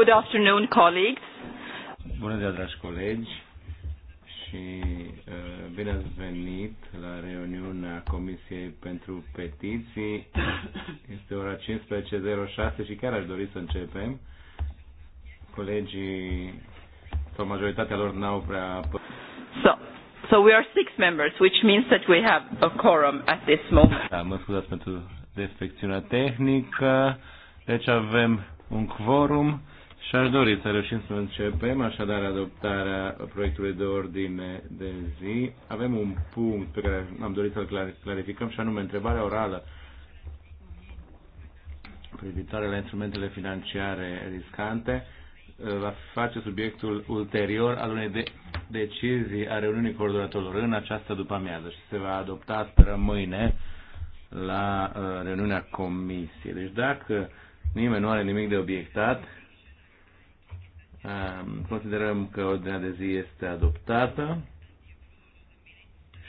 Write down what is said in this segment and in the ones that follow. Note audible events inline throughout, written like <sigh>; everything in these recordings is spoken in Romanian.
Good afternoon, colleagues. Bună ziua, dragi colegi, și uh, bine ați venit la reuniunea Comisiei pentru Petiții. Este ora 15.06 și chiar aș dori să începem. Colegii, sau majoritatea lor, n-au prea... So, so we are six members, which means that we have a quorum at this moment. Da, mă scuzați pentru defecțiunea tehnică. Deci avem un quorum și aș dori să reușim să începem așadar adoptarea proiectului de ordine de zi. Avem un punct pe care am dorit să-l clarificăm și anume întrebarea orală privitoare la instrumentele financiare riscante va face subiectul ulterior al unei de- decizii a reuniunii coordonatorilor în această după amiază și se va adopta, sperăm, mâine la uh, reuniunea comisiei. Deci dacă nimeni nu are nimic de obiectat, Considerăm că ordinea de zi este adoptată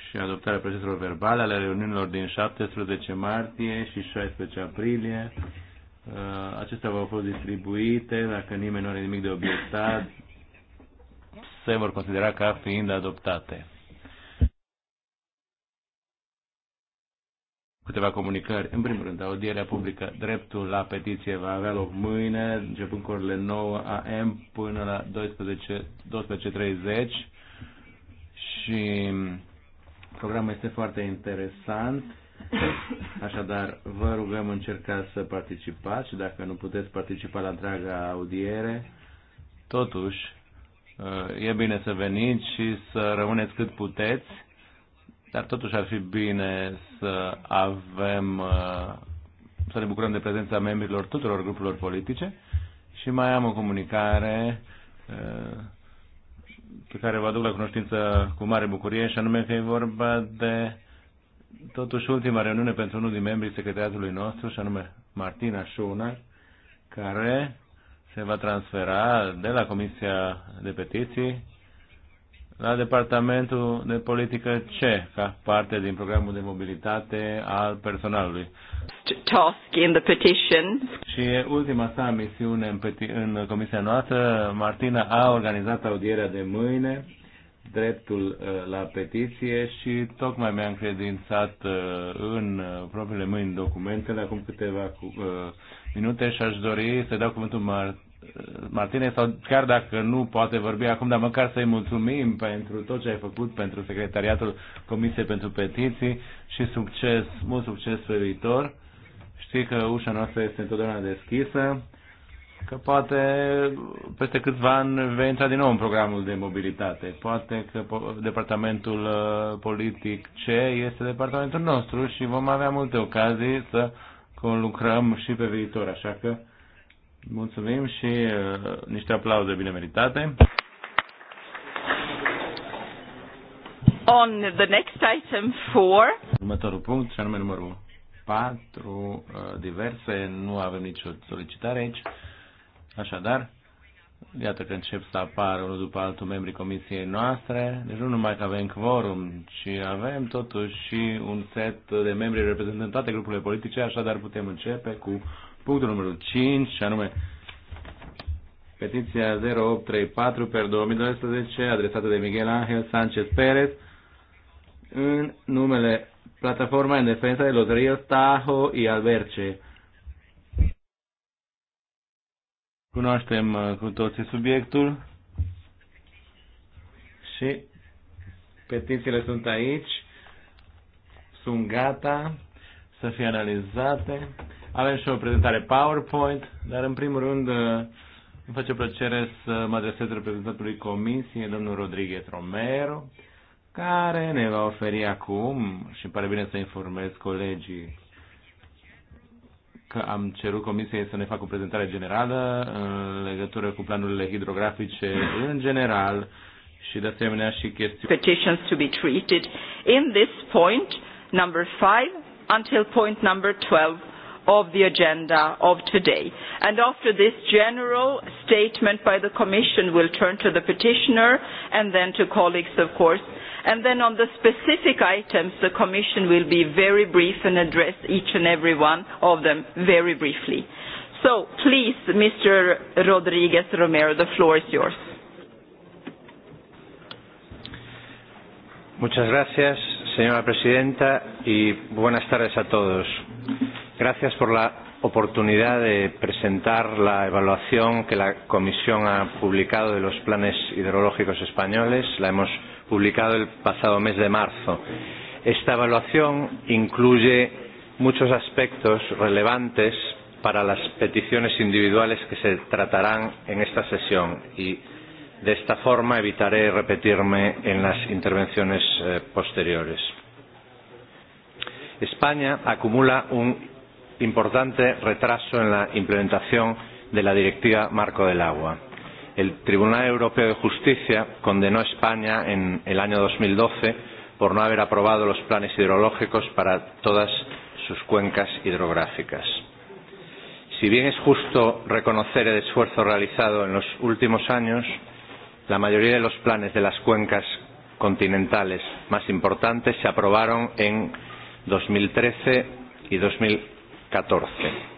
și adoptarea proceselor verbale ale reuniunilor din 17 martie și 16 aprilie. Uh, acestea v-au fost distribuite, dacă nimeni nu are nimic de obiectat, se vor considera ca fiind adoptate. câteva comunicări. În primul rând, audierea publică, dreptul la petiție va avea loc mâine, începând cu orele 9 am până la 12.30 12 și programul este foarte interesant. Așadar, vă rugăm încercați să participați și dacă nu puteți participa la întreaga audiere, totuși e bine să veniți și să rămâneți cât puteți dar totuși ar fi bine să avem, uh, să ne bucurăm de prezența membrilor tuturor grupurilor politice și mai am o comunicare uh, pe care vă aduc la cunoștință cu mare bucurie și anume că e vorba de totuși ultima reuniune pentru unul din membrii secretariatului nostru și anume Martina Șunar care se va transfera de la Comisia de Petiții la Departamentul de Politică C, ca parte din programul de mobilitate al personalului. Task in the petition. Și ultima sa misiune în, peti- în comisia noastră, Martina a organizat audierea de mâine, dreptul uh, la petiție și tocmai mi-a încredințat uh, în uh, propriile mâini documentele acum câteva minute și aș dori să dau cuvântul Martina Martine, sau chiar dacă nu poate vorbi acum, dar măcar să-i mulțumim pentru tot ce ai făcut pentru Secretariatul Comisiei pentru Petiții și succes, mult succes pe viitor. Știi că ușa noastră este întotdeauna deschisă, că poate peste câțiva ani vei intra din nou în programul de mobilitate. Poate că departamentul uh, politic C este departamentul nostru și vom avea multe ocazii să conlucrăm și pe viitor, așa că Mulțumim și uh, niște aplauze bine meritate. On the next item four. Următorul punct, și anume numărul 4, uh, diverse, nu avem nicio solicitare aici. Așadar, iată că încep să apară unul după altul membrii comisiei noastre, deci nu numai că avem quorum, ci avem totuși și un set de membri reprezentând toate grupurile politice, așadar putem începe cu punctul numărul 5, și anume petiția 0834 per 2012, adresată de Miguel Ángel Sánchez Pérez, în numele Plataforma în Defensa de los Ríos Tajo y Alberche. Cunoaștem uh, cu toții subiectul și petițiile sunt aici, sunt gata să fie analizate avem și o prezentare PowerPoint, dar în primul rând uh, îmi face plăcere să mă adresez reprezentantului Comisiei, domnul Rodriguez Romero, care ne va oferi acum, și îmi pare bine să informez colegii că am cerut Comisiei să ne facă o prezentare generală în legătură cu planurile hidrografice în general și de asemenea și chestiuni. Petitions to be treated in this point number 5 until point number 12 of the agenda of today. And after this general statement by the Commission, we'll turn to the petitioner and then to colleagues, of course. And then on the specific items, the Commission will be very brief and address each and every one of them very briefly. So please, Mr. Rodriguez Romero, the floor is yours. Muchas gracias, señora presidenta, y buenas tardes a todos. Gracias por la oportunidad de presentar la evaluación que la Comisión ha publicado de los planes hidrológicos españoles. La hemos publicado el pasado mes de marzo. Esta evaluación incluye muchos aspectos relevantes para las peticiones individuales que se tratarán en esta sesión y de esta forma evitaré repetirme en las intervenciones eh, posteriores. España acumula un importante retraso en la implementación de la Directiva Marco del Agua. El Tribunal Europeo de Justicia condenó a España en el año 2012 por no haber aprobado los planes hidrológicos para todas sus cuencas hidrográficas. Si bien es justo reconocer el esfuerzo realizado en los últimos años, la mayoría de los planes de las cuencas continentales más importantes se aprobaron en 2013 y 2014 14,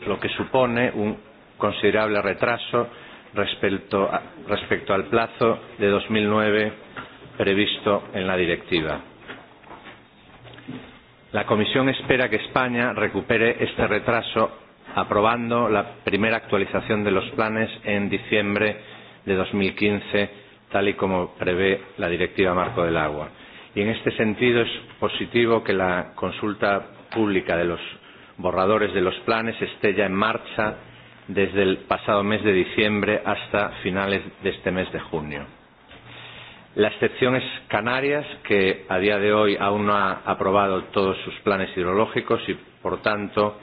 lo que supone un considerable retraso respecto, a, respecto al plazo de 2009 previsto en la directiva. La Comisión espera que España recupere este retraso aprobando la primera actualización de los planes en diciembre de 2015, tal y como prevé la Directiva Marco del Agua. Y en este sentido es positivo que la consulta pública de los borradores de los planes esté ya en marcha desde el pasado mes de diciembre hasta finales de este mes de junio. La excepción es Canarias, que a día de hoy aún no ha aprobado todos sus planes hidrológicos y, por tanto,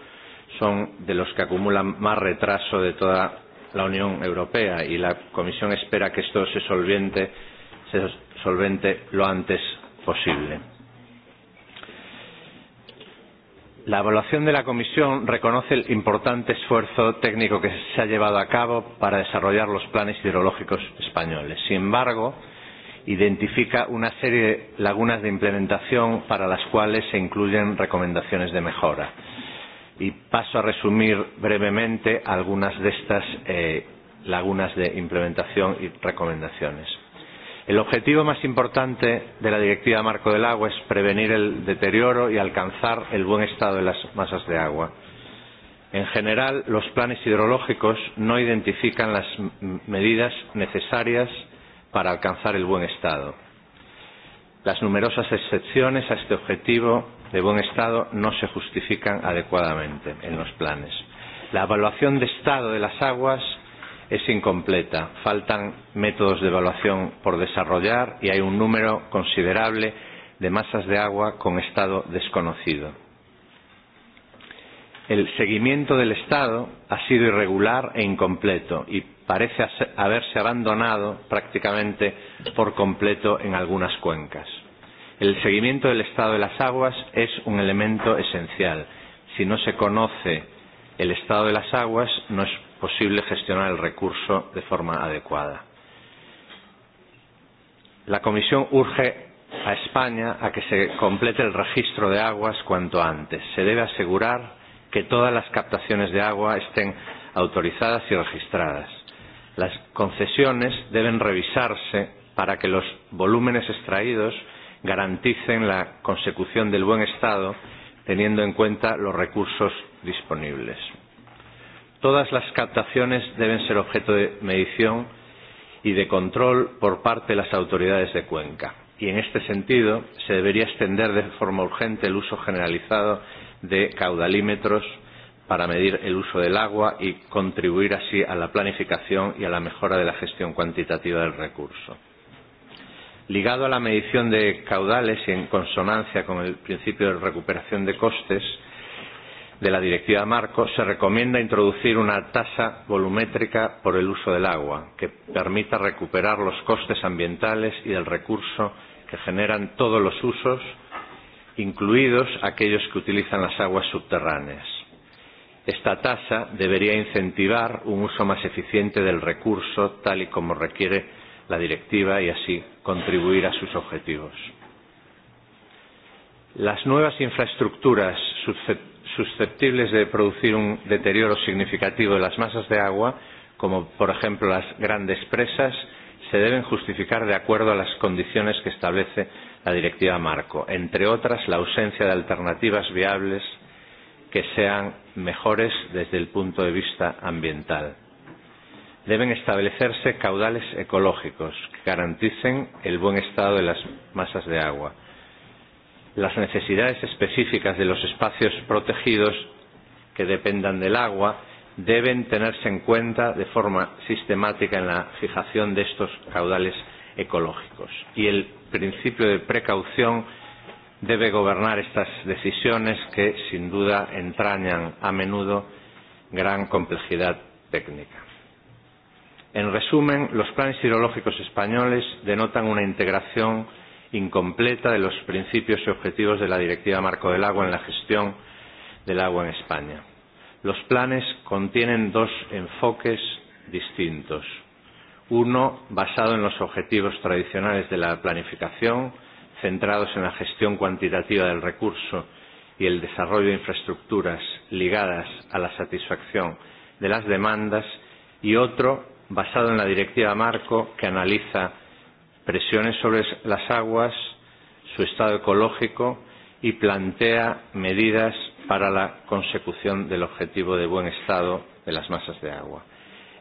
son de los que acumulan más retraso de toda la Unión Europea y la Comisión espera que esto se solvente, se solvente lo antes posible. La evaluación de la Comisión reconoce el importante esfuerzo técnico que se ha llevado a cabo para desarrollar los planes hidrológicos españoles. Sin embargo, identifica una serie de lagunas de implementación para las cuales se incluyen recomendaciones de mejora. Y paso a resumir brevemente algunas de estas eh, lagunas de implementación y recomendaciones. El objetivo más importante de la Directiva Marco del Agua es prevenir el deterioro y alcanzar el buen estado de las masas de agua. En general, los planes hidrológicos no identifican las medidas necesarias para alcanzar el buen estado. Las numerosas excepciones a este objetivo de buen estado no se justifican adecuadamente en los planes. La evaluación de estado de las aguas es incompleta. Faltan métodos de evaluación por desarrollar y hay un número considerable de masas de agua con estado desconocido. El seguimiento del Estado ha sido irregular e incompleto y parece haberse abandonado prácticamente por completo en algunas cuencas. El seguimiento del estado de las aguas es un elemento esencial. Si no se conoce el estado de las aguas, no es posible gestionar el recurso de forma adecuada. La Comisión urge a España a que se complete el registro de aguas cuanto antes. Se debe asegurar que todas las captaciones de agua estén autorizadas y registradas. Las concesiones deben revisarse para que los volúmenes extraídos garanticen la consecución del buen estado teniendo en cuenta los recursos disponibles. Todas las captaciones deben ser objeto de medición y de control por parte de las autoridades de Cuenca. Y en este sentido, se debería extender de forma urgente el uso generalizado de caudalímetros para medir el uso del agua y contribuir así a la planificación y a la mejora de la gestión cuantitativa del recurso. Ligado a la medición de caudales y en consonancia con el principio de recuperación de costes, de la Directiva Marco, se recomienda introducir una tasa volumétrica por el uso del agua que permita recuperar los costes ambientales y del recurso que generan todos los usos, incluidos aquellos que utilizan las aguas subterráneas. Esta tasa debería incentivar un uso más eficiente del recurso, tal y como requiere la directiva, y así contribuir a sus objetivos. Las nuevas infraestructuras susceptibles de producir un deterioro significativo de las masas de agua, como por ejemplo las grandes presas, se deben justificar de acuerdo a las condiciones que establece la Directiva Marco, entre otras la ausencia de alternativas viables que sean mejores desde el punto de vista ambiental. Deben establecerse caudales ecológicos que garanticen el buen estado de las masas de agua las necesidades específicas de los espacios protegidos que dependan del agua deben tenerse en cuenta de forma sistemática en la fijación de estos caudales ecológicos. Y el principio de precaución debe gobernar estas decisiones que, sin duda, entrañan a menudo gran complejidad técnica. En resumen, los planes hidrológicos españoles denotan una integración incompleta de los principios y objetivos de la Directiva Marco del Agua en la gestión del agua en España. Los planes contienen dos enfoques distintos. Uno, basado en los objetivos tradicionales de la planificación, centrados en la gestión cuantitativa del recurso y el desarrollo de infraestructuras ligadas a la satisfacción de las demandas, y otro, basado en la Directiva Marco, que analiza presiones sobre las aguas, su estado ecológico y plantea medidas para la consecución del objetivo de buen estado de las masas de agua.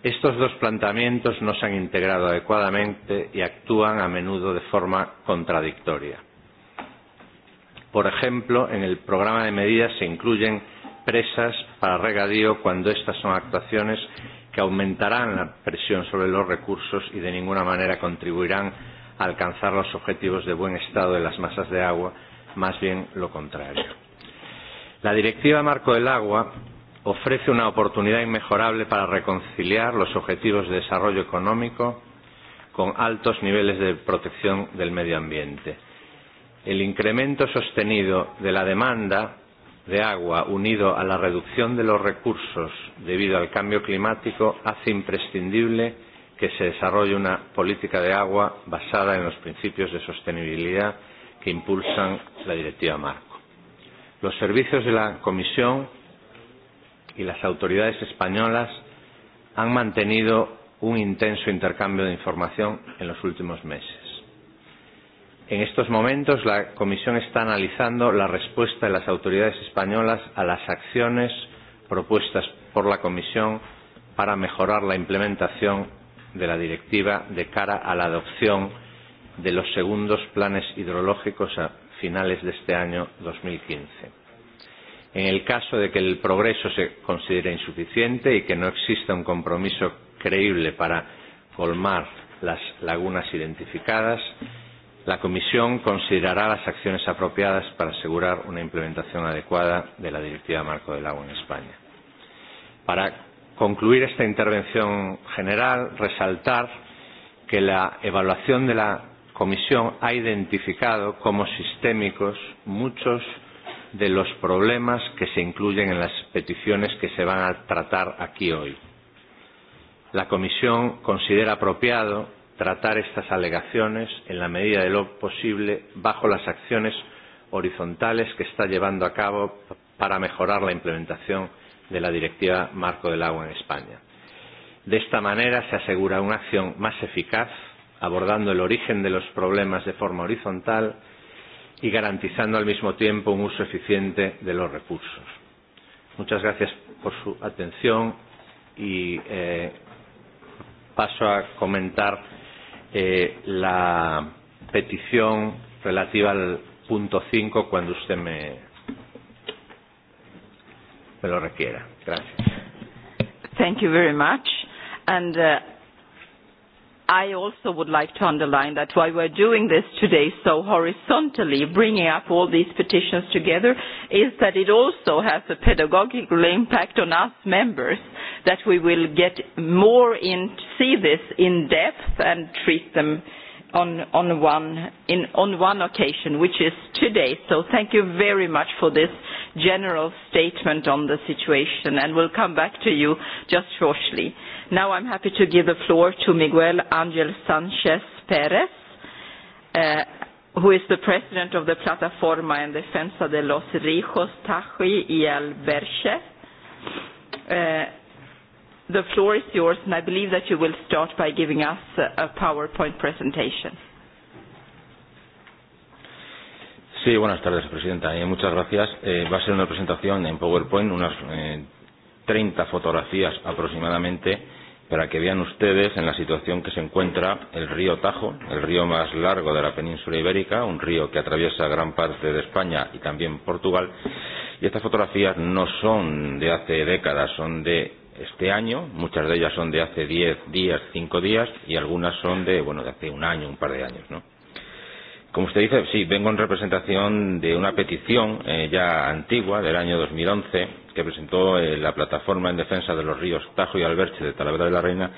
Estos dos planteamientos no se han integrado adecuadamente y actúan a menudo de forma contradictoria. Por ejemplo, en el programa de medidas se incluyen presas para regadío cuando estas son actuaciones que aumentarán la presión sobre los recursos y de ninguna manera contribuirán alcanzar los objetivos de buen estado de las masas de agua, más bien lo contrario. La Directiva Marco del Agua ofrece una oportunidad inmejorable para reconciliar los objetivos de desarrollo económico con altos niveles de protección del medio ambiente. El incremento sostenido de la demanda de agua unido a la reducción de los recursos debido al cambio climático hace imprescindible que se desarrolle una política de agua basada en los principios de sostenibilidad que impulsan la Directiva Marco. Los servicios de la Comisión y las autoridades españolas han mantenido un intenso intercambio de información en los últimos meses. En estos momentos, la Comisión está analizando la respuesta de las autoridades españolas a las acciones propuestas por la Comisión para mejorar la implementación de la directiva de cara a la adopción de los segundos planes hidrológicos a finales de este año 2015. En el caso de que el progreso se considere insuficiente y que no exista un compromiso creíble para colmar las lagunas identificadas, la Comisión considerará las acciones apropiadas para asegurar una implementación adecuada de la Directiva Marco del Agua en España. Para concluir esta intervención general, resaltar que la evaluación de la Comisión ha identificado como sistémicos muchos de los problemas que se incluyen en las peticiones que se van a tratar aquí hoy. La Comisión considera apropiado tratar estas alegaciones en la medida de lo posible bajo las acciones horizontales que está llevando a cabo para mejorar la implementación de la Directiva Marco del Agua en España. De esta manera se asegura una acción más eficaz, abordando el origen de los problemas de forma horizontal y garantizando al mismo tiempo un uso eficiente de los recursos. Muchas gracias por su atención y eh, paso a comentar eh, la petición relativa al punto 5 cuando usted me, me lo requiera. Gracias. Thank you very much. And uh, I also would like to underline that why we're doing this today so horizontally, bringing up all these petitions together, is that it also has a pedagogical impact on us members, that we will get more in, see this in depth and treat them on, on, one, in, on one occasion, which is today. So thank you very much for this general statement on the situation, and we'll come back to you just shortly. Now I'm happy to give the floor to Miguel Angel Sanchez Perez, uh, who is the president of the Plataforma en Defensa de los Rijos, Taji y Alberche. Uh, The floor is yours, and I believe that you will start by giving us a PowerPoint presentation. Sí, buenas tardes, Presidenta. Eh, muchas gracias. Eh, va a ser una presentación en PowerPoint, unas eh, 30 fotografías aproximadamente, para que vean ustedes en la situación que se encuentra el río Tajo, el río más largo de la península ibérica, un río que atraviesa gran parte de España y también Portugal. Y estas fotografías no son de hace décadas, son de este año, muchas de ellas son de hace 10 días, 5 días y algunas son de, bueno, de hace un año, un par de años, ¿no? Como usted dice, sí, vengo en representación de una petición eh, ya antigua del año 2011 que presentó eh, la plataforma en defensa de los ríos Tajo y Alberche de Talavera de la Reina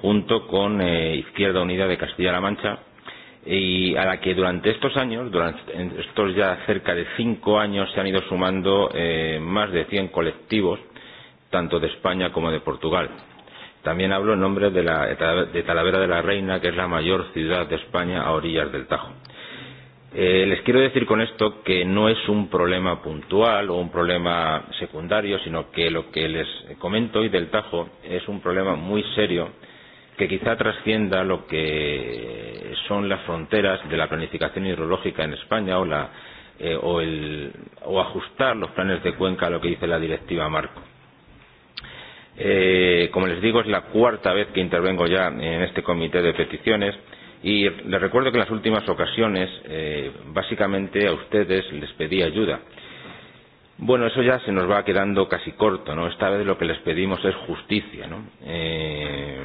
junto con eh, Izquierda Unida de Castilla-La Mancha y a la que durante estos años, durante estos ya cerca de cinco años, se han ido sumando eh, más de 100 colectivos tanto de España como de Portugal. También hablo en nombre de, la, de Talavera de la Reina, que es la mayor ciudad de España a orillas del Tajo. Eh, les quiero decir con esto que no es un problema puntual o un problema secundario, sino que lo que les comento hoy del Tajo es un problema muy serio que quizá trascienda lo que son las fronteras de la planificación hidrológica en España o, la, eh, o, el, o ajustar los planes de cuenca a lo que dice la directiva Marco Eh, como les digo, es la cuarta vez que intervengo ya en este comité de peticiones y les recuerdo que en las últimas ocasiones, eh, básicamente, a ustedes les pedí ayuda. Bueno, eso ya se nos va quedando casi corto, ¿no? Esta vez lo que les pedimos es justicia, ¿no? Eh,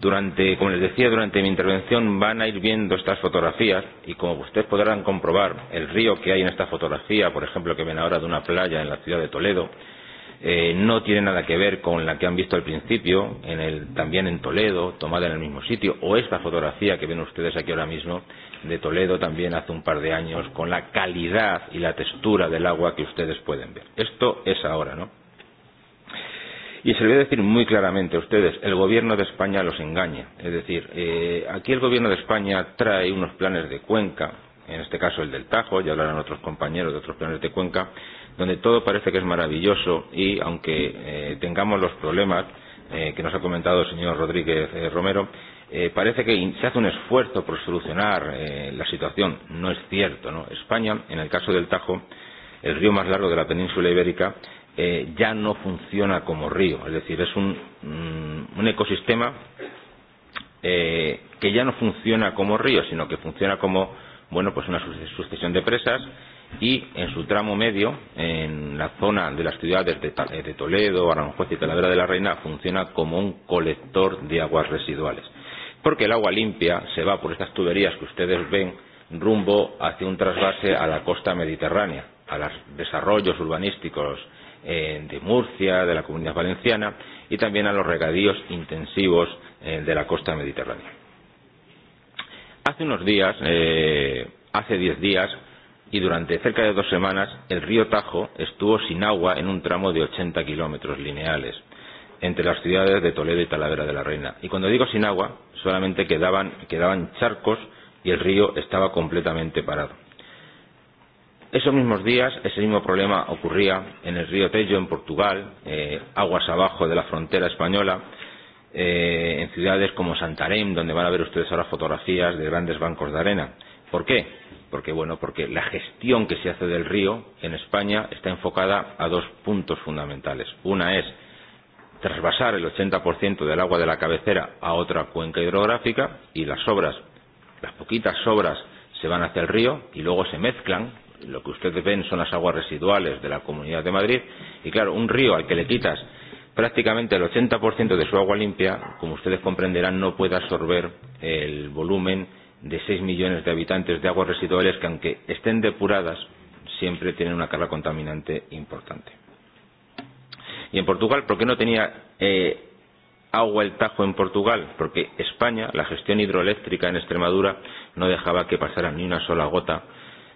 durante, como les decía, durante mi intervención van a ir viendo estas fotografías y como ustedes podrán comprobar, el río que hay en esta fotografía, por ejemplo, que ven ahora de una playa en la ciudad de Toledo, eh, no tiene nada que ver con la que han visto al principio, en el, también en Toledo, tomada en el mismo sitio, o esta fotografía que ven ustedes aquí ahora mismo de Toledo también hace un par de años, con la calidad y la textura del agua que ustedes pueden ver. Esto es ahora, ¿no? Y se lo voy a decir muy claramente a ustedes, el gobierno de España los engaña. Es decir, eh, aquí el gobierno de España trae unos planes de cuenca, en este caso el del Tajo, ya hablarán otros compañeros de otros planes de cuenca, donde todo parece que es maravilloso y aunque eh, tengamos los problemas eh, que nos ha comentado el señor Rodríguez eh, Romero, eh, parece que se hace un esfuerzo por solucionar eh, la situación. No es cierto. ¿no? España, en el caso del Tajo, el río más largo de la península ibérica, eh, ya no funciona como río. Es decir, es un, mm, un ecosistema eh, que ya no funciona como río, sino que funciona como bueno, pues una sucesión de presas y en su tramo medio, en la zona de las ciudades de, Toledo, Aranjuez y Talavera de la Reina, funciona como un colector de aguas residuales. Porque el agua limpia se va por estas tuberías que ustedes ven rumbo hacia un trasvase a la costa mediterránea, a los desarrollos urbanísticos eh, de Murcia, de la Comunidad Valenciana y también a los regadíos intensivos eh, de la costa mediterránea. Hace unos días, eh, hace diez días y durante cerca de dos semanas, el río Tajo estuvo sin agua en un tramo de 80 kilómetros lineales entre las ciudades de Toledo y Talavera de la Reina. Y cuando digo sin agua, solamente quedaban, quedaban charcos y el río estaba completamente parado. Esos mismos días, ese mismo problema ocurría en el río Tello, en Portugal, eh, aguas abajo de la frontera española, eh, en ciudades como Santarém, donde van a ver ustedes ahora fotografías de grandes bancos de arena. ¿Por qué? Porque, bueno, porque la gestión que se hace del río en España está enfocada a dos puntos fundamentales. Una es trasvasar el 80% del agua de la cabecera a otra cuenca hidrográfica y las obras, las poquitas obras se van hacia el río y luego se mezclan. Lo que ustedes ven son las aguas residuales de la Comunidad de Madrid y claro, un río al que le quitas prácticamente el 80% de su agua limpia, como ustedes comprenderán, no puede absorber el volumen de 6 millones de habitantes de aguas residuales que, aunque estén depuradas, siempre tienen una carga contaminante importante. Y en Portugal, ¿por qué no tenía eh, agua el Tajo en Portugal? Porque España, la gestión hidroeléctrica en Extremadura, no dejaba que pasara ni una sola gota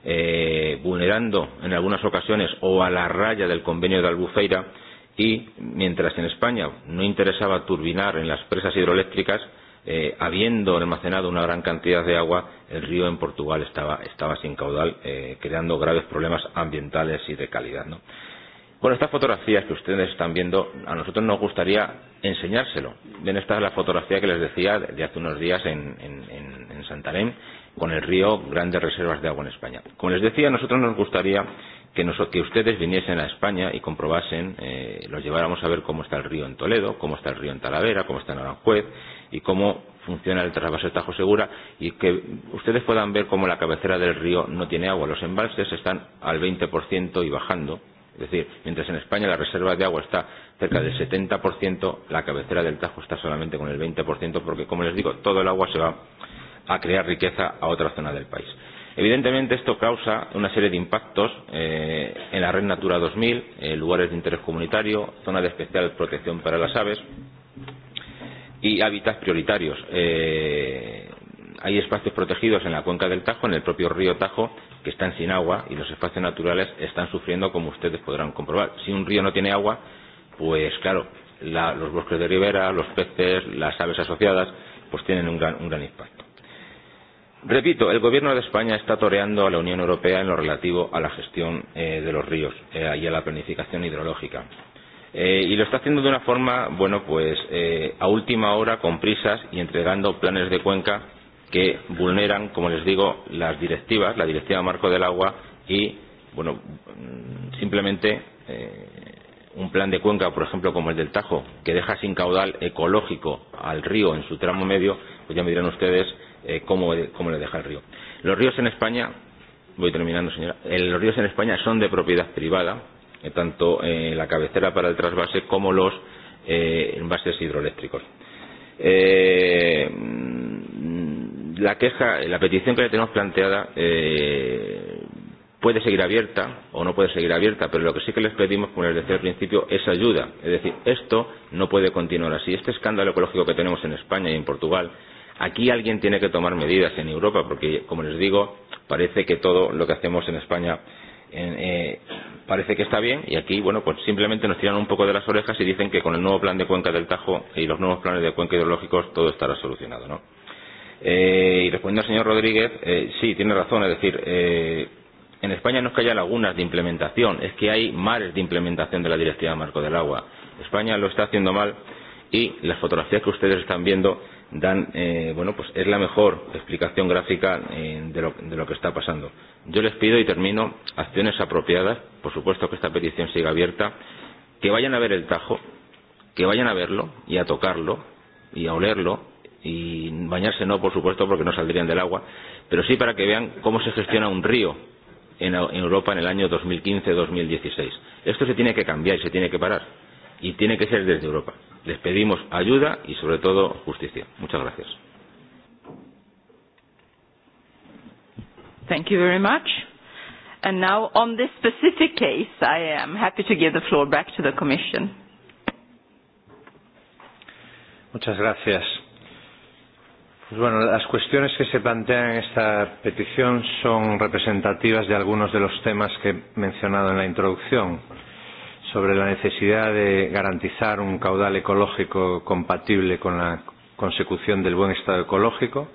eh, vulnerando en algunas ocasiones o a la raya del convenio de Albufeira y mientras en España no interesaba turbinar en las presas hidroeléctricas, eh, habiendo almacenado una gran cantidad de agua, el río en Portugal estaba, estaba sin caudal, eh, creando graves problemas ambientales y de calidad. ¿no? Bueno, estas fotografías que ustedes están viendo, a nosotros nos gustaría enseñárselo. Ven, esta es la fotografía que les decía de hace unos días en, en, en Santarém, con el río, grandes reservas de agua en España. Como les decía, a nosotros nos gustaría que, nos, que ustedes viniesen a España y comprobasen, eh, los lleváramos a ver cómo está el río en Toledo, cómo está el río en Talavera, cómo está en Aranjuez y cómo funciona el trasvase de Tajo Segura y que ustedes puedan ver cómo la cabecera del río no tiene agua. Los embalses están al 20% y bajando. Es decir, mientras en España la reserva de agua está cerca del 70%, la cabecera del Tajo está solamente con el 20% porque, como les digo, todo el agua se va a crear riqueza a otra zona del país. Evidentemente, esto causa una serie de impactos eh, en la red Natura 2000, eh, lugares de interés comunitario, zona de especial protección para las aves y hábitats prioritarios. Eh, hay espacios protegidos en la cuenca del Tajo, en el propio río Tajo, que están sin agua y los espacios naturales están sufriendo, como ustedes podrán comprobar. Si un río no tiene agua, pues claro, la, los bosques de ribera, los peces, las aves asociadas, pues tienen un gran, un gran impacto. Repito, el Gobierno de España está toreando a la Unión Europea en lo relativo a la gestión eh, de los ríos eh, y a la planificación hidrológica. Eh, y lo está haciendo de una forma, bueno, pues eh, a última hora, con prisas y entregando planes de cuenca que vulneran, como les digo, las directivas, la Directiva Marco del Agua y, bueno, mm, simplemente eh, un plan de cuenca, por ejemplo, como el del Tajo, que deja sin caudal ecológico al río en su tramo medio, pues ya me dirán ustedes eh, cómo, cómo le deja el río. Los ríos en España, voy terminando señora, eh, los ríos en España son de propiedad privada, eh, tanto eh, la cabecera para el trasvase como los eh, envases hidroeléctricos. Eh, la queja, la petición que le tenemos planteada eh, puede seguir abierta o no puede seguir abierta, pero lo que sí que les pedimos, como les decía al principio, es ayuda. Es decir, esto no puede continuar así. Este escándalo ecológico que tenemos en España y en Portugal Aquí alguien tiene que tomar medidas en Europa, porque, como les digo, parece que todo lo que hacemos en España eh, parece que está bien y aquí, bueno, pues simplemente nos tiran un poco de las orejas y dicen que con el nuevo plan de cuenca del Tajo y los nuevos planes de cuenca hidrológicos todo estará solucionado, ¿no? Eh, y respondiendo al señor Rodríguez, eh, sí, tiene razón, es decir, eh, en España no es que haya lagunas de implementación, es que hay mares de implementación de la Directiva Marco del Agua. España lo está haciendo mal y las fotografías que ustedes están viendo dan eh, bueno pues es la mejor explicación gráfica eh, de, lo, de lo que está pasando. Yo les pido y termino acciones apropiadas, por supuesto que esta petición siga abierta, que vayan a ver el Tajo, que vayan a verlo y a tocarlo y a olerlo y bañarse no, por supuesto, porque no saldrían del agua, pero sí para que vean cómo se gestiona un río en Europa en el año 2015-2016. Esto se tiene que cambiar y se tiene que parar y tiene que ser desde Europa. Les pedimos ayuda y sobre todo justicia. Muchas gracias. Thank you very much. And now on this specific case, I am happy to give the floor back to the Commission. Muchas gracias. Pues bueno, las cuestiones que se plantean en esta petición son representativas de algunos de los temas que he mencionado en la introducción sobre la necesidad de garantizar un caudal ecológico compatible con la consecución del buen estado ecológico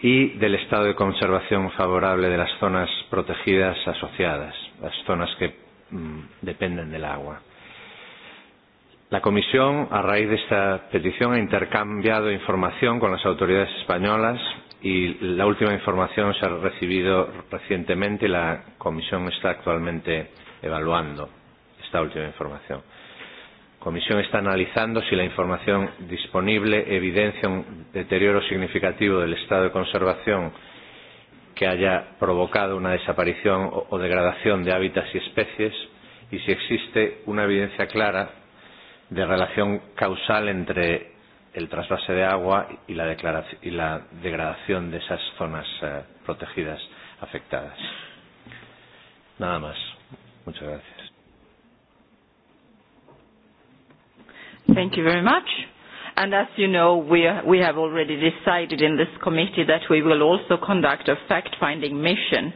y del estado de conservación favorable de las zonas protegidas asociadas, las zonas que mm, dependen del agua. La Comisión, a raíz de esta petición, ha intercambiado información con las autoridades españolas y la última información se ha recibido recientemente y la Comisión está actualmente evaluando esta última información. La Comisión está analizando si la información disponible evidencia un deterioro significativo del estado de conservación que haya provocado una desaparición o degradación de hábitats y especies y si existe una evidencia clara de relación causal entre el trasvase de agua y la, y la degradación de esas zonas eh, protegidas afectadas. Nada más. Muchas gracias. Thank you very much. And as you know, we, we have already decided in this committee that we will also conduct a fact-finding mission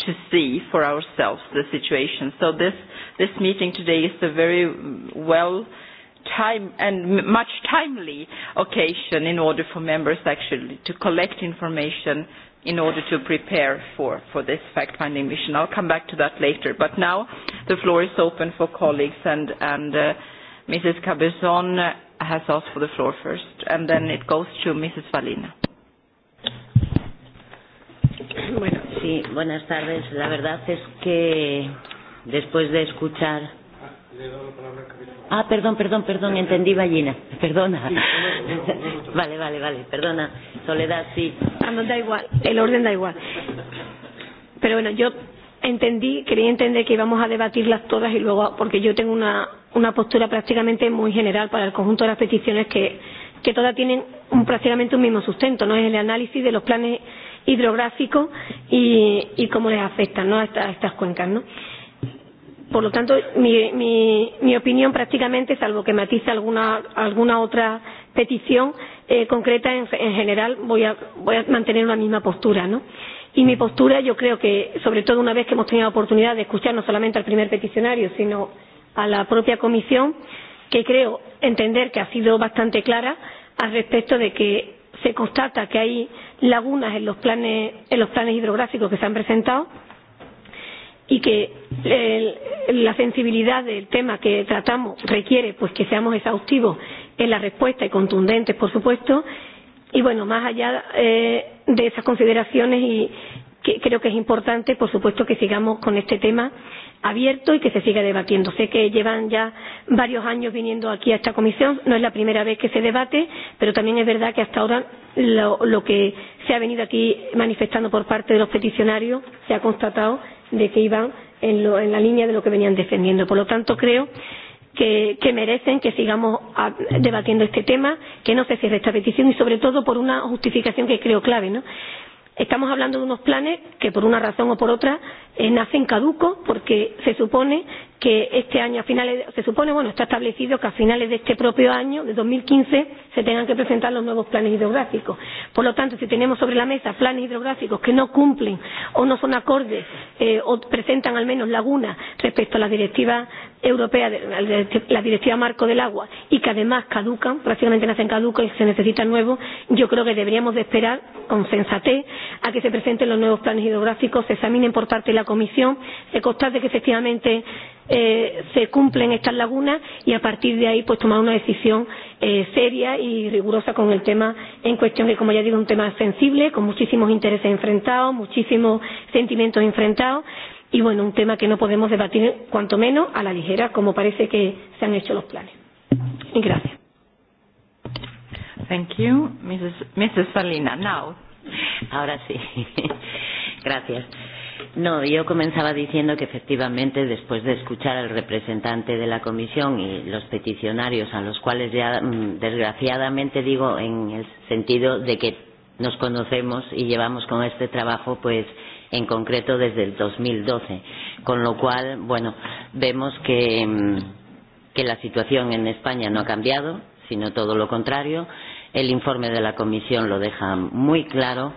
to see for ourselves the situation. So this, this meeting today is a very well time and much timely occasion in order for members actually to collect information in order to prepare for, for this fact-finding mission. I'll come back to that later. But now the floor is open for colleagues and, and uh, Mrs. Cabezon uh, has asked for the floor first, and then it goes to Mrs. Valina. Bueno, sí, buenas tardes. La verdad es que después de escuchar. Ah, perdón, perdón, perdón, entendí ballena. Perdona. Vale, vale, vale, perdona. Soledad, sí. Ah, no, da igual, el orden da igual. Pero bueno, yo entendí, quería entender que íbamos a debatirlas todas y luego, porque yo tengo una una postura prácticamente muy general para el conjunto de las peticiones que, que todas tienen un, prácticamente un mismo sustento, ¿no? Es el análisis de los planes hidrográficos y, y cómo les afectan, ¿no? A, esta, a estas cuencas, ¿no? Por lo tanto, mi, mi, mi opinión prácticamente, salvo que matice alguna, alguna otra petición eh, concreta, en, en general voy a, voy a mantener una misma postura, ¿no? Y mi postura, yo creo que, sobre todo una vez que hemos tenido la oportunidad de escuchar no solamente al primer peticionario, sino a la propia comisión, que creo entender que ha sido bastante clara al respecto de que se constata que hay lagunas en los planes, en los planes hidrográficos que se han presentado y que el, la sensibilidad del tema que tratamos requiere pues que seamos exhaustivos en la respuesta y contundentes, por supuesto. Y bueno, más allá eh, de esas consideraciones y, que creo que es importante, por supuesto, que sigamos con este tema abierto y que se siga debatiendo. Sé que llevan ya varios años viniendo aquí a esta comisión, no es la primera vez que se debate, pero también es verdad que hasta ahora lo, lo que se ha venido aquí manifestando por parte de los peticionarios se ha constatado de que iban en, lo, en la línea de lo que venían defendiendo. Por lo tanto, creo que, que merecen que sigamos a, debatiendo este tema, que no se cierre esta petición y sobre todo por una justificación que creo clave, ¿no? Estamos hablando de unos planes que, por una razón o por otra, eh, nacen caducos porque se supone que este año, a finales, de, se supone, bueno, está establecido que a finales de este propio año, de 2015, se tengan que presentar los nuevos planes hidrográficos. Por lo tanto, si tenemos sobre la mesa planes hidrográficos que no cumplen o no son acordes eh, o presentan al menos lagunas respecto a las directivas europea, la directiva marco del agua, y que además caducan, prácticamente nacen caducos y se necesitan nuevos, yo creo que deberíamos de esperar con sensatez a que se presenten los nuevos planes hidrográficos, se examinen por parte de la Comisión, se constate que efectivamente eh, se cumplen estas lagunas y a partir de ahí pues tomar una decisión eh, seria y rigurosa con el tema en cuestión que como ya digo es un tema sensible con muchísimos intereses enfrentados muchísimos sentimientos enfrentados y bueno, un tema que no podemos debatir cuanto menos a la ligera, como parece que se han hecho los planes. Y gracias. Thank you, Mrs. Mrs. Salina. Now. Ahora sí. <laughs> gracias. No, yo comenzaba diciendo que efectivamente después de escuchar al representante de la comisión y los peticionarios a los cuales ya mm, desgraciadamente digo en el sentido de que nos conocemos y llevamos con este trabajo pues en concreto desde el 2012. Con lo cual, bueno, vemos que, mm, que la situación en España no ha cambiado, sino todo lo contrario. El informe de la Comisión lo deja muy claro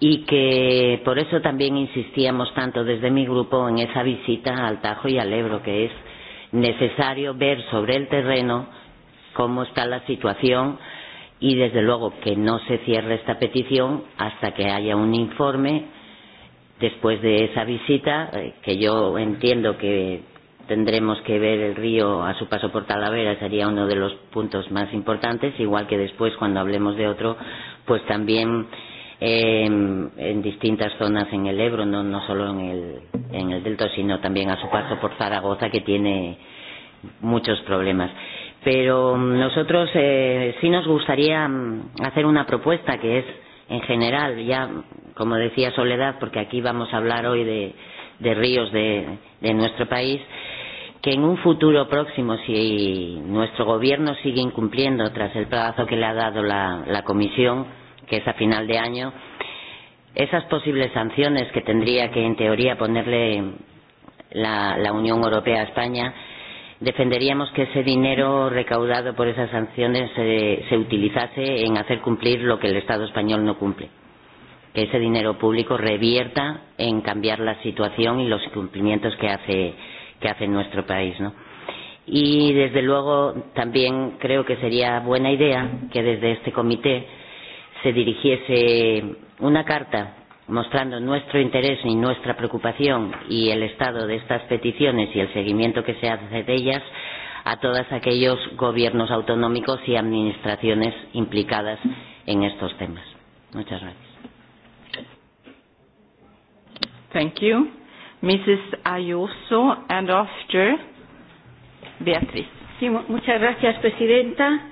y que por eso también insistíamos tanto desde mi grupo en esa visita al Tajo y al Ebro, que es necesario ver sobre el terreno cómo está la situación y desde luego que no se cierre esta petición hasta que haya un informe después de esa visita, eh, que yo entiendo que tendremos que ver el río a su paso por Talavera, sería uno de los puntos más importantes, igual que después cuando hablemos de otro, pues también eh, en distintas zonas en el Ebro, no, no solo en el, en el Delta, sino también a su paso por Zaragoza, que tiene muchos problemas. Pero mm, nosotros eh, sí nos gustaría mm, hacer una propuesta que es en general, ya como decía Soledad, porque aquí vamos a hablar hoy de, de ríos de, de nuestro país, que en un futuro próximo, si nuestro gobierno sigue incumpliendo tras el plazo que le ha dado la, la comisión, que es a final de año, esas posibles sanciones que tendría que, en teoría, ponerle la, la Unión Europea a España defenderíamos que ese dinero recaudado por esas sanciones se, eh, se utilizase en hacer cumplir lo que el Estado español no cumple. Que ese dinero público revierta en cambiar la situación y los cumplimientos que hace, que hace nuestro país. ¿no? Y desde luego también creo que sería buena idea que desde este comité se dirigiese una carta mostrando nuestro interés y nuestra preocupación y el estado de estas peticiones y el seguimiento que se hace de ellas a todos aquellos gobiernos autonómicos y administraciones implicadas en estos temas. Muchas gracias. Thank you. Mrs. Ayuso, and after Beatriz. Sí, muchas gracias, Presidenta.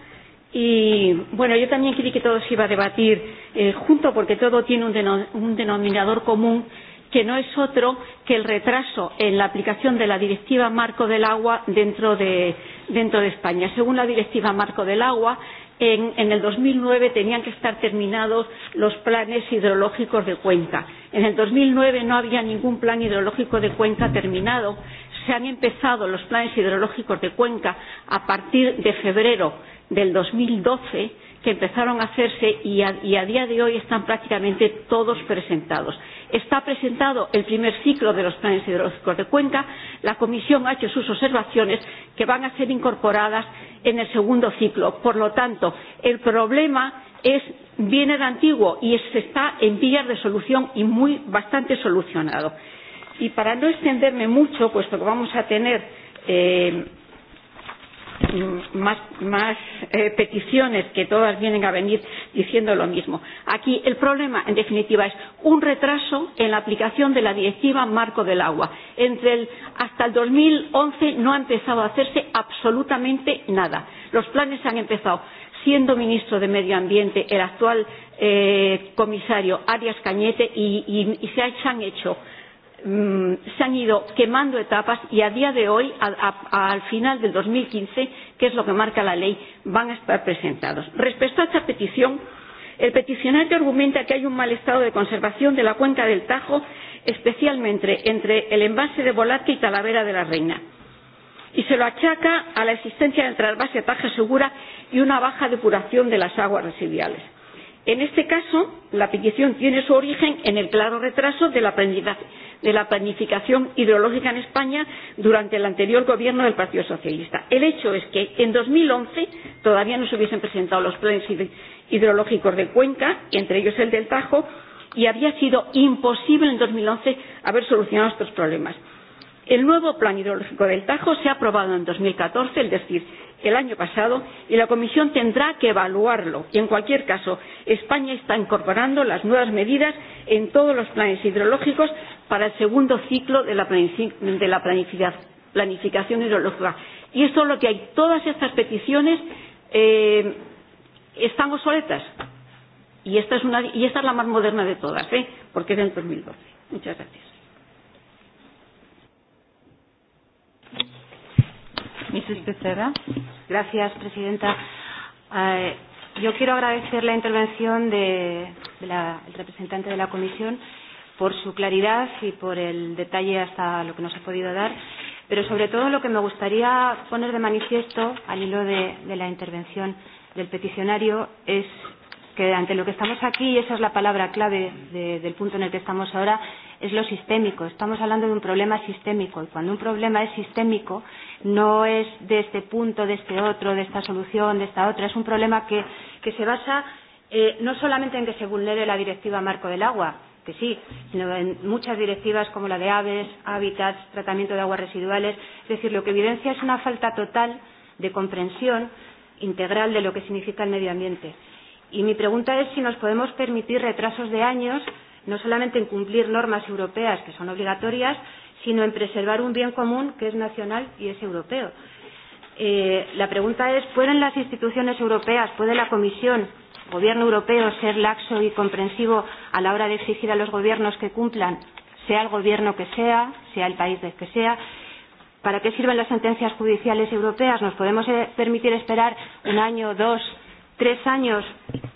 Y bueno, yo también creí que todo se iba a debatir eh, junto porque todo tiene un, deno un denominador común que no es otro que el retraso en la aplicación de la Directiva Marco del Agua dentro de, dentro de España. Según la Directiva Marco del Agua, en, en el 2009 tenían que estar terminados los planes hidrológicos de Cuenca. En el 2009 no había ningún plan hidrológico de Cuenca terminado se han empezado los planes hidrológicos de Cuenca a partir de febrero del 2012, que empezaron a hacerse y a, y a día de hoy están prácticamente todos presentados. Está presentado el primer ciclo de los planes hidrológicos de Cuenca. La Comisión ha hecho sus observaciones que van a ser incorporadas en el segundo ciclo. Por lo tanto, el problema es viene de antiguo y se está en vías de solución y muy bastante solucionado. Y para no extenderme mucho, puesto que vamos a tener eh, mm, más, más eh, peticiones que todas vienen a venir diciendo lo mismo. Aquí el problema, en definitiva, es un retraso en la aplicación de la directiva marco del agua. Entre el, hasta el 2011 no ha empezado a hacerse absolutamente nada. Los planes han empezado. Siendo ministro de Medio Ambiente, el actual eh, comisario Arias Cañete, y, y, y se han hecho mmm, se han ido quemando etapas y a día de hoy, a, a, al final del 2015, que es lo que marca la ley, van a estar presentados. Respecto a esta petición, el peticionario argumenta que hay un mal estado de conservación de la cuenca del Tajo, especialmente entre el envase de Volatque y Talavera de la Reina y se lo achaca a la existencia del trasvase a Taja Segura y una baja depuración de las aguas residuales. En este caso, la petición tiene su origen en el claro retraso del aprendizaje de la planificación hidrológica en España durante el anterior gobierno del Partido Socialista. El hecho es que en 2011 todavía no se hubiesen presentado los planes hidrológicos de Cuenca, entre ellos el del Tajo, y había sido imposible en 2011 haber solucionado estos problemas. El nuevo plan hidrológico del Tajo se ha aprobado en 2014, es decir, el año pasado y la Comisión tendrá que evaluarlo. Y en cualquier caso, España está incorporando las nuevas medidas en todos los planes hidrológicos para el segundo ciclo de la, planific de la planific planificación hidrológica. Y esto es lo que hay. Todas estas peticiones eh, están obsoletas. Y esta, es una, y esta es la más moderna de todas, ¿eh? porque es del 2012. Muchas gracias. Mrs. Becerra. Gracias, presidenta. Eh, yo quiero agradecer la intervención del de la, el representante de la Comisión por su claridad y por el detalle hasta lo que nos ha podido dar, pero sobre todo lo que me gustaría poner de manifiesto al hilo de, de la intervención del peticionario es que ante lo que estamos aquí, y esa es la palabra clave de, del punto en el que estamos ahora, es lo sistémico. Estamos hablando de un problema sistémico y cuando un problema es sistémico no es de este punto, de este otro, de esta solución, de esta otra. Es un problema que, que se basa eh, no solamente en que se vulnere la directiva marco del agua, que sí, sino en muchas directivas como la de aves, hábitats, tratamiento de aguas residuales. Es decir, lo que evidencia es una falta total de comprensión integral de lo que significa el medio ambiente. Y mi pregunta es si nos podemos permitir retrasos de años, no solamente en cumplir normas europeas que son obligatorias, sino en preservar un bien común que es nacional y es europeo. Eh, la pregunta es, ¿pueden las instituciones europeas, puede la Comisión, el Gobierno europeo ser laxo y comprensivo a la hora de exigir a los gobiernos que cumplan, sea el gobierno que sea, sea el país que sea? ¿Para qué sirven las sentencias judiciales europeas? ¿Nos podemos eh, permitir esperar un año dos tres años,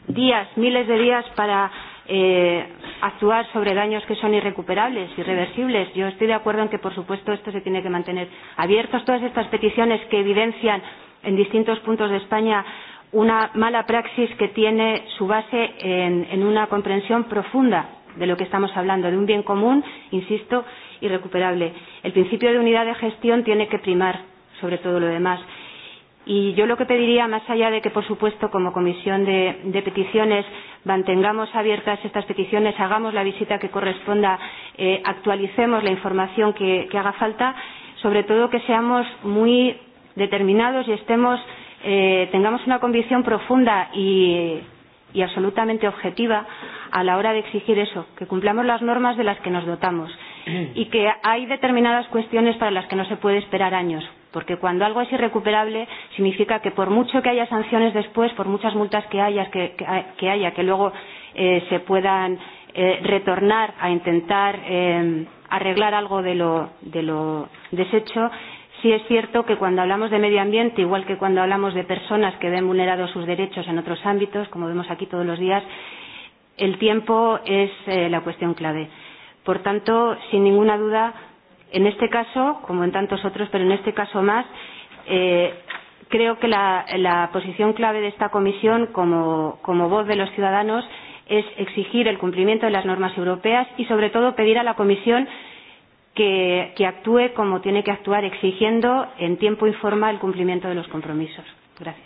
días, miles de días para eh, actuar sobre daños que son irrecuperables, irreversibles. Yo estoy de acuerdo en que, por supuesto, esto se tiene que mantener abierto. Todas estas peticiones que evidencian en distintos puntos de España una mala praxis que tiene su base en, en una comprensión profunda de lo que estamos hablando, de un bien común, insisto, irrecuperable. El principio de unidad de gestión tiene que primar sobre todo lo demás. Y yo lo que pediría, más allá de que, por supuesto, como comisión de, de peticiones, mantengamos abiertas estas peticiones, hagamos la visita que corresponda, eh, actualicemos la información que, que haga falta, sobre todo que seamos muy determinados y estemos, eh, tengamos una convicción profunda y, y absolutamente objetiva a la hora de exigir eso, que cumplamos las normas de las que nos dotamos y que hay determinadas cuestiones para las que no se puede esperar años porque cuando algo es irrecuperable significa que por mucho que haya sanciones después, por muchas multas que haya, que, que, haya, que luego eh, se puedan eh, retornar a intentar eh, arreglar algo de lo, de lo deshecho, sí es cierto que cuando hablamos de medio ambiente, igual que cuando hablamos de personas que ven vulnerados sus derechos en otros ámbitos, como vemos aquí todos los días, el tiempo es eh, la cuestión clave. Por tanto, sin ninguna duda, En este caso, como en tantos otros, pero en este caso más, eh, creo que la, la posición clave de esta comisión como, como voz de los ciudadanos es exigir el cumplimiento de las normas europeas y, sobre todo, pedir a la Comisión que, que actúe como tiene que actuar, exigiendo en tiempo y forma el cumplimiento de los compromisos. Gracias.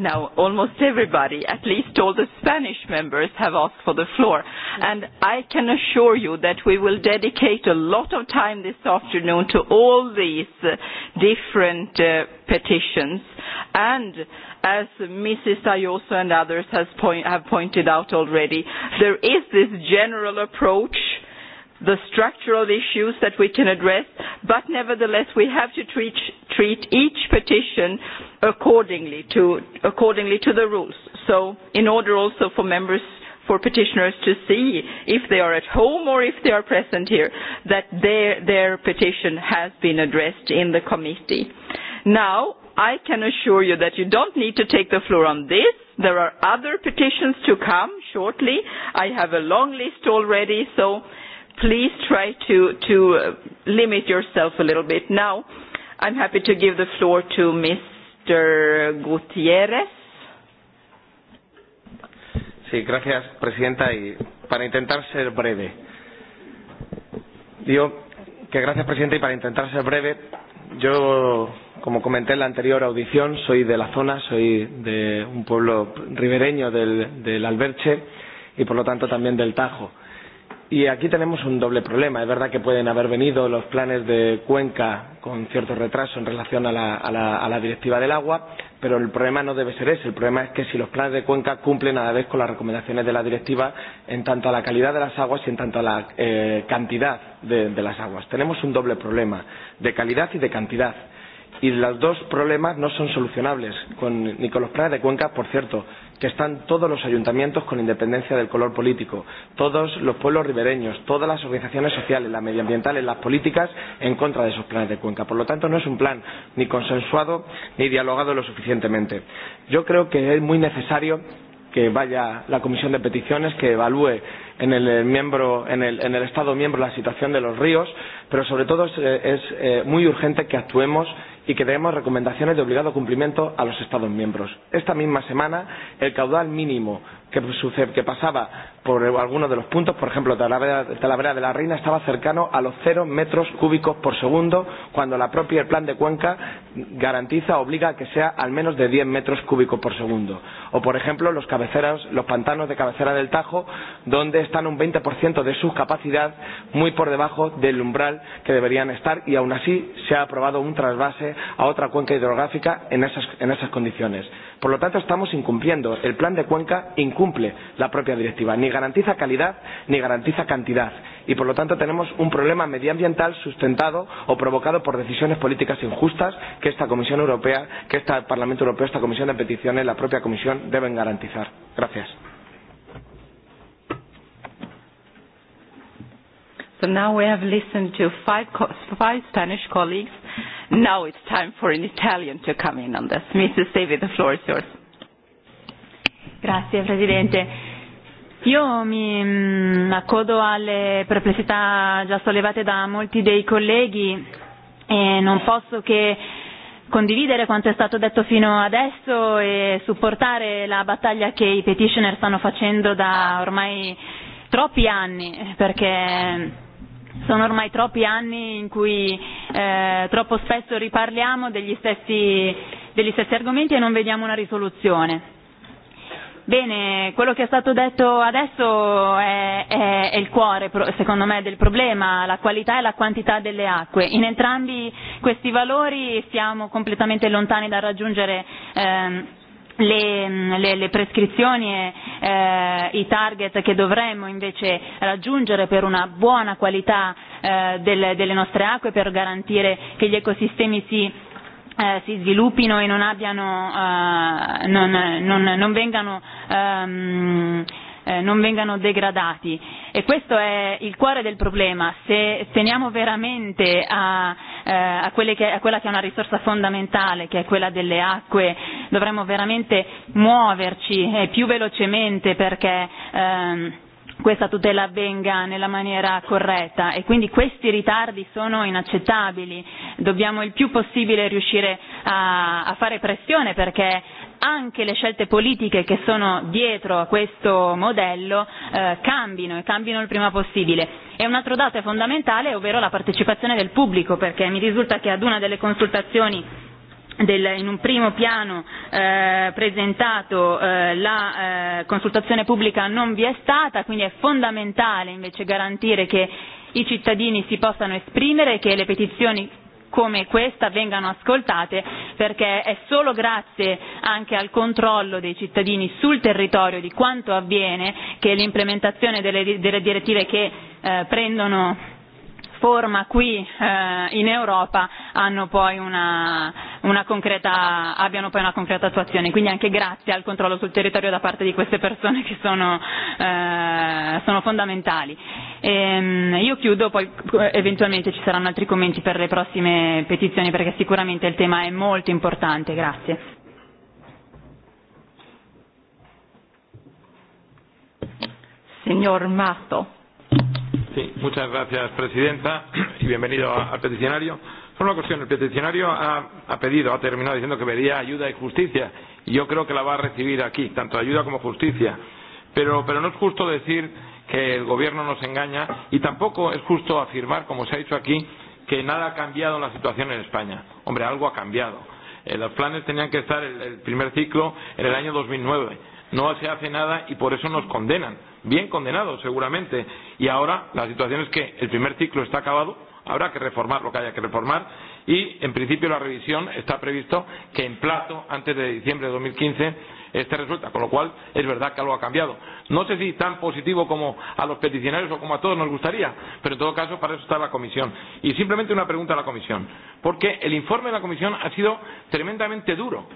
Now, almost everybody, at least all the Spanish members, have asked for the floor. And I can assure you that we will dedicate a lot of time this afternoon to all these uh, different uh, petitions. And as Mrs. Ayoso and others has point, have pointed out already, there is this general approach the structural issues that we can address, but nevertheless we have to treat, treat each petition accordingly to, accordingly to the rules. So in order also for members for petitioners to see if they are at home or if they are present here that their, their petition has been addressed in the committee. Now, I can assure you that you don't need to take the floor on this. There are other petitions to come shortly. I have a long list already, so please try to, to uh, limit yourself a little bit. Now, I'm happy to give the floor to Mr. Gutierrez. Sí, gracias, presidenta. Y para intentar ser breve, digo que gracias, presidenta, y para intentar ser breve, yo, como comenté en la anterior audición, soy de la zona, soy de un pueblo ribereño del, del Alberche y, por lo tanto, también del Tajo Y aquí tenemos un doble problema. Es verdad que pueden haber venido los planes de Cuenca con cierto retraso en relación a la, a la, a la directiva del agua, pero el problema no debe ser ese. El problema es que si los planes de Cuenca cumplen a la vez con las recomendaciones de la directiva en tanto a la calidad de las aguas y en tanto a la eh, cantidad de, de las aguas. Tenemos un doble problema de calidad y de cantidad. Y los dos problemas no son solucionables, con, ni con los planes de Cuenca, por cierto que están todos los ayuntamientos con independencia del color político, todos los pueblos ribereños, todas las organizaciones sociales, las medioambientales, las políticas en contra de esos planes de cuenca. Por lo tanto, no es un plan ni consensuado ni dialogado lo suficientemente. Yo creo que es muy necesario que vaya la comisión de peticiones, que evalúe en el, miembro, en el, en el Estado miembro la situación de los ríos, pero sobre todo es, eh, es eh, muy urgente que actuemos y que demos recomendaciones de obligado cumplimiento a los Estados miembros. Esta misma semana, el caudal mínimo que, que pasaba por algunos de los puntos, por ejemplo, Talavera, Talavera de la Reina estaba cercano a los cero metros cúbicos por segundo, cuando la propia el plan de Cuenca garantiza, obliga a que sea al menos de 10 metros cúbicos por segundo. O, por ejemplo, los cabeceras, los pantanos de cabecera del Tajo, donde están un 20% de su capacidad muy por debajo del umbral que deberían estar y aún así se ha aprobado un trasvase a otra cuenca hidrográfica en esas, en esas condiciones. Por lo tanto, estamos incumpliendo. El plan de Cuenca incumple la propia directiva. Ni garantiza calidad ni garantiza cantidad. Y por lo tanto, tenemos un problema medioambiental sustentado o provocado por decisiones políticas injustas que esta Comisión Europea, que este Parlamento Europeo, esta Comisión de Peticiones, la propia Comisión deben garantizar. Gracias. So now we have listened to five, co five Spanish colleagues Now it's time for an Italian to come in on this. Mrs. David, the floor is yours. Grazie Presidente. Io mi mm, accodo alle perplessità già sollevate da molti dei colleghi e non posso che condividere quanto è stato detto fino adesso e supportare la battaglia che i petitioner stanno facendo da ormai troppi anni perché sono ormai troppi anni in cui eh, troppo spesso riparliamo degli stessi, degli stessi argomenti e non vediamo una risoluzione. Bene, quello che è stato detto adesso è, è, è il cuore, secondo me, del problema, la qualità e la quantità delle acque. In entrambi questi valori siamo completamente lontani da raggiungere Eh, le, le, le prescrizioni e eh, i target che dovremmo invece raggiungere per una buona qualità eh, del, delle nostre acque, per garantire che gli ecosistemi si eh, si sviluppino e non, abbiano, eh, non, non, non vengano ehm, eh, non vengano degradati e questo è il cuore del problema se teniamo veramente a, eh, a, quelle che, a quella che è una risorsa fondamentale che è quella delle acque dovremmo veramente muoverci eh, più velocemente perché ehm, questa tutela avvenga nella maniera corretta e quindi questi ritardi sono inaccettabili. Dobbiamo il più possibile riuscire a, a fare pressione perché anche le scelte politiche che sono dietro a questo modello eh, cambino e cambino il prima possibile. E un altro dato è fondamentale, ovvero la partecipazione del pubblico, perché mi risulta che ad una delle consultazioni del, in un primo piano eh, presentato eh, la eh, consultazione pubblica non vi è stata, quindi è fondamentale invece garantire che i cittadini si possano esprimere, e che le petizioni come questa vengano ascoltate perché è solo grazie anche al controllo dei cittadini sul territorio di quanto avviene che l'implementazione delle, delle direttive che eh, prendono forma qui eh, in Europa hanno poi una, una concreta, abbiano poi una concreta attuazione. Quindi anche grazie al controllo sul territorio da parte di queste persone che sono, eh, sono fondamentali. E, ehm, io chiudo, poi eh, eventualmente ci saranno altri commenti per le prossime petizioni perché sicuramente il tema è molto importante. Grazie. Signor Mato. Sí, muchas gracias, Presidenta, y bienvenido al peticionario. Solo una cuestión, el peticionario ha, ha pedido, ha terminado diciendo que pedía ayuda y justicia, y yo creo que la va a recibir aquí, tanto ayuda como justicia. Pero, pero no es justo decir que el Gobierno nos engaña y tampoco es justo afirmar, como se ha dicho aquí, que nada ha cambiado en la situación en España. Hombre, algo ha cambiado. Eh, los planes tenían que estar el, el primer ciclo en el año 2009. No se hace nada y por eso nos condenan bien condenado, seguramente, y ahora la situación es que el primer ciclo está acabado, habrá que reformar lo que haya que reformar y en principio la revisión está previsto que en plazo antes de diciembre de 2015 esté resuelta, con lo cual es verdad que algo ha cambiado. No sé si tan positivo como a los peticionarios o como a todos nos gustaría, pero en todo caso para eso está la comisión. Y simplemente una pregunta a la comisión, porque el informe de la comisión ha sido tremendamente duro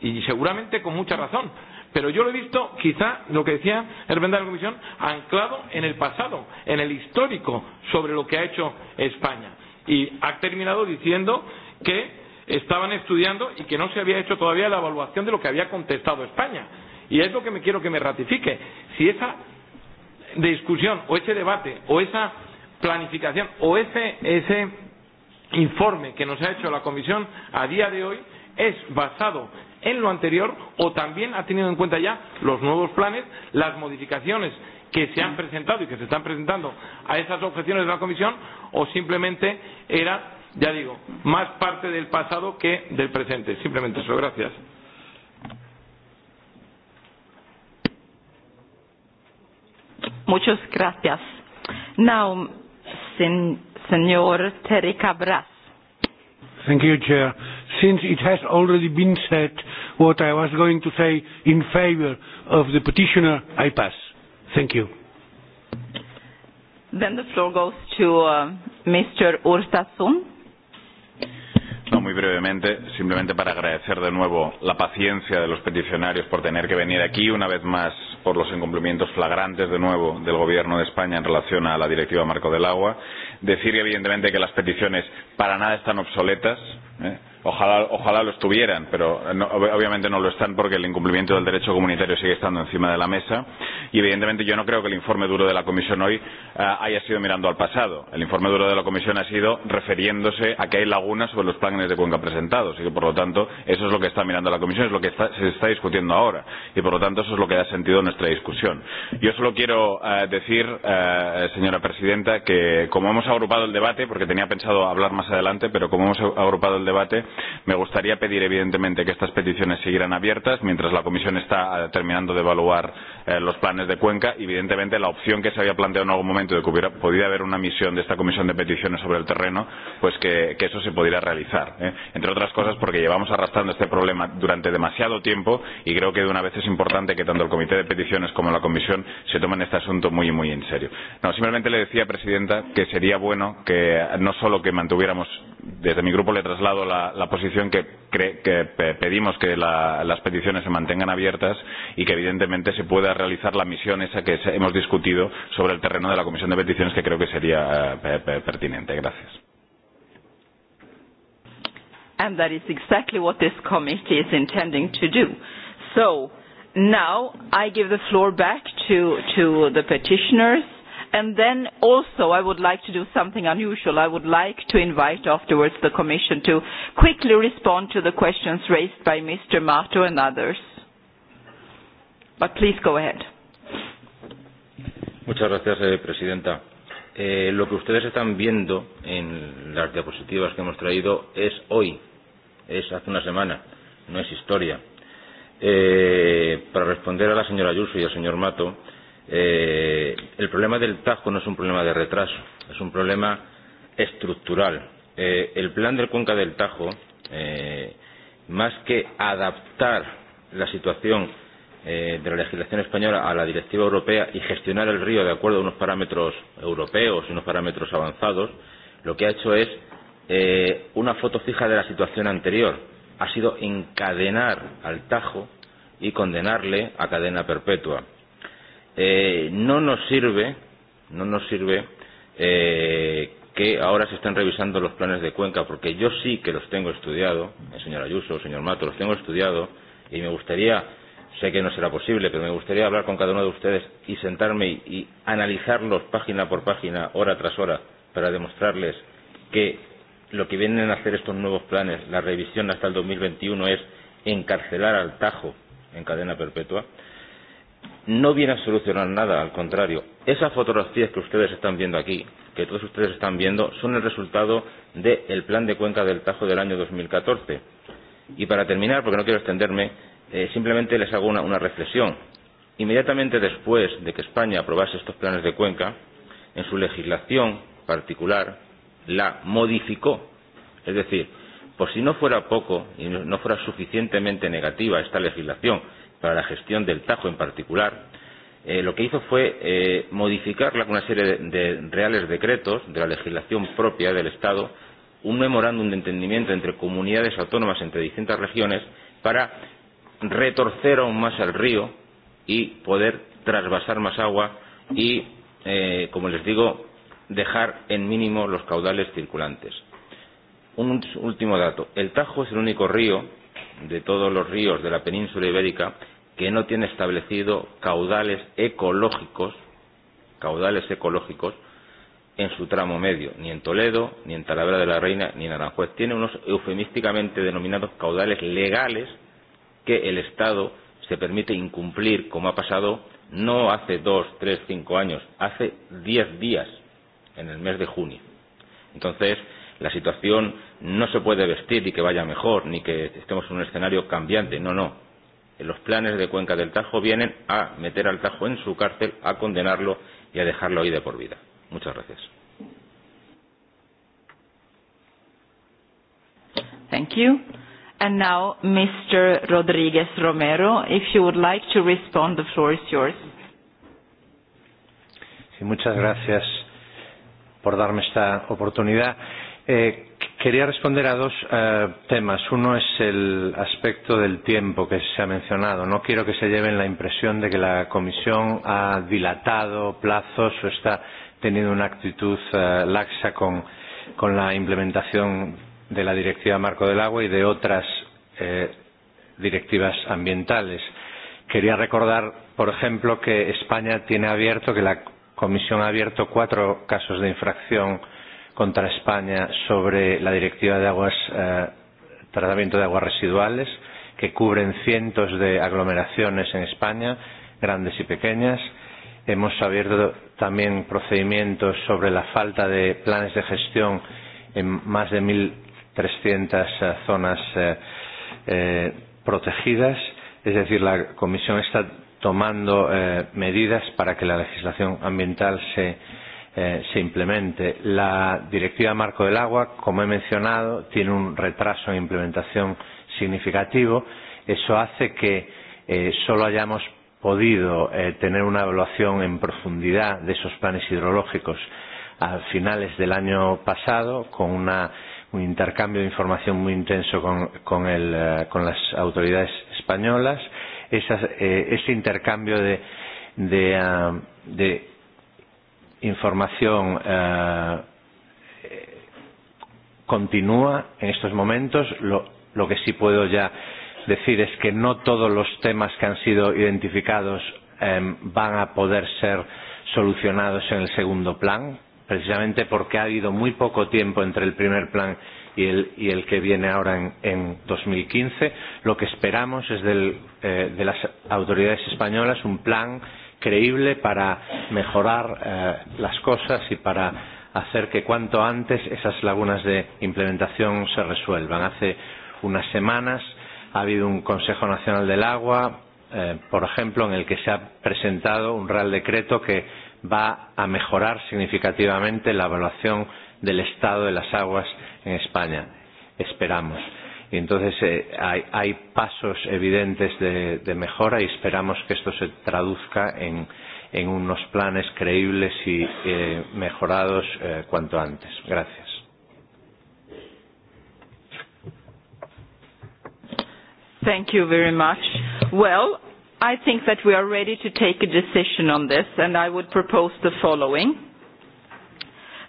y seguramente con mucha razón, Pero yo lo he visto, quizá, lo que decía el de la Comisión, anclado en el pasado, en el histórico, sobre lo que ha hecho España. Y ha terminado diciendo que estaban estudiando y que no se había hecho todavía la evaluación de lo que había contestado España. Y es lo que me quiero que me ratifique. Si esa discusión o ese debate o esa planificación o ese, ese informe que nos ha hecho la Comisión a día de hoy es basado en lo anterior o también ha tenido en cuenta ya los nuevos planes, las modificaciones que se han presentado y que se están presentando a esas objeciones de la Comisión o simplemente era, ya digo, más parte del pasado que del presente. Simplemente eso. Gracias. Muchas gracias. Now, sen, señor Terry Cabras. Thank you, Chair since it has already been said what I was going to say in favor of the petitioner, I pass. Thank you. Then the floor goes to uh, Mr. Urtasun. No, muy brevemente, simplemente para agradecer de nuevo la paciencia de los peticionarios por tener que venir aquí, una vez más por los incumplimientos flagrantes de nuevo del Gobierno de España en relación a la Directiva Marco del Agua. Decir, evidentemente, que las peticiones para nada están obsoletas. ¿eh? Ojalá, ojalá lo estuvieran, pero no, obviamente no lo están porque el incumplimiento del derecho comunitario sigue estando encima de la mesa. Y evidentemente yo no creo que el informe duro de la Comisión hoy uh, haya sido mirando al pasado. El informe duro de la Comisión ha sido refiriéndose a que hay lagunas sobre los planes de cuenca presentados. Y que, por lo tanto, eso es lo que está mirando la Comisión, es lo que está, se está discutiendo ahora. Y, por lo tanto, eso es lo que da sentido a nuestra discusión. Yo solo quiero uh, decir, uh, señora presidenta, que como hemos agrupado el debate, porque tenía pensado hablar más adelante, pero como hemos agrupado el debate, Me gustaría pedir, evidentemente, que estas peticiones siguieran abiertas mientras la Comisión está eh, terminando de evaluar eh, los planes de Cuenca. Evidentemente, la opción que se había planteado en algún momento de que hubiera, podía haber una misión de esta Comisión de Peticiones sobre el terreno, pues que, que eso se pudiera realizar. ¿eh? Entre otras cosas, porque llevamos arrastrando este problema durante demasiado tiempo y creo que de una vez es importante que tanto el Comité de Peticiones como la Comisión se tomen este asunto muy, muy en serio. No, simplemente le decía, Presidenta, que sería bueno que no solo que mantuviéramos, desde mi grupo le traslado la, la la posición que, cre, que pedimos que la, las peticiones se mantengan abiertas y que evidentemente se pueda realizar la misión esa que hemos discutido sobre el terreno de la Comisión de Peticiones, que creo que sería eh, pertinente. Gracias. And that is exactly what this committee is intending to do. So now I give the floor back to, to the petitioners And then also I would like to do something unusual. I would like to invite afterwards the Commission to quickly respond to the questions raised by Mr. Mato and others. But please go ahead. Muchas gracias, eh, Presidenta. Eh, lo que ustedes están viendo en las diapositivas que hemos traído es hoy, es hace una semana, no es historia. Eh, para responder a la señora Ayuso y al señor Mato, Eh, el problema del Tajo no es un problema de retraso, es un problema estructural. Eh, el plan del Cuenca del Tajo, eh, más que adaptar la situación eh, de la legislación española a la directiva europea y gestionar el río de acuerdo a unos parámetros europeos y unos parámetros avanzados, lo que ha hecho es eh, una foto fija de la situación anterior. Ha sido encadenar al Tajo y condenarle a cadena perpetua eh, no nos sirve, no nos sirve eh, que ahora se estén revisando los planes de Cuenca, porque yo sí que los tengo estudiado, el señor Ayuso, el señor Mato, los tengo estudiado y me gustaría, sé que no será posible, pero me gustaría hablar con cada uno de ustedes y sentarme y, y analizarlos página por página, hora tras hora, para demostrarles que lo que vienen a hacer estos nuevos planes, la revisión hasta el 2021 es encarcelar al Tajo en cadena perpetua no viene a solucionar nada, al contrario. Esas fotografías que ustedes están viendo aquí, que todos ustedes están viendo, son el resultado del de plan de cuenca del Tajo del año 2014. Y para terminar, porque no quiero extenderme, eh, simplemente les hago una, una reflexión. Inmediatamente después de que España aprobase estos planes de cuenca, en su legislación particular la modificó. Es decir, por si no fuera poco y no fuera suficientemente negativa esta legislación, para la gestión del Tajo en particular, eh, lo que hizo fue eh, modificarla con una serie de, de reales decretos de la legislación propia del Estado, un memorándum de entendimiento entre comunidades autónomas, entre distintas regiones, para retorcer aún más al río y poder trasvasar más agua y, eh, como les digo, dejar en mínimo los caudales circulantes. Un último dato. El Tajo es el único río de todos los ríos de la península ibérica que no tiene establecido caudales ecológicos, caudales ecológicos en su tramo medio, ni en Toledo, ni en Talavera de la Reina, ni en Aranjuez. Tiene unos eufemísticamente denominados caudales legales que el Estado se permite incumplir, como ha pasado no hace dos, tres, cinco años, hace diez días, en el mes de junio. Entonces, la situación no se puede vestir y que vaya mejor, ni que estemos en un escenario cambiante, no, no. En los planes de cuenca del Tajo vienen a meter al Tajo en su cárcel, a condenarlo y a dejarlo ahí de por vida. Muchas gracias. Thank you. And now, Mr. Rodriguez Romero, if you would like to respond, the floor is yours. Sí, muchas gracias por darme esta oportunidad. Eh, quería responder a dos eh, temas. Uno es el aspecto del tiempo que se ha mencionado. No quiero que se lleven la impresión de que la Comisión ha dilatado plazos o está teniendo una actitud eh, laxa con, con la implementación de la Directiva Marco del Agua y de otras eh, directivas ambientales. Quería recordar, por ejemplo, que España tiene abierto, que la Comisión ha abierto cuatro casos de infracción contra España sobre la Directiva de Aguas, eh, Tratamiento de Aguas Residuales, que cubren cientos de aglomeraciones en España, grandes y pequeñas. Hemos abierto también procedimientos sobre la falta de planes de gestión en más de 1.300 eh, zonas eh, eh, protegidas. Es decir, la Comisión está tomando eh, medidas para que la legislación ambiental se eh, se implemente. La Directiva Marco del Agua, como he mencionado, tiene un retraso en implementación significativo. Eso hace que eh, solo hayamos podido eh, tener una evaluación en profundidad de esos planes hidrológicos a finales del año pasado, con una, un intercambio de información muy intenso con, con, el, eh, con las autoridades españolas. Esas, eh, ese intercambio de, de, uh, de información eh, continúa en estos momentos. Lo, lo que sí puedo ya decir es que no todos los temas que han sido identificados eh, van a poder ser solucionados en el segundo plan, precisamente porque ha habido muy poco tiempo entre el primer plan y el, y el que viene ahora en, en 2015. Lo que esperamos es del, eh, de las autoridades españolas un plan eh, creíble para mejorar eh, las cosas y para hacer que cuanto antes esas lagunas de implementación se resuelvan. Hace unas semanas ha habido un Consejo Nacional del Agua, eh, por ejemplo, en el que se ha presentado un Real Decreto que va a mejorar significativamente la evaluación del estado de las aguas en España. Esperamos. Y entonces eh, hay, hay pasos evidentes de, de mejora y esperamos que esto se traduzca en, en unos planes creíbles y eh, mejorados eh, cuanto antes. Gracias. Thank you very much. Well, I think that we are ready to take a decision on this, and I would propose the following: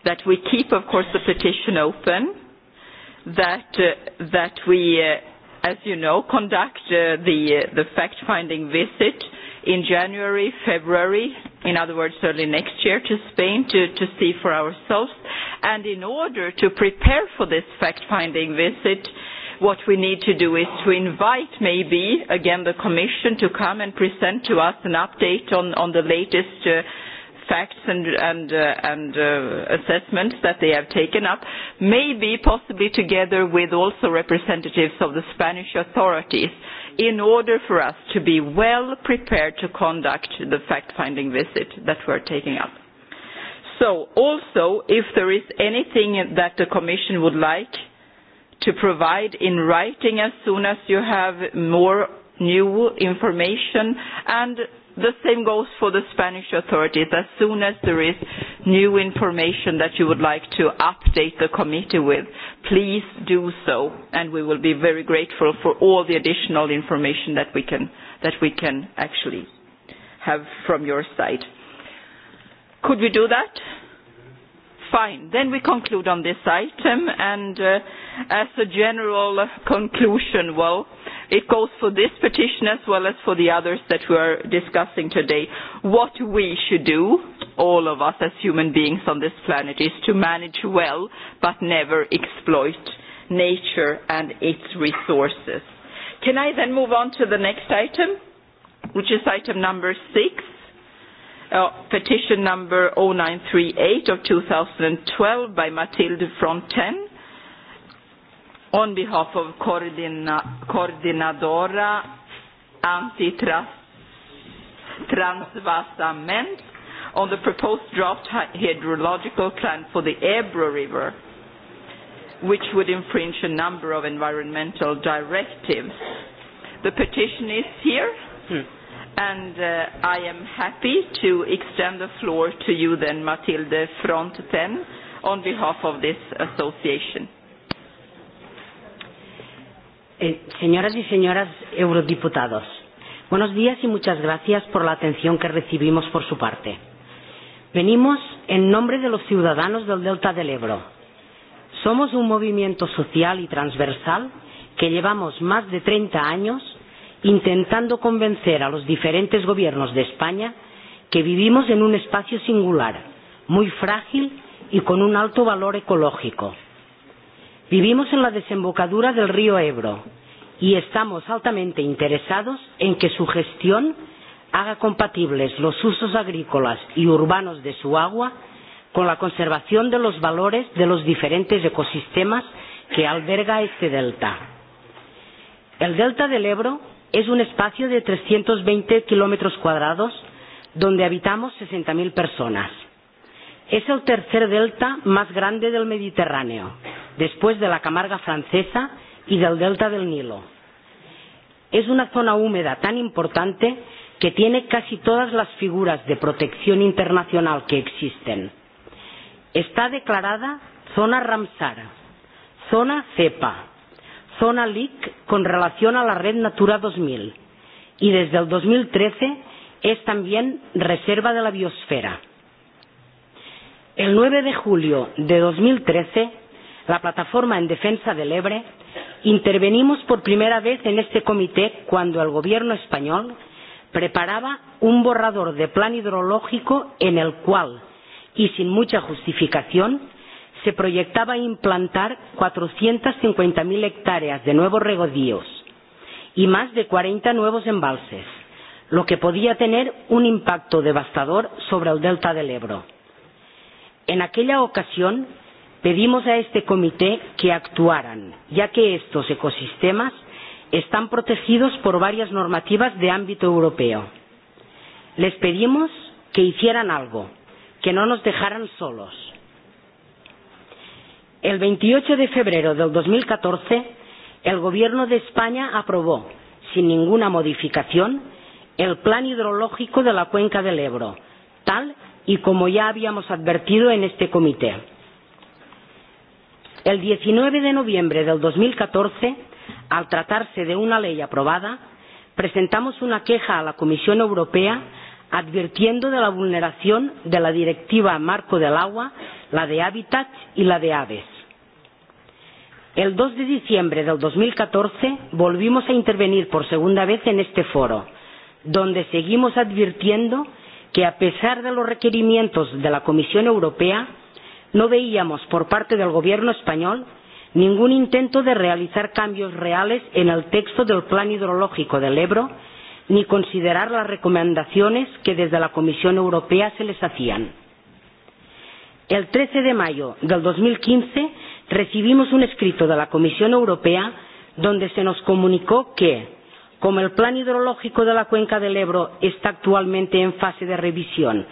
that we keep, of course, the petition open, that uh, that we, uh, as you know, conduct uh, the uh, the fact-finding visit in January, February, in other words, early next year to Spain to, to see for ourselves. And in order to prepare for this fact-finding visit, what we need to do is to invite maybe, again, the Commission to come and present to us an update on, on the latest uh, facts and, and, uh, and uh, assessments that they have taken up, maybe possibly together with also representatives of the Spanish authorities, in order for us to be well prepared to conduct the fact-finding visit that we're taking up. So also, if there is anything that the Commission would like to provide in writing as soon as you have more new information and The same goes for the Spanish authorities. As soon as there is new information that you would like to update the committee with, please do so, and we will be very grateful for all the additional information that we can, that we can actually have from your side. Could we do that? Fine. Then we conclude on this item, and uh, as a general conclusion, well, uh, It goes for this petition as well as for the others that we are discussing today. What we should do, all of us as human beings on this planet, is to manage well but never exploit nature and its resources. Can I then move on to the next item, which is item number six, uh, petition number 0938 of 2012 by Mathilde Fronten on behalf of Coordina Coordinadora Antitrust Transvasament on the proposed draft hydrological plan for the Ebro River, which would infringe a number of environmental directives. The petition is here, hmm. and uh, I am happy to extend the floor to you then, Mathilde Fronten, on behalf of this association. Eh, señoras y señoras eurodiputados, buenos días y muchas gracias por la atención que recibimos por su parte. Venimos en nombre de los ciudadanos del Delta del Ebro. Somos un movimiento social y transversal que llevamos más de 30 años intentando convencer a los diferentes gobiernos de España que vivimos en un espacio singular, muy frágil y con un alto valor ecológico Vivimos en la desembocadura del río Ebro y estamos altamente interesados en que su gestión haga compatibles los usos agrícolas y urbanos de su agua con la conservación de los valores de los diferentes ecosistemas que alberga este delta. El delta del Ebro es un espacio de 320 kilómetros cuadrados donde habitamos 60.000 personas. Es el tercer delta más grande del Mediterráneo, después de la Camarga francesa y del delta del Nilo. Es una zona húmeda tan importante que tiene casi todas las figuras de protección internacional que existen. Está declarada zona Ramsar, zona CEPA, zona LIC con relación a la red Natura 2000 y desde el 2013 es también reserva de la biosfera el 9 de julio de 2013, la Plataforma en Defensa del Ebre intervenimos por primera vez en este comité cuando el Gobierno español preparaba un borrador de plan hidrológico en el cual, y sin mucha justificación, se proyectaba implantar 450.000 hectáreas de nuevos regodíos y más de 40 nuevos embalses, lo que podía tener un impacto devastador sobre el delta del Ebro En aquella ocasión pedimos a este comité que actuaran, ya que estos ecosistemas están protegidos por varias normativas de ámbito europeo. Les pedimos que hicieran algo, que no nos dejaran solos. El 28 de febrero del 2014, el Gobierno de España aprobó, sin ninguna modificación, el Plan Hidrológico de la Cuenca del Ebro, tal y como ya habíamos advertido en este comité. El 19 de noviembre del 2014, al tratarse de una ley aprobada, presentamos una queja a la Comisión Europea advirtiendo de la vulneración de la Directiva Marco del Agua, la de Hábitats y la de Aves. El 2 de diciembre del 2014 volvimos a intervenir por segunda vez en este foro, donde seguimos advirtiendo de que a pesar de los requerimientos de la Comisión Europea, no veíamos por parte del Gobierno español ningún intento de realizar cambios reales en el texto del plan hidrológico del Ebro, ni considerar las recomendaciones que desde la Comisión Europea se les hacían. El 13 de mayo del 2015 recibimos un escrito de la Comisión Europea donde se nos comunicó que Como el plan hidrológico de la cuenca del Ebro está actualmente en fase de revisión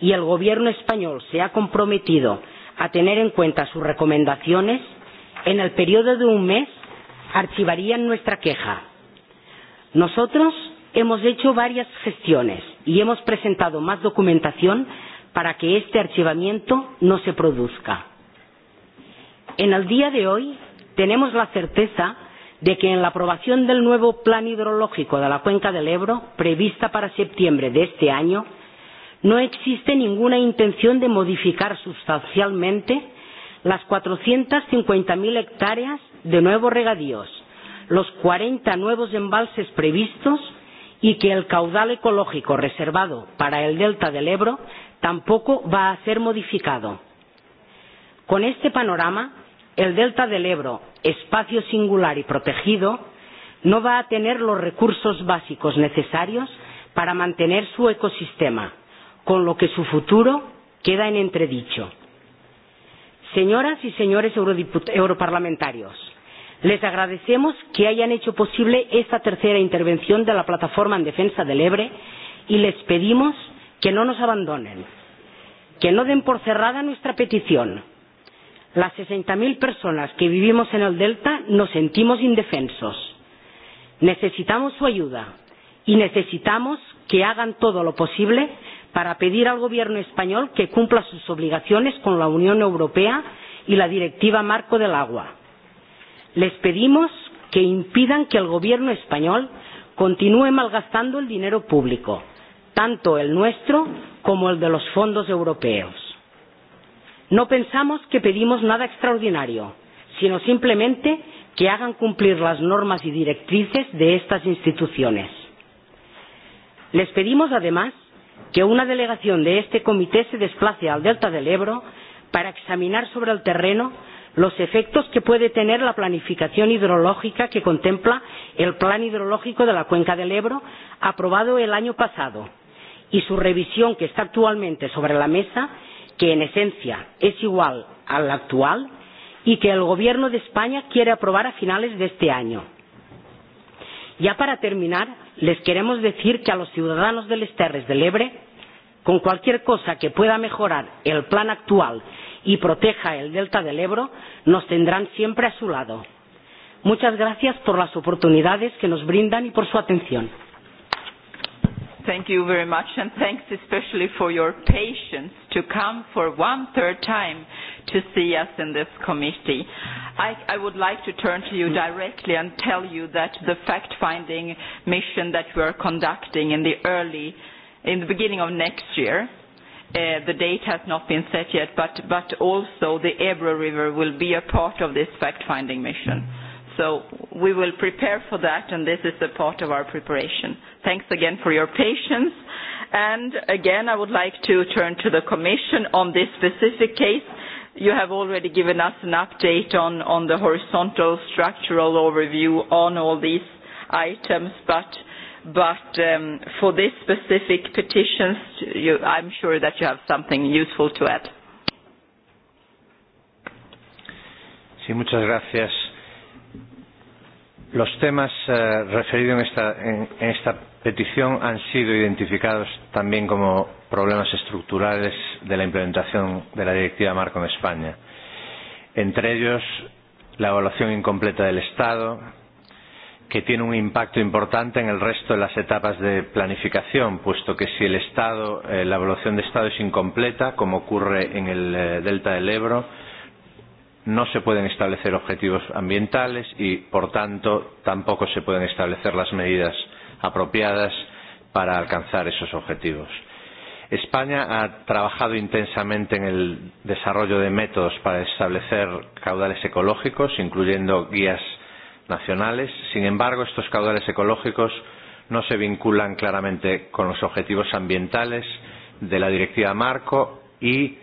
y el Gobierno español se ha comprometido a tener en cuenta sus recomendaciones, en el periodo de un mes archivarían nuestra queja. Nosotros hemos hecho varias gestiones y hemos presentado más documentación para que este archivamiento no se produzca. En el día de hoy tenemos la certeza de que en la aprobación del nuevo plan hidrológico de la cuenca del Ebro, prevista para septiembre de este año, no existe ninguna intención de modificar sustancialmente las 450.000 hectáreas de nuevos regadíos, los 40 nuevos embalses previstos y que el caudal ecológico reservado para el delta del Ebro tampoco va a ser modificado. Con este panorama, el delta del Ebro, espacio singular y protegido, no va a tener los recursos básicos necesarios para mantener su ecosistema, con lo que su futuro queda en entredicho. Señoras y señores europarlamentarios, les agradecemos que hayan hecho posible esta tercera intervención de la Plataforma en Defensa del Ebre y les pedimos que no nos abandonen, que no den por cerrada nuestra petición las 60.000 personas que vivimos en el Delta nos sentimos indefensos. Necesitamos su ayuda y necesitamos que hagan todo lo posible para pedir al Gobierno español que cumpla sus obligaciones con la Unión Europea y la Directiva Marco del Agua. Les pedimos que impidan que el Gobierno español continúe malgastando el dinero público, tanto el nuestro como el de los fondos europeos No pensamos que pedimos nada extraordinario, sino simplemente que hagan cumplir las normas y directrices de estas instituciones. Les pedimos, además, que una delegación de este comité se desplace al delta del Ebro para examinar sobre el terreno los efectos que puede tener la planificación hidrológica que contempla el Plan Hidrológico de la Cuenca del Ebro, aprobado el año pasado, y su revisión que está actualmente sobre la mesa que en esencia es igual al actual y que el Gobierno de España quiere aprobar a finales de este año. Ya para terminar, les queremos decir que a los ciudadanos del Esterres del Ebre, con cualquier cosa que pueda mejorar el plan actual y proteja el delta del Ebro, nos tendrán siempre a su lado. Muchas gracias por las oportunidades que nos brindan y por su atención. Thank you very much, and thanks especially for your patience to come for one third time to see us in this committee. I, I would like to turn to you mm. directly and tell you that the fact-finding mission that we are conducting in the early, in the beginning of next year, Uh, the date has not been set yet, but, but also the Ebro River will be a part of this fact-finding mission. Mm -hmm. So we will prepare for that, and this is a part of our preparation. Thanks again for your patience. And again, I would like to turn to the Commission on this specific case. You have already given us an update on, on the horizontal structural overview on all these items, but but um, for this specific petitions, I'm sure that you have something useful to add. Sí, muchas gracias Los temas eh, referidos en esta, en, en esta petición han sido identificados también como problemas estructurales de la implementación de la Directiva Marco en España. Entre ellos, la evaluación incompleta del Estado, que tiene un impacto importante en el resto de las etapas de planificación, puesto que si el Estado, eh, la evaluación de Estado es incompleta, como ocurre en el eh, delta del Ebro, eh, no se pueden establecer objetivos ambientales y, por tanto, tampoco se pueden establecer las medidas apropiadas para alcanzar esos objetivos. España ha trabajado intensamente en el desarrollo de métodos para establecer caudales ecológicos, incluyendo guías nacionales. Sin embargo, estos caudales ecológicos no se vinculan claramente con los objetivos ambientales de la Directiva Marco y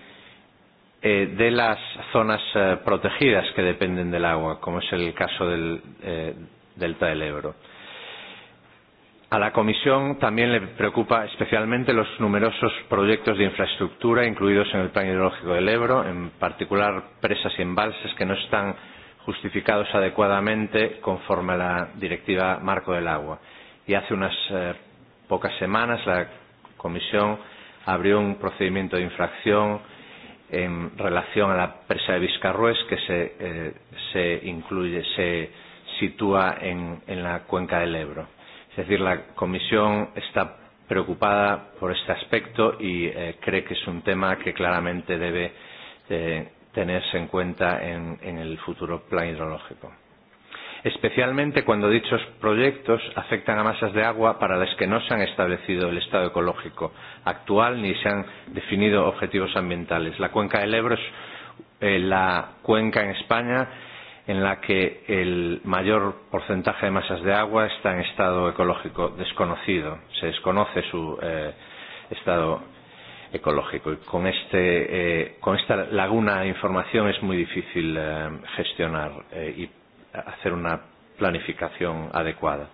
eh, de las zonas eh, protegidas que dependen del agua, como es el caso del eh, delta del Ebro. A la Comisión también le preocupa especialmente los numerosos proyectos de infraestructura incluidos en el Plan Hidrológico del Ebro, en particular presas y embalses que no están justificados adecuadamente conforme a la Directiva Marco del Agua. Y hace unas eh, pocas semanas la Comisión abrió un procedimiento de infracción en relación a la presa de Vizcarrués, que se, eh, se incluye, se sitúa en, en la cuenca del Ebro. Es decir, la Comisión está preocupada por este aspecto y eh, cree que es un tema que claramente debe eh, tenerse en cuenta en, en el futuro plan hidrológico especialmente cuando dichos proyectos afectan a masas de agua para las que no se han establecido el estado ecológico actual ni se han definido objetivos ambientales. La cuenca del Ebro es eh, la cuenca en España en la que el mayor porcentaje de masas de agua está en estado ecológico desconocido. Se desconoce su eh, estado ecológico. Y con, este, eh, con esta laguna de información es muy difícil eh, gestionar eh, y hacer una planificación adecuada.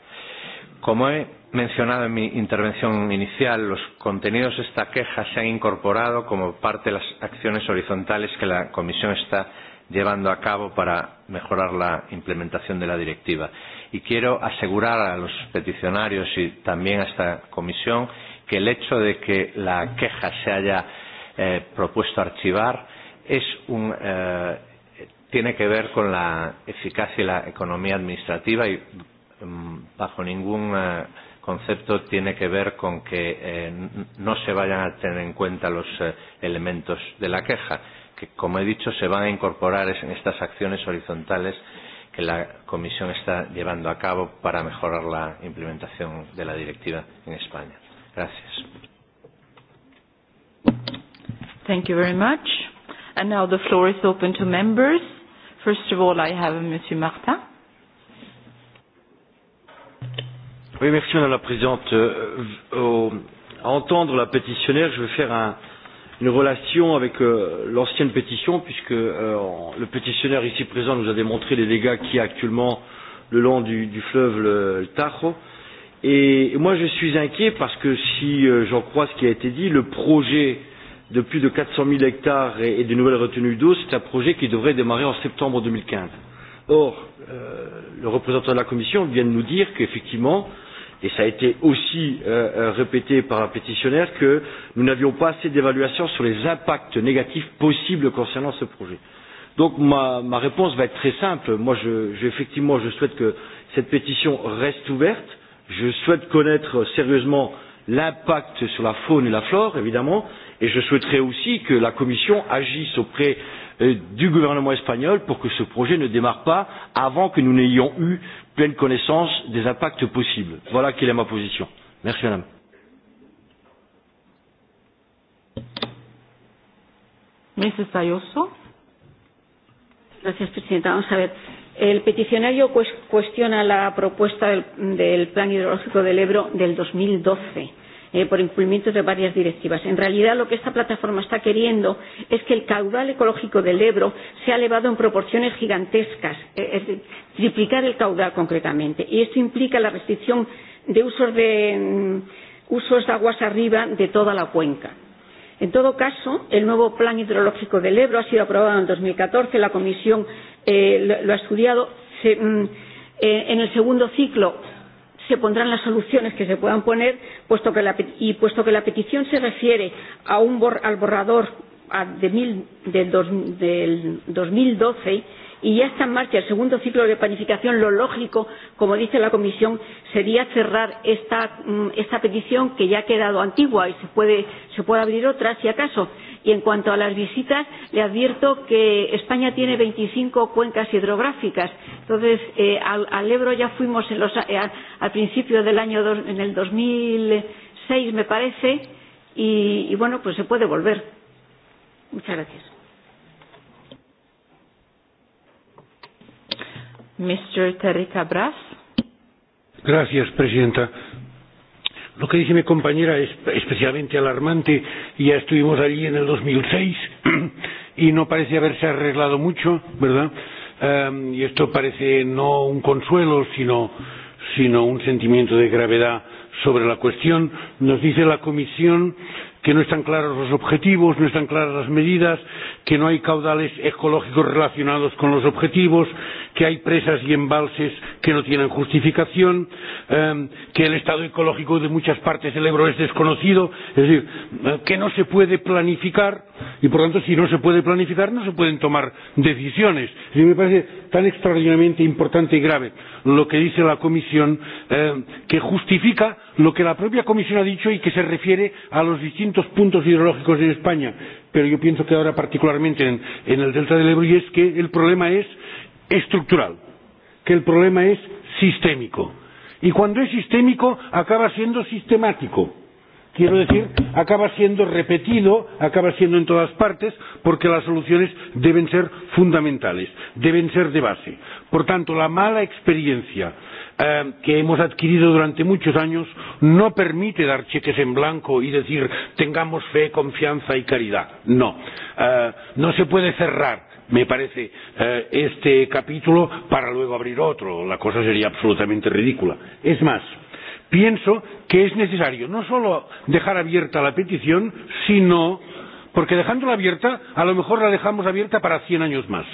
Como he mencionado en mi intervención inicial, los contenidos de esta queja se han incorporado como parte de las acciones horizontales que la Comisión está llevando a cabo para mejorar la implementación de la directiva. Y quiero asegurar a los peticionarios y también a esta Comisión que el hecho de que la queja se haya eh, propuesto archivar es un eh, tiene que ver con la eficacia y la economía administrativa y mm, bajo ningún eh, concepto tiene que ver con que eh, no se vayan a tener en cuenta los eh, elementos de la queja, que como he dicho se van a incorporar en estas acciones horizontales que la Comisión está llevando a cabo para mejorar la implementación de la directiva en España. Gracias. Thank you very much. And now the floor is open to members. First of all, I have Monsieur Martin. Oui, merci Madame la Présidente. Euh, au, à entendre la pétitionnaire, je vais faire un, une relation avec euh, l'ancienne pétition, puisque euh, le pétitionnaire ici présent nous a démontré les dégâts qu'il y a actuellement le long du, du fleuve le, le Tajo. Et moi, je suis inquiet parce que si euh, j'en crois ce qui a été dit, le projet euh, de plus de 400 000 hectares et, et de nouvelles retenues d'eau, c'est un projet qui devrait démarrer en septembre 2015. Or, euh, le représentant de la Commission vient de nous dire qu'effectivement, et ça a été aussi euh, euh répété par un pétitionnaire, que nous n'avions pas assez d'évaluation sur les impacts négatifs possibles concernant ce projet. Donc ma, ma réponse va être très simple. Moi, je, je, effectivement, je souhaite que cette pétition reste ouverte. Je souhaite connaître sérieusement l'impact sur la faune et la flore, évidemment, Et je souhaiterais aussi que la Commission agisse auprès euh, du gouvernement espagnol pour que ce projet ne démarre pas avant que nous n'ayons eu pleine connaissance des impacts possibles. Voilà quelle est ma position. Merci Madame. Mrs. Ayuso. Gracias, Presidenta. Vamos a ver. El peticionario cuestiona la propuesta del, del Plan Hidrológico del Ebro del 2012 eh, por incumplimiento de varias directivas. En realidad, lo que esta plataforma está queriendo es que el caudal ecológico del Ebro sea elevado en proporciones gigantescas, eh, es triplicar el caudal concretamente. Y esto implica la restricción de usos de, um, usos de aguas arriba de toda la cuenca. En todo caso, el nuevo plan hidrológico del Ebro ha sido aprobado en 2014, la Comisión eh, lo, lo ha estudiado. Se, mm, eh, en el segundo ciclo se pondrán las soluciones que se puedan poner puesto que la, y puesto que la petición se refiere a un bor, al borrador a, de mil, del, dos, del 2012 y ya está en marcha el segundo ciclo de planificación, lo lógico, como dice la Comisión, sería cerrar esta, mm, esta petición que ya ha quedado antigua y se puede, se puede abrir otra si acaso Y en cuanto a las visitas, le advierto que España tiene 25 cuencas hidrográficas. Entonces, eh, al, al Ebro ya fuimos en los, eh, al principio del año, dos, en el 2006, me parece, y, y bueno, pues se puede volver. Muchas gracias. Mr. Terry Cabras. Gracias, Presidenta. Lo que dice mi compañera es especialmente alarmante. Ya estuvimos allí en el 2006 <clears throat> y no parece haberse arreglado mucho, ¿verdad? Um, y esto parece no un consuelo, sino, sino un sentimiento de gravedad sobre la cuestión. Nos dice la Comisión que no están claros los objetivos, no están claras las medidas, que no hay caudales ecológicos relacionados con los objetivos, que hay presas y embalses que no tienen justificación, eh, que el estado ecológico de muchas partes del Ebro es desconocido, es decir, eh, que no se puede planificar y por tanto si no se puede planificar no se pueden tomar decisiones. Y me parece tan extraordinariamente importante y grave lo que dice la Comisión, eh, que justifica lo que la propia Comisión ha dicho y que se refiere a los distintos puntos hidrológicos en España, pero yo pienso que ahora particularmente en, en el Delta del Ebro, y es que el problema es estructural, que el problema es sistémico. Y cuando es sistémico acaba siendo sistemático quiero decir, acaba siendo repetido, acaba siendo en todas partes, porque las soluciones deben ser fundamentales, deben ser de base. Por tanto, la mala experiencia eh, que hemos adquirido durante muchos años no permite dar cheques en blanco y decir tengamos fe, confianza y caridad. No, eh, no se puede cerrar me parece, eh, este capítulo para luego abrir otro. La cosa sería absolutamente ridícula. Es más, pienso que es necesario no solo dejar abierta la petición, sino porque dejándola abierta a lo mejor la dejamos abierta para cien años más,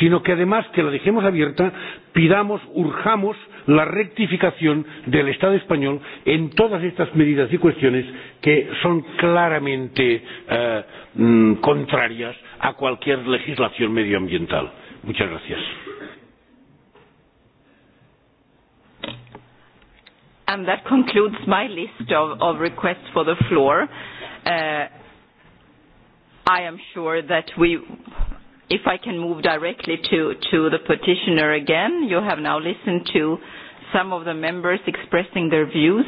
sino que además que la dejemos abierta pidamos, urjamos la rectificación del Estado español en todas estas medidas y cuestiones que son claramente eh, mm, contrarias a cualquier legislación medioambiental. Muchas gracias. and that concludes my list of, of requests for the floor. Uh, I am sure that we, if I can move directly to, to the petitioner again, you have now listened to some of the members expressing their views,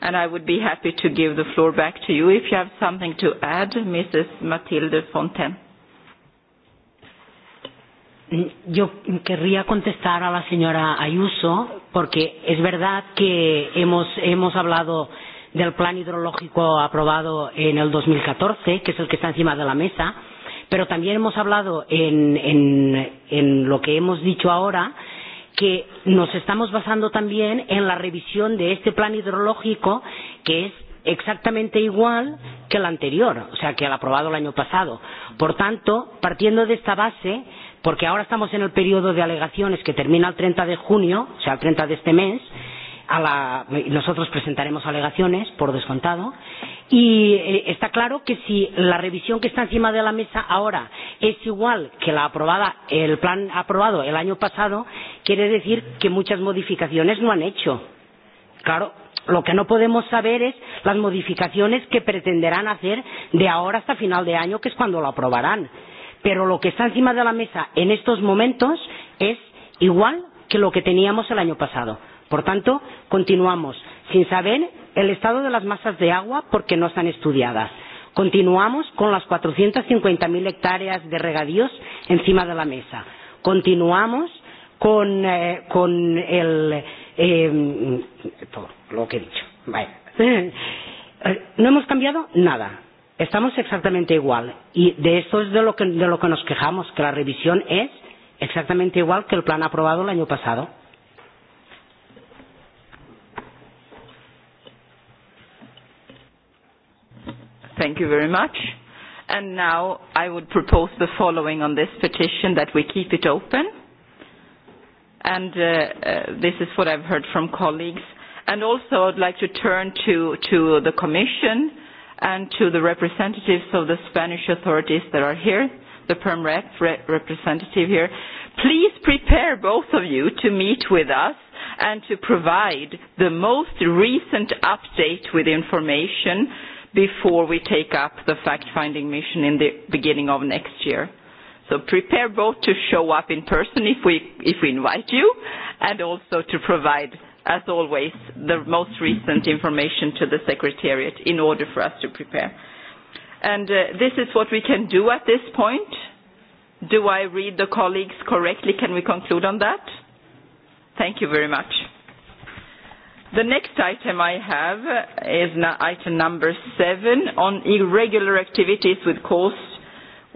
and I would be happy to give the floor back to you if you have something to add, Mrs. Mathilde Fontaine. Yo querría contestar a la señora Ayuso porque es verdad que hemos, hemos hablado del plan hidrológico aprobado en el 2014, que es el que está encima de la mesa, pero también hemos hablado en, en, en lo que hemos dicho ahora que nos estamos basando también en la revisión de este plan hidrológico que es exactamente igual que el anterior, o sea, que el aprobado el año pasado. Por tanto, partiendo de esta base, porque ahora estamos en el periodo de alegaciones que termina el 30 de junio, o sea, el 30 de este mes. A la, nosotros presentaremos alegaciones, por descontado, y eh, está claro que si la revisión que está encima de la mesa ahora es igual que la aprobada, el plan aprobado el año pasado, quiere decir que muchas modificaciones no han hecho. Claro, lo que no podemos saber es las modificaciones que pretenderán hacer de ahora hasta final de año, que es cuando lo aprobarán Pero lo que está encima de la mesa en estos momentos es igual que lo que teníamos el año pasado. Por tanto, continuamos sin saber el estado de las masas de agua porque no están estudiadas. Continuamos con las 450.000 hectáreas de regadíos encima de la mesa. Continuamos con, eh, con el, eh, todo lo que he dicho. Vale. <laughs> Eh, no hemos cambiado nada. Estamos exactamente igual. Y de esto es de lo que, de lo que nos quejamos, que la revisión es exactamente igual que el plan aprobado el año pasado. Thank you very much. And now I would propose the following on this petition that we keep it open. And uh, uh, this is what I've heard from colleagues. And also I'd like to turn to, to the Commission and to the representatives of the Spanish authorities that are here, the PERMREC re representative here. Please prepare both of you to meet with us and to provide the most recent update with information before we take up the fact-finding mission in the beginning of next year. So prepare both to show up in person if we, if we invite you and also to provide as always, the most recent information to the Secretariat in order for us to prepare. And uh, this is what we can do at this point. Do I read the colleagues correctly? Can we conclude on that? Thank you very much. The next item I have is item number seven on irregular activities with cause,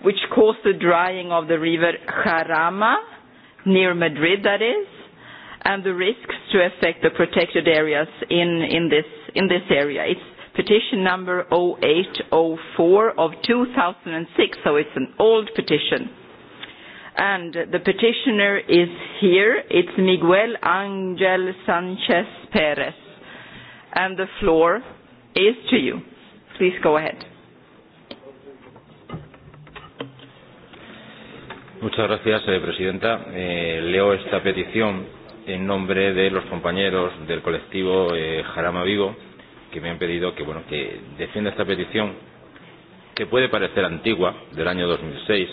which caused the drying of the river Jarama, near Madrid that is, and the risks to affect the protected areas in, in, this, in this area. It's petition number 0804 of 2006, so it's an old petition. And the petitioner is here. It's Miguel Angel Sanchez Perez. And the floor is to you. Please go ahead. Muchas gracias, eh, Presidenta. Eh, leo esta petición en nombre de los compañeros del colectivo eh, Jarama Vigo, que me han pedido que, bueno, que defienda esta petición, que puede parecer antigua, del año 2006,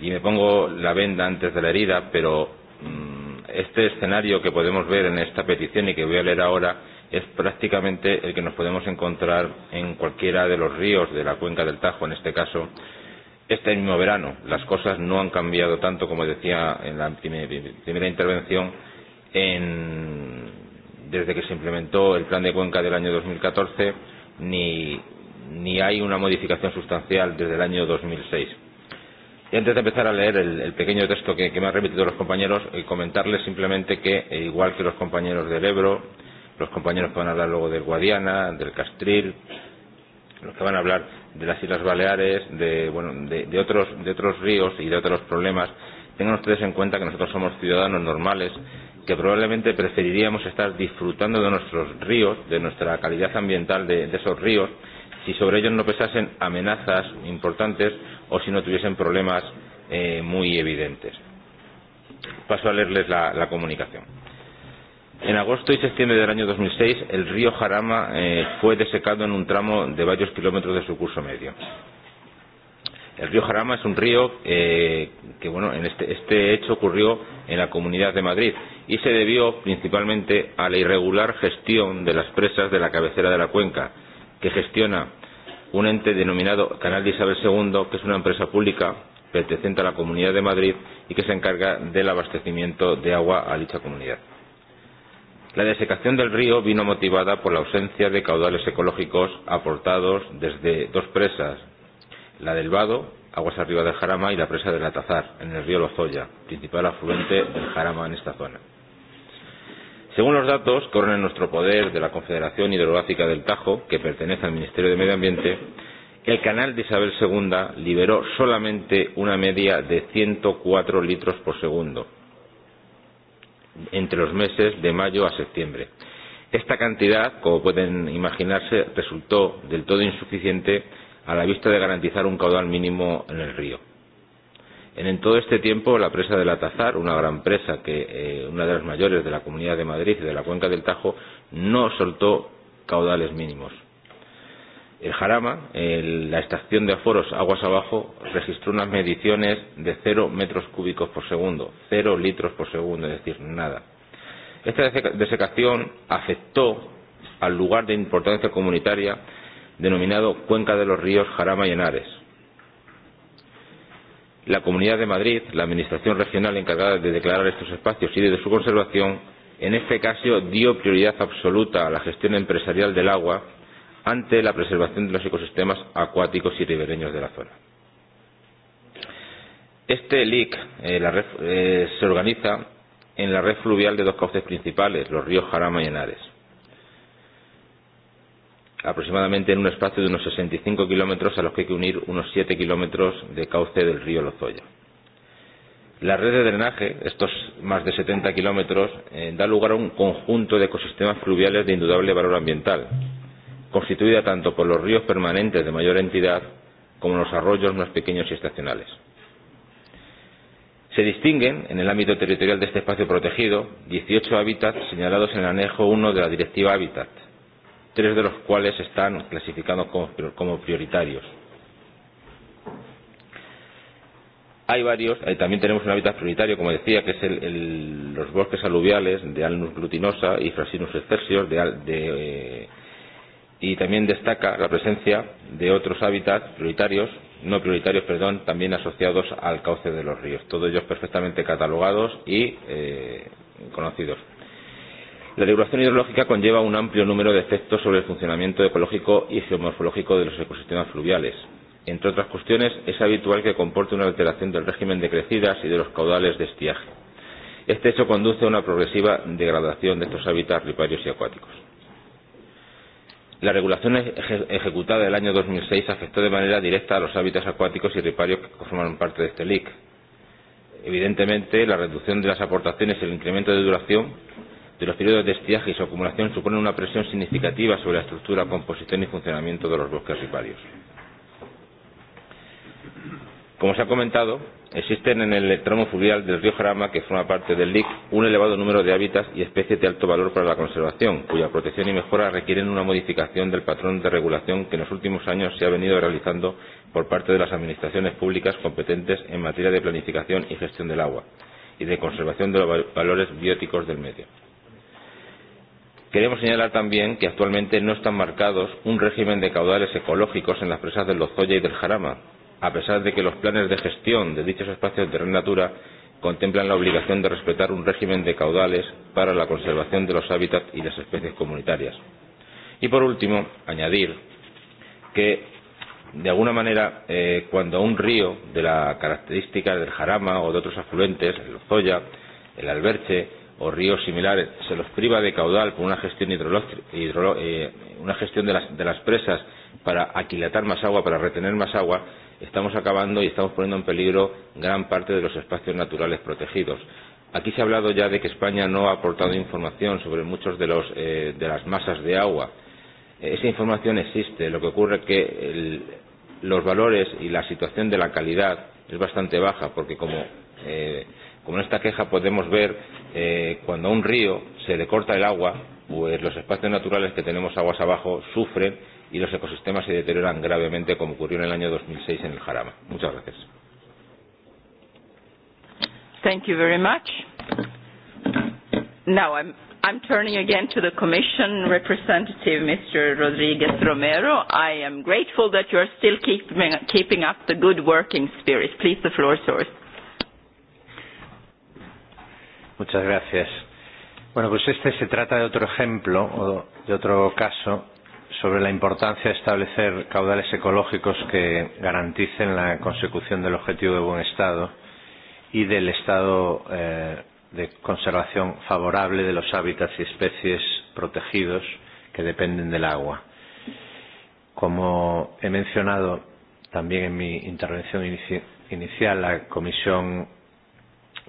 y me pongo la venda antes de la herida, pero mmm, este escenario que podemos ver en esta petición y que voy a leer ahora es prácticamente el que nos podemos encontrar en cualquiera de los ríos de la cuenca del Tajo, en este caso, este mismo verano. Las cosas no han cambiado tanto como decía en la primera intervención en, desde que se implementó el plan de cuenca del año 2014 ni, ni hay una modificación sustancial desde el año 2006. Y antes de empezar a leer el, el pequeño texto que, que me han remitido los compañeros, eh, comentarles simplemente que, eh, igual que los compañeros del Ebro, los compañeros que van a hablar luego del Guadiana, del Castril, los que van a hablar de las Islas Baleares, de, bueno, de, de, otros, de otros ríos y de otros problemas Tengan ustedes en cuenta que nosotros somos ciudadanos normales que probablemente preferiríamos estar disfrutando de nuestros ríos, de nuestra calidad ambiental de, de esos ríos, si sobre ellos no pesasen amenazas importantes o si no tuviesen problemas eh, muy evidentes. Paso a leerles la, la comunicación. En agosto y septiembre del año 2006, el río Jarama eh, fue desecado en un tramo de varios kilómetros de su curso medio. El río Jarama es un río eh, que, bueno, en este, este hecho ocurrió en la Comunidad de Madrid y se debió principalmente a la irregular gestión de las presas de la cabecera de la cuenca, que gestiona un ente denominado Canal de Isabel II, que es una empresa pública perteneciente a la Comunidad de Madrid y que se encarga del abastecimiento de agua a dicha comunidad. La desecación del río vino motivada por la ausencia de caudales ecológicos aportados desde dos presas la del Vado, aguas arriba del Jarama y la presa del Atazar, en el río Lozoya, principal afluente del Jarama en esta zona. Según los datos corren en nuestro poder de la Confederación Hidrográfica del Tajo, que pertenece al Ministerio de Medio Ambiente, el canal de Isabel II liberó solamente una media de 104 litros por segundo entre los meses de mayo a septiembre. Esta cantidad, como pueden imaginarse, resultó del todo insuficiente a la vista de garantizar un caudal mínimo en el río. En, todo este tiempo, la presa del Atazar, una gran presa, que eh, una de las mayores de la Comunidad de Madrid y de la cuenca del Tajo, no soltó caudales mínimos. El Jarama, el, la estación de aforos aguas abajo, registró unas mediciones de cero metros cúbicos por segundo, cero litros por segundo, es decir, nada. Esta desecación afectó al lugar de importancia comunitaria denominado Cuenca de los Ríos Jarama y Henares. La Comunidad de Madrid, la Administración regional encargada de declarar estos espacios y de su conservación, en este caso dio prioridad absoluta a la gestión empresarial del agua ante la preservación de los ecosistemas acuáticos y ribereños de la zona. Este LIC eh, la red, eh, se organiza en la red fluvial de dos cauces principales, los ríos Jarama y Henares aproximadamente en un espacio de unos 65 kilómetros a los que hay que unir unos 7 kilómetros de cauce del río Lozoya. La red de drenaje, estos más de 70 kilómetros, eh, da lugar a un conjunto de ecosistemas fluviales de indudable valor ambiental, constituida tanto por los ríos permanentes de mayor entidad como los arroyos más pequeños y estacionales. Se distinguen, en el ámbito territorial de este espacio protegido, 18 hábitats señalados en el anejo 1 de la Directiva Hábitat, tres de los cuales están clasificados como prioritarios. Hay varios, eh, también tenemos un hábitat prioritario, como decía, que es el, el, los bosques aluviales de Alnus glutinosa y Frasinus excelsius, de, de, eh, y también destaca la presencia de otros hábitats prioritarios, no prioritarios, perdón, también asociados al cauce de los ríos, todos ellos perfectamente catalogados y eh, conocidos. La regulación hidrológica conlleva un amplio número de efectos sobre el funcionamiento ecológico y geomorfológico de los ecosistemas fluviales. Entre otras cuestiones, es habitual que comporte una alteración del régimen de crecidas y de los caudales de estiaje. Este hecho conduce a una progresiva degradación de estos hábitats riparios y acuáticos. La regulación eje ejecutada del año 2006 afectó de manera directa a los hábitats acuáticos y riparios que forman parte de este LIC. Evidentemente, la reducción de las aportaciones y el incremento de duración de los periodos de estiaje y su acumulación suponen una presión significativa sobre la estructura, composición y funcionamiento de los bosques riparios. Como se ha comentado, existen en el tramo fluvial del río Jarama, que forma parte del LIC, un elevado número de hábitats y especies de alto valor para la conservación, cuya protección y mejora requieren una modificación del patrón de regulación que en los últimos años se ha venido realizando por parte de las administraciones públicas competentes en materia de planificación y gestión del agua y de conservación de los valores bióticos del medio. Queremos señalar también que actualmente no están marcados un régimen de caudales ecológicos en las presas del Lozoya y del Jarama, a pesar de que los planes de gestión de dichos espacios de natura contemplan la obligación de respetar un régimen de caudales para la conservación de los hábitats y las especies comunitarias. Y por último, añadir que, de alguna manera, eh, cuando un río de la característica del Jarama o de otros afluentes, el Lozoya, el Alberche, o ríos similares, se los priva de caudal con una gestión, hidro, eh, una gestión de, las, de las presas para aquilatar más agua, para retener más agua, estamos acabando y estamos poniendo en peligro gran parte de los espacios naturales protegidos. Aquí se ha hablado ya de que España no ha aportado información sobre muchos de, eh, de las masas de agua. Eh, esa información existe. Lo que ocurre es que el, los valores y la situación de la calidad es bastante baja, porque como eh, Como en esta queja podemos ver, eh, cuando a un río se le corta el agua, pues los espacios naturales que tenemos aguas abajo sufren y los ecosistemas se deterioran gravemente, como ocurrió en el año 2006 en el Jarama. Muchas gracias. Thank you very much. Now I'm, I'm turning again to the Commission representative, Mr. Rodriguez Romero. I am grateful that you are still keep, keeping up the good working spirit. Please, the floor is yours. Muchas gracias. Bueno, pues este se trata de otro ejemplo o de otro caso sobre la importancia de establecer caudales ecológicos que garanticen la consecución del objetivo de buen estado y del estado eh, de conservación favorable de los hábitats y especies protegidos que dependen del agua. Como he mencionado también en mi intervención inici inicial, la Comisión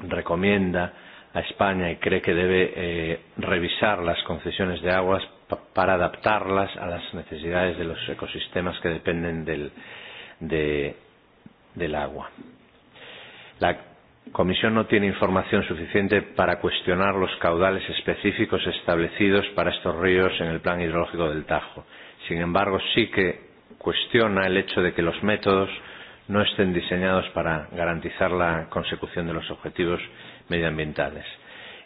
recomienda a España y cree que debe eh, revisar las concesiones de aguas pa para adaptarlas a las necesidades de los ecosistemas que dependen del, de, del agua. La Comisión no tiene información suficiente para cuestionar los caudales específicos establecidos para estos ríos en el plan hidrológico del Tajo. Sin embargo, sí que cuestiona el hecho de que los métodos no estén diseñados para garantizar la consecución de los objetivos medioambientales,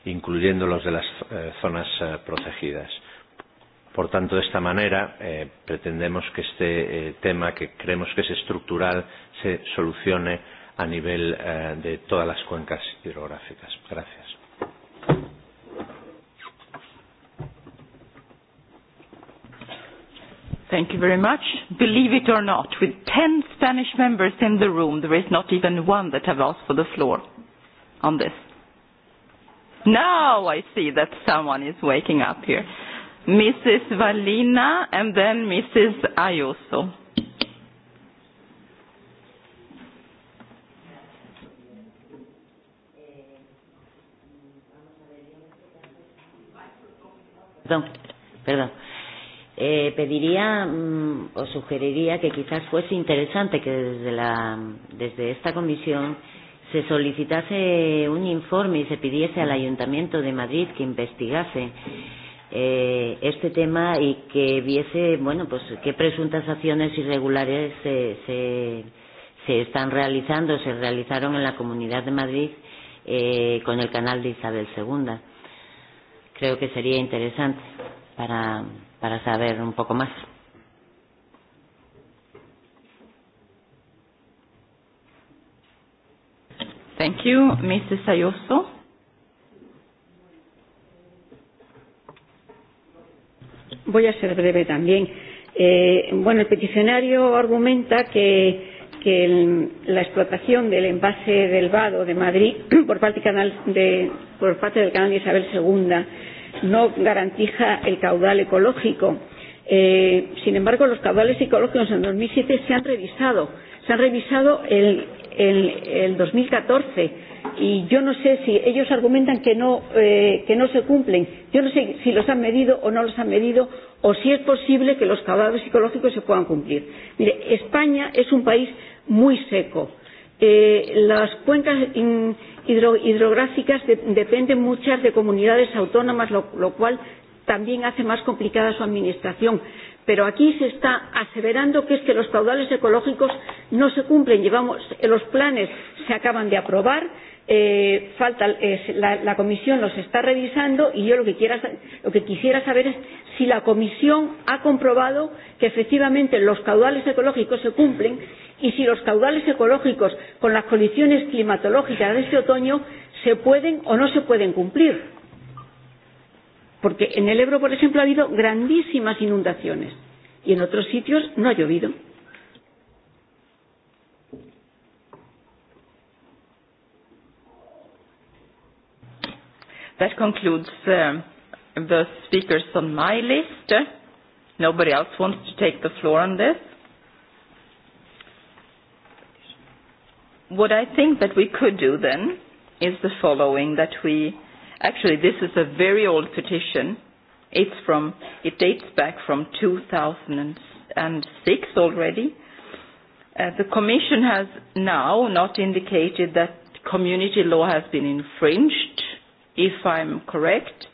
incluyendo los de las eh, zonas eh, protegidas. Por tanto, de esta manera eh, pretendemos que este eh, tema, que creemos que es estructural, se solucione a nivel eh, de todas las cuencas hidrográficas. Gracias. Thank you very much. Believe it or not, with 10 Spanish members in the room, there is not even one that have asked for the floor on this. Now I see that someone is waking up here. Mrs. Valina and then Mrs. Ayuso. Perdón, perdón. Eh, pediría mm, o sugeriría que quizás fuese interesante que desde, la, desde esta comisión se solicitase un informe y se pidiese al Ayuntamiento de Madrid que investigase eh, este tema y que viese, bueno, pues qué presuntas acciones irregulares se, eh, se, se están realizando, se realizaron en la Comunidad de Madrid eh, con el canal de Isabel II. Creo que sería interesante para, para saber un poco más. Thank you, Mrs. Ayuso. Voy a ser breve también. Eh, bueno, el peticionario argumenta que, que el, la explotación del envase del Vado de Madrid <clears throat> por parte, canal de, por parte del canal de Isabel II no garantiza el caudal ecológico. Eh, sin embargo, los caudales ecológicos en 2007 se han revisado se han revisado en el, el, el 2014 y yo no sé si ellos argumentan que no, eh, que no se cumplen. Yo no sé si los han medido o no los han medido o si es posible que los caudales psicológicos se puedan cumplir. Mire, España es un país muy seco. Eh, las cuencas in, hidro, hidrográficas de, dependen muchas de comunidades autónomas, lo, lo cual también hace más complicada su administración pero aquí se está aseverando que es que los caudales ecológicos no se cumplen. Llevamos, eh, los planes se acaban de aprobar, eh, falta, eh, la, la comisión los está revisando y yo lo que, quiera, lo que quisiera saber es si la comisión ha comprobado que efectivamente los caudales ecológicos se cumplen y si los caudales ecológicos con las condiciones climatológicas de este otoño se pueden o no se pueden cumplir Porque en el Ebro, por ejemplo, ha habido grandísimas inundaciones y en otros sitios no ha llovido. That concludes uh, the speakers on my list. Nobody else wants to take the floor on this. What I think that we could do then is the following that we Actually, this is a very old petition. It's from, it dates back from 2006 already. Uh, the Commission has now not indicated that community law has been infringed, if I'm correct,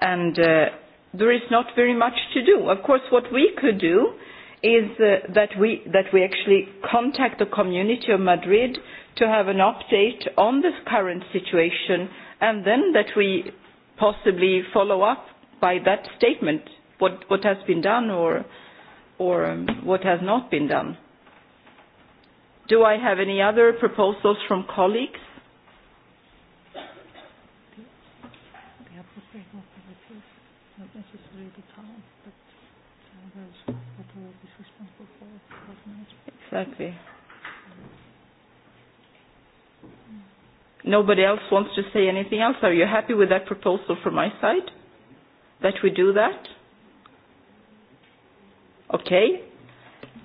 and uh, there is not very much to do. Of course, what we could do is uh, that, we, that we actually contact the community of Madrid to have an update on this current situation and then that we possibly follow up by that statement what, what has been done or, or um, what has not been done. Do I have any other proposals from colleagues? Exactly. nobody else wants to say anything else. Are you happy with that proposal from my side? That we do that? Okay.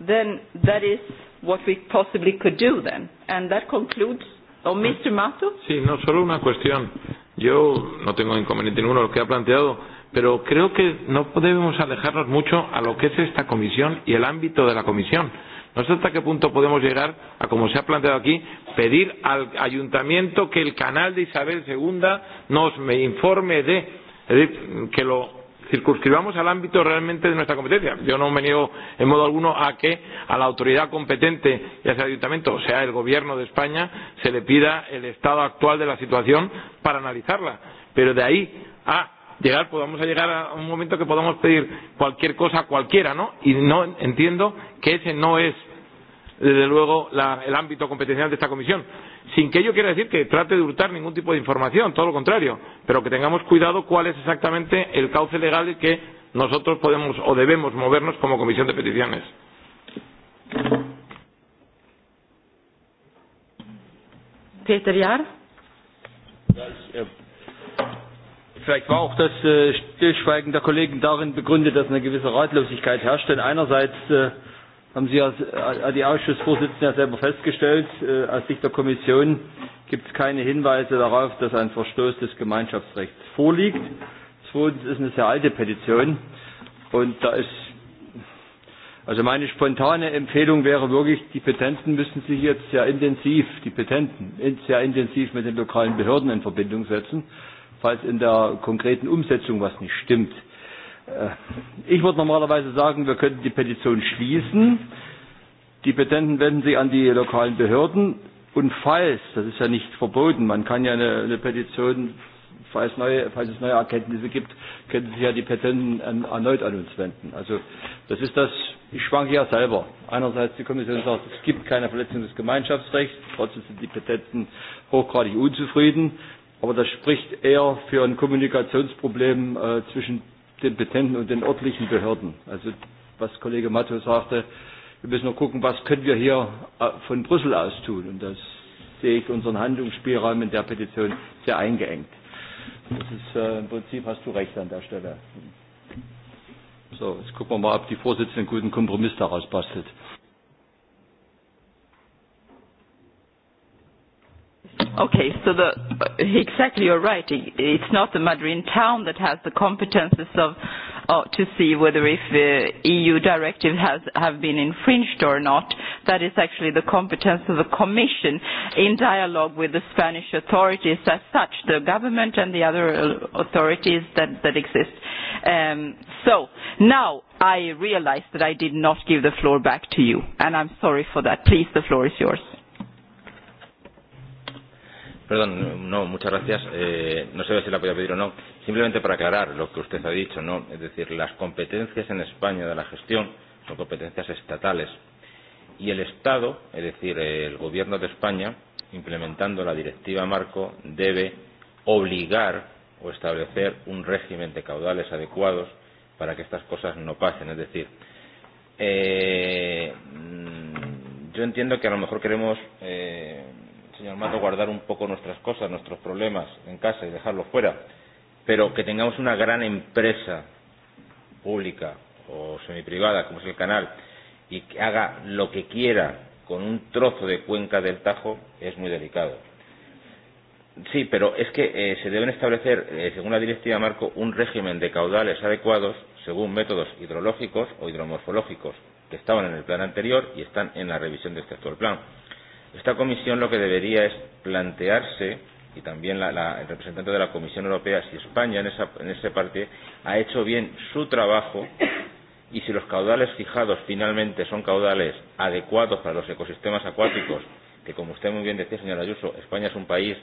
Then that is what we possibly could do then. And that concludes. Oh, Mr. Mato? Sí, no, solo una cuestión. Yo no tengo inconveniente ninguno lo que ha planteado, pero creo que no debemos alejarnos mucho a lo que es esta comisión y el ámbito de la comisión No sé hasta qué punto podemos llegar a, como se ha planteado aquí, pedir al ayuntamiento que el canal de Isabel II nos me informe de, es decir, que lo circunscribamos al ámbito realmente de nuestra competencia. Yo no me niego en modo alguno a que a la autoridad competente, ya sea el ayuntamiento o sea el gobierno de España, se le pida el estado actual de la situación para analizarla. Pero de ahí a llegar, podamos llegar a un momento que podamos pedir cualquier cosa a cualquiera, ¿no? Y no entiendo que ese no es, desde luego, la, el ámbito competencial de esta comisión. Sin que ello quiera decir que trate de hurtar ningún tipo de información, todo lo contrario, pero que tengamos cuidado cuál es exactamente el cauce legal que nosotros podemos o debemos movernos como comisión de peticiones. Peter Jahr? Vielleicht war auch das äh, Stillschweigen der Kollegen darin begründet, dass eine gewisse Ratlosigkeit herrscht. Denn einerseits äh, haben Sie ja, äh, die Ausschussvorsitzenden ja selber festgestellt, aus Sicht der Kommission gibt es keine Hinweise darauf, dass ein Verstoß des Gemeinschaftsrechts vorliegt. Zweitens ist eine sehr alte Petition. Und da ist, also meine spontane Empfehlung wäre wirklich, die Petenten müssen sich jetzt sehr intensiv, die Petenten, sehr intensiv mit den lokalen Behörden in Verbindung setzen falls in der konkreten Umsetzung was nicht stimmt. Äh, ich würde normalerweise sagen, wir könnten die Petition schließen. Die Petenten wenden sich an die lokalen Behörden. Und falls, das ist ja nicht verboten, man kann ja eine, eine Petition, falls, neue, falls es neue Erkenntnisse gibt, könnten sich ja die Petenten an, ähm, erneut an uns wenden. Also das ist das, ich schwanke ja selber. Einerseits die Kommission sagt, es gibt keine Verletzung des Gemeinschaftsrechts, trotzdem sind die Petenten hochgradig unzufrieden. Aber das spricht eher für ein Kommunikationsproblem äh, zwischen den Petenten und den örtlichen Behörden. Also was Kollege Matthew sagte, wir müssen noch gucken, was können wir hier äh, von Brüssel aus tun. Und das sehe ich unseren Handlungsspielraum in der Petition sehr eingeengt. Das ist, äh, Im Prinzip hast du recht an der Stelle. So, jetzt gucken wir mal, ob die Vorsitzende einen guten Kompromiss daraus bastelt. Okay, so the, exactly you're right. it's not the Madrid town that has the competences of uh, to see whether if uh, EU directive has have been infringed or not. That is actually the competence of the Commission in dialogue with the Spanish authorities as such, the government and the other uh, authorities that, that exist. Um, so now I realize that I did not give the floor back to you, and I'm sorry for that. Please, the floor is yours. Perdón, no, muchas gracias. Eh, no sé si la voy a pedir o no. Simplemente para aclarar lo que usted ha dicho, ¿no? Es decir, las competencias en España de la gestión son competencias estatales. Y el Estado, es decir, el Gobierno de España, implementando la directiva marco, debe obligar o establecer un régimen de caudales adecuados para que estas cosas no pasen. Es decir, eh, mm, yo entiendo que a lo mejor queremos. Eh, señor Mato, guardar un poco nuestras cosas, nuestros problemas en casa y dejarlos fuera, pero que tengamos una gran empresa pública o semiprivada, como es el canal, y que haga lo que quiera con un trozo de cuenca del Tajo, es muy delicado. Sí, pero es que eh, se deben establecer, eh, según la directiva Marco, un régimen de caudales adecuados según métodos hidrológicos o hidromorfológicos que estaban en el plan anterior y están en la revisión de este actual plan Esta comisión lo que debería es plantearse, y también la, la, el representante de la Comisión Europea, si España en esa, en esa parte ha hecho bien su trabajo y si los caudales fijados finalmente son caudales adecuados para los ecosistemas acuáticos, que como usted muy bien decía, señor Ayuso, España es un país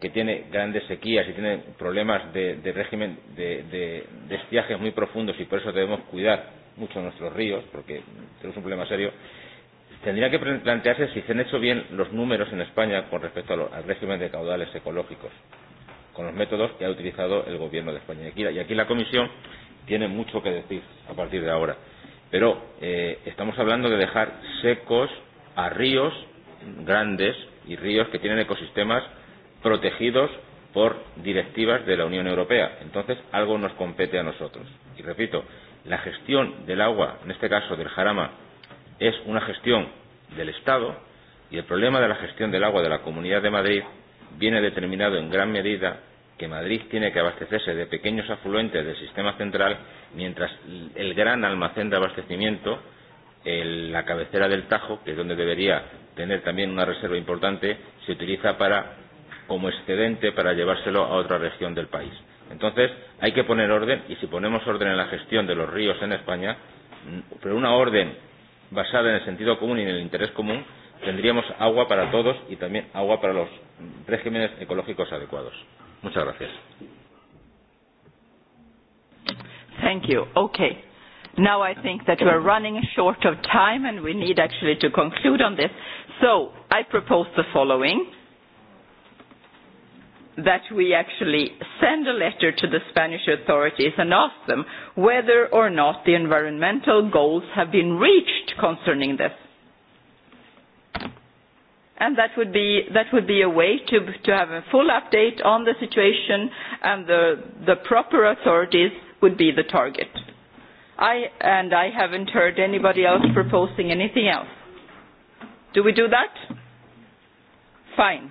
que tiene grandes sequías y tiene problemas de, de régimen de, de, de estiajes muy profundos y por eso debemos cuidar mucho nuestros ríos, porque tenemos un problema serio tendría que plantearse si se han hecho bien los números en España con respecto lo, al régimen de caudales ecológicos, con los métodos que ha utilizado el Gobierno de España. Y aquí, y aquí la Comisión tiene mucho que decir a partir de ahora. Pero eh, estamos hablando de dejar secos a ríos grandes y ríos que tienen ecosistemas protegidos por directivas de la Unión Europea. Entonces, algo nos compete a nosotros. Y repito, la gestión del agua, en este caso del Jarama, es una gestión del Estado y el problema de la gestión del agua de la Comunidad de Madrid viene determinado en gran medida que Madrid tiene que abastecerse de pequeños afluentes del sistema central, mientras el gran almacén de abastecimiento, el, la cabecera del Tajo, que es donde debería tener también una reserva importante, se utiliza para, como excedente para llevárselo a otra región del país. Entonces, hay que poner orden, y si ponemos orden en la gestión de los ríos en España, mm, pero una orden basada en el sentido común y en el interés común, tendríamos agua para todos y también agua para los regímenes ecológicos adecuados. Muchas gracias. Thank you. Okay. Now I think that we're running short of time and we need actually to conclude on this. So I propose the following that we actually send a letter to the Spanish authorities and ask them whether or not the environmental goals have been reached concerning this. And that would be, that would be a way to, to have a full update on the situation and the, the proper authorities would be the target. I, and I haven't heard anybody else proposing anything else. Do we do that? Fine.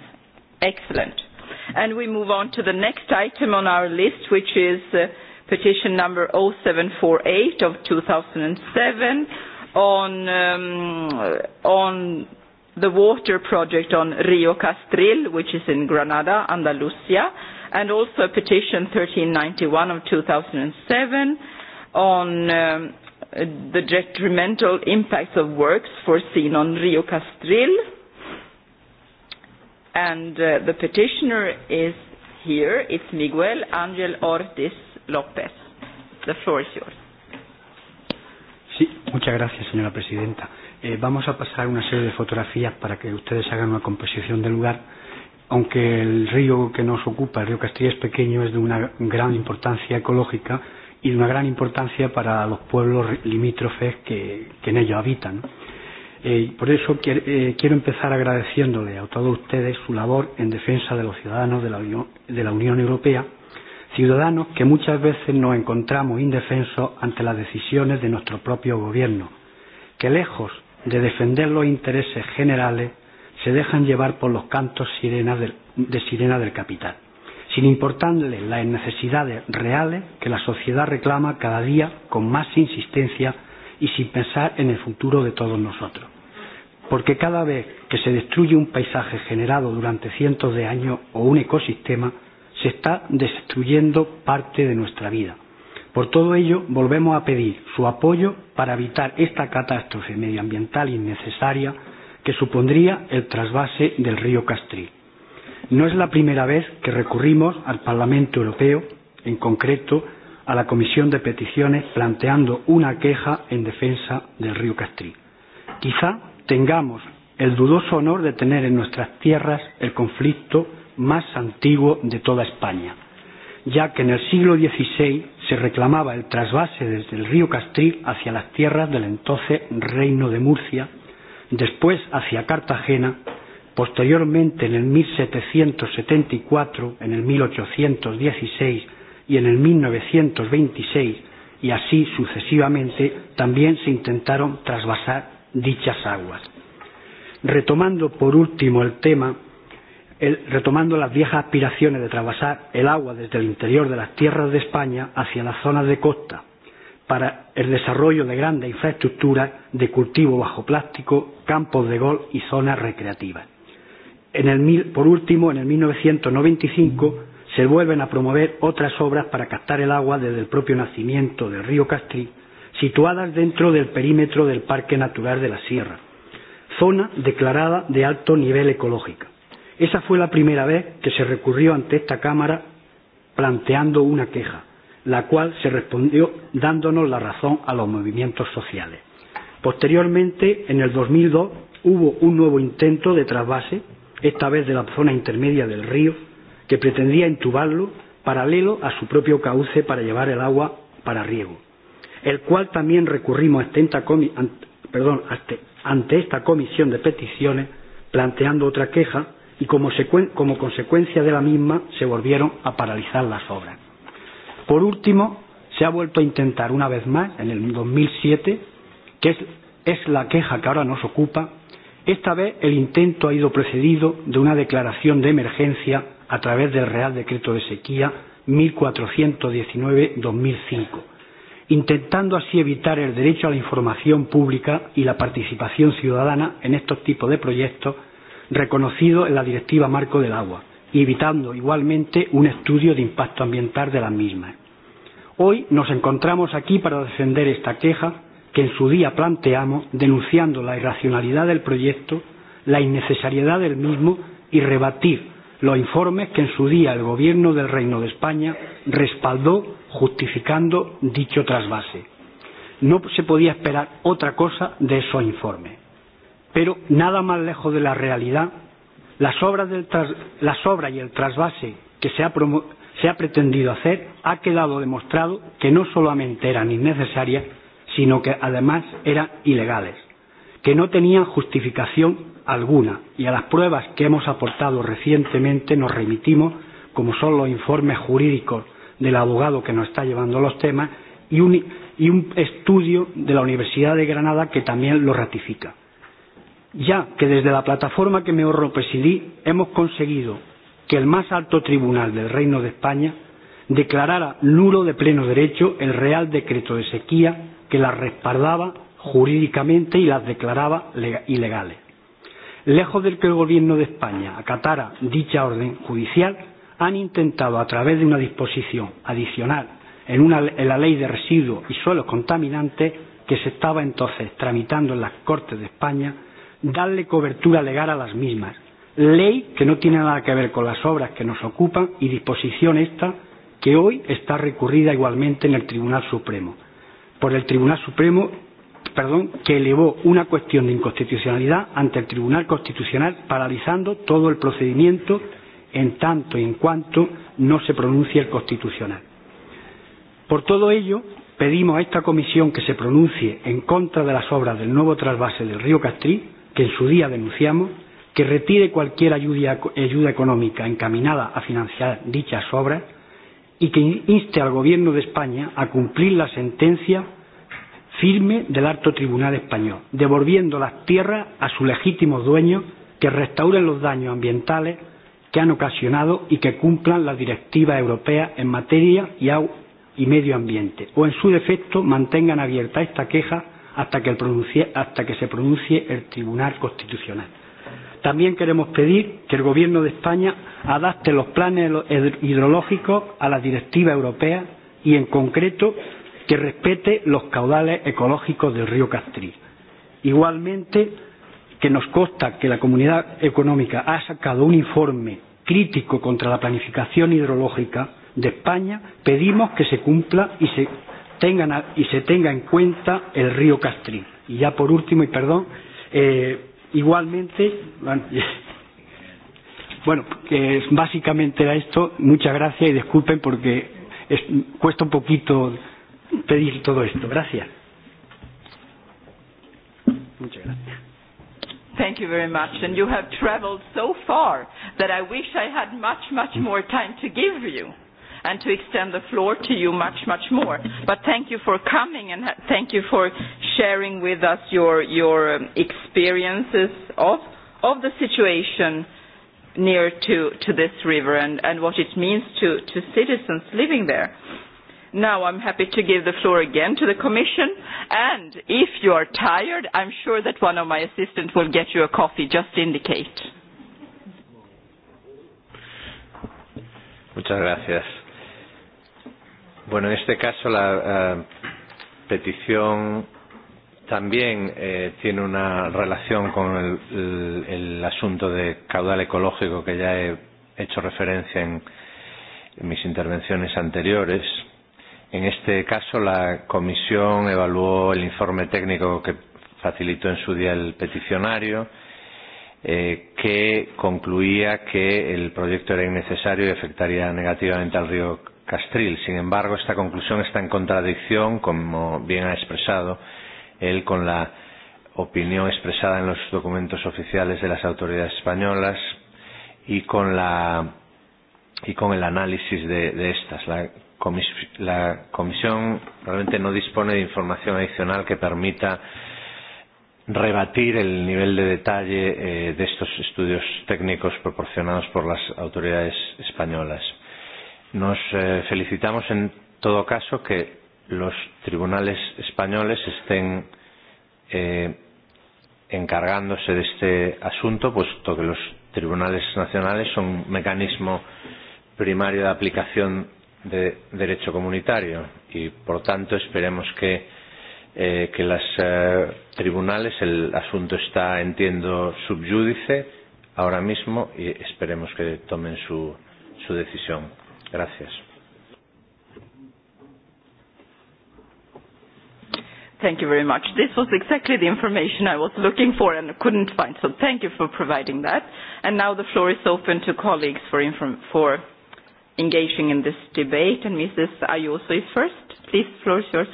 Excellent. And we move on to the next item on our list, which is uh, petition number 0748 of 2007 on, um, on the water project on Rio Castril, which is in Granada, Andalusia, and also petition 1391 of 2007 on um, the detrimental impacts of works foreseen on Rio Castril and uh, the petitioner is here. It's Miguel Angel Ortiz López. The floor is yours. Sí, muchas gracias, señora presidenta. Eh, vamos a pasar una serie de fotografías para que ustedes hagan una composición del lugar. Aunque el río que nos ocupa, el río Castilla, es pequeño, es de una gran importancia ecológica y de una gran importancia para los pueblos limítrofes que, que en ello habitan. ¿no? Eh, por eso que, eh, quiero empezar agradeciéndole a todos ustedes su labor en defensa de los ciudadanos de la, Unión, de la Unión Europea, ciudadanos que muchas veces nos encontramos indefensos ante las decisiones de nuestro propio gobierno, que lejos de defender los intereses generales se dejan llevar por los cantos sirena del, de sirena del capital, sin importarle las necesidades reales que la sociedad reclama cada día con más insistencia y sin pensar en el futuro de todos nosotros. Porque cada vez que se destruye un paisaje generado durante cientos de años o un ecosistema, se está destruyendo parte de nuestra vida. Por todo ello, volvemos a pedir su apoyo para evitar esta catástrofe medioambiental innecesaria que supondría el trasvase del río Castril. No es la primera vez que recurrimos al Parlamento Europeo, en concreto a la Comisión de Peticiones planteando una queja en defensa del río Castrí. Quizá tengamos el dudoso honor de tener en nuestras tierras el conflicto más antiguo de toda España, ya que en el siglo XVI se reclamaba el trasvase desde el río Castrí hacia las tierras del entonces Reino de Murcia, después hacia Cartagena, posteriormente en el 1774, en el 1816 y en el 1926 y así sucesivamente también se intentaron trasvasar dichas aguas. Retomando por último el tema, el, retomando las viejas aspiraciones de trasvasar el agua desde el interior de las tierras de España hacia las zonas de costa para el desarrollo de grandes infraestructuras de cultivo bajo plástico, campos de golf y zonas recreativas. En el, por último, en el 1995 se vuelven a promover otras obras para captar el agua desde el propio nacimiento del río Castrí, situadas dentro del perímetro del Parque Natural de la Sierra, zona declarada de alto nivel ecológico. Esa fue la primera vez que se recurrió ante esta Cámara planteando una queja, la cual se respondió dándonos la razón a los movimientos sociales. Posteriormente, en el 2002, hubo un nuevo intento de trasvase, esta vez de la zona intermedia del río, que pretendía entubarlo paralelo a su propio cauce para llevar el agua para riego, el cual también recurrimos ante esta, comi ante, perdón, ante, ante esta comisión de peticiones planteando otra queja y como, como consecuencia de la misma se volvieron a paralizar las obras. Por último, se ha vuelto a intentar una vez más en el 2007, que es, es la queja que ahora nos ocupa, esta vez el intento ha ido precedido de una declaración de emergencia a través del Real Decreto de Sequía 1419-2005, intentando así evitar el derecho a la información pública y la participación ciudadana en estos tipos de proyectos reconocidos en la Directiva Marco del Agua y evitando igualmente un estudio de impacto ambiental de las mismas. Hoy nos encontramos aquí para defender esta queja que en su día planteamos denunciando la irracionalidad del proyecto, la innecesariedad del mismo y rebatir los informes que en su día el Gobierno del Reino de España respaldó justificando dicho trasvase. No se podía esperar otra cosa de esos informes. Pero nada más lejos de la realidad, las obras, del tras, las obras y el trasvase que se ha, promo, se ha pretendido hacer ha quedado demostrado que no solamente eran innecesarias, sino que además eran ilegales, que no tenían justificación alguna y a las pruebas que hemos aportado recientemente nos remitimos, como son los informes jurídicos del abogado que nos está llevando los temas y un, y un estudio de la Universidad de Granada que también lo ratifica. Ya que desde la plataforma que me ahorro presidí hemos conseguido que el más alto tribunal del Reino de España declarara nulo de pleno derecho el Real Decreto de Sequía que las respaldaba jurídicamente y las declaraba ilegales lejos del que el Gobierno de España acatara dicha orden judicial, han intentado, a través de una disposición adicional en, una, en la Ley de Residuos y Suelos Contaminantes, que se estaba entonces tramitando en las Cortes de España, darle cobertura legal a las mismas. Ley que no tiene nada que ver con las obras que nos ocupan y disposición esta que hoy está recurrida igualmente en el Tribunal Supremo, por el Tribunal Supremo perdón, que elevó una cuestión de inconstitucionalidad ante el Tribunal Constitucional, paralizando todo el procedimiento en tanto y en cuanto no se pronuncie el Constitucional. Por todo ello, pedimos a esta comisión que se pronuncie en contra de las obras del nuevo trasvase del río Castrí, que en su día denunciamos, que retire cualquier ayuda, ayuda económica encaminada a financiar dichas obras y que inste al Gobierno de España a cumplir la sentencia firme del alto tribunal español, devolviendo las tierras a sus legítimos dueños que restauren los daños ambientales que han ocasionado y que cumplan la directiva europea en materia y, y medio ambiente, o en su defecto mantengan abierta esta queja hasta que, el pronuncie, hasta que se pronuncie el Tribunal Constitucional. También queremos pedir que el Gobierno de España adapte los planes hidrológicos a la directiva europea y, en concreto, que respete los caudales ecológicos del río Castrí. Igualmente, que nos consta que la Comunidad Económica ha sacado un informe crítico contra la planificación hidrológica de España, pedimos que se cumpla y se, tengan a, y se tenga en cuenta el río Castrí. Y ya por último, y perdón, eh, igualmente, bueno, <laughs> bueno que básicamente era esto. Muchas gracias y disculpen porque es, cuesta un poquito pedir todo esto. Gracias. Muchas gracias. Thank you very much. And you have traveled so far that I wish I had much, much mm. more time to give you and to extend the floor to you much, much more. But thank you for coming and thank you for sharing with us your, your um, experiences of, of the situation near to, to this river and, and what it means to, to citizens living there. Now I'm happy to give the floor again to the Commission. And if you are tired, I'm sure that one of my assistants will get you a coffee. Just indicate. Muchas gracias. Bueno, en este caso la uh, petición también eh, tiene una relación con el, el, el asunto de caudal ecológico que ya he hecho referencia en, en mis intervenciones anteriores En este caso, la comisión evaluó el informe técnico que facilitó en su día el peticionario, eh, que concluía que el proyecto era innecesario y afectaría negativamente al río Castril. Sin embargo, esta conclusión está en contradicción, como bien ha expresado él, con la opinión expresada en los documentos oficiales de las autoridades españolas y con la y con el análisis de, de estas. La comis la Comisión realmente no dispone de información adicional que permita rebatir el nivel de detalle eh, de estos estudios técnicos proporcionados por las autoridades españolas. Nos eh, felicitamos en todo caso que los tribunales españoles estén eh, encargándose de este asunto, puesto que los tribunales nacionales son un mecanismo primario de aplicación de derecho comunitario y, por tanto, esperemos que, eh, que los eh, tribunales, el asunto está, entiendo, subyúdice ahora mismo y esperemos que tomen su, su decisión. Gracias. Thank you very much. This was exactly the information I was looking for and couldn't find, so thank you for providing that. And now the floor is open to colleagues for, inform for engaging in this debate. And Mrs. Ayuso is first. Please, floor is yours.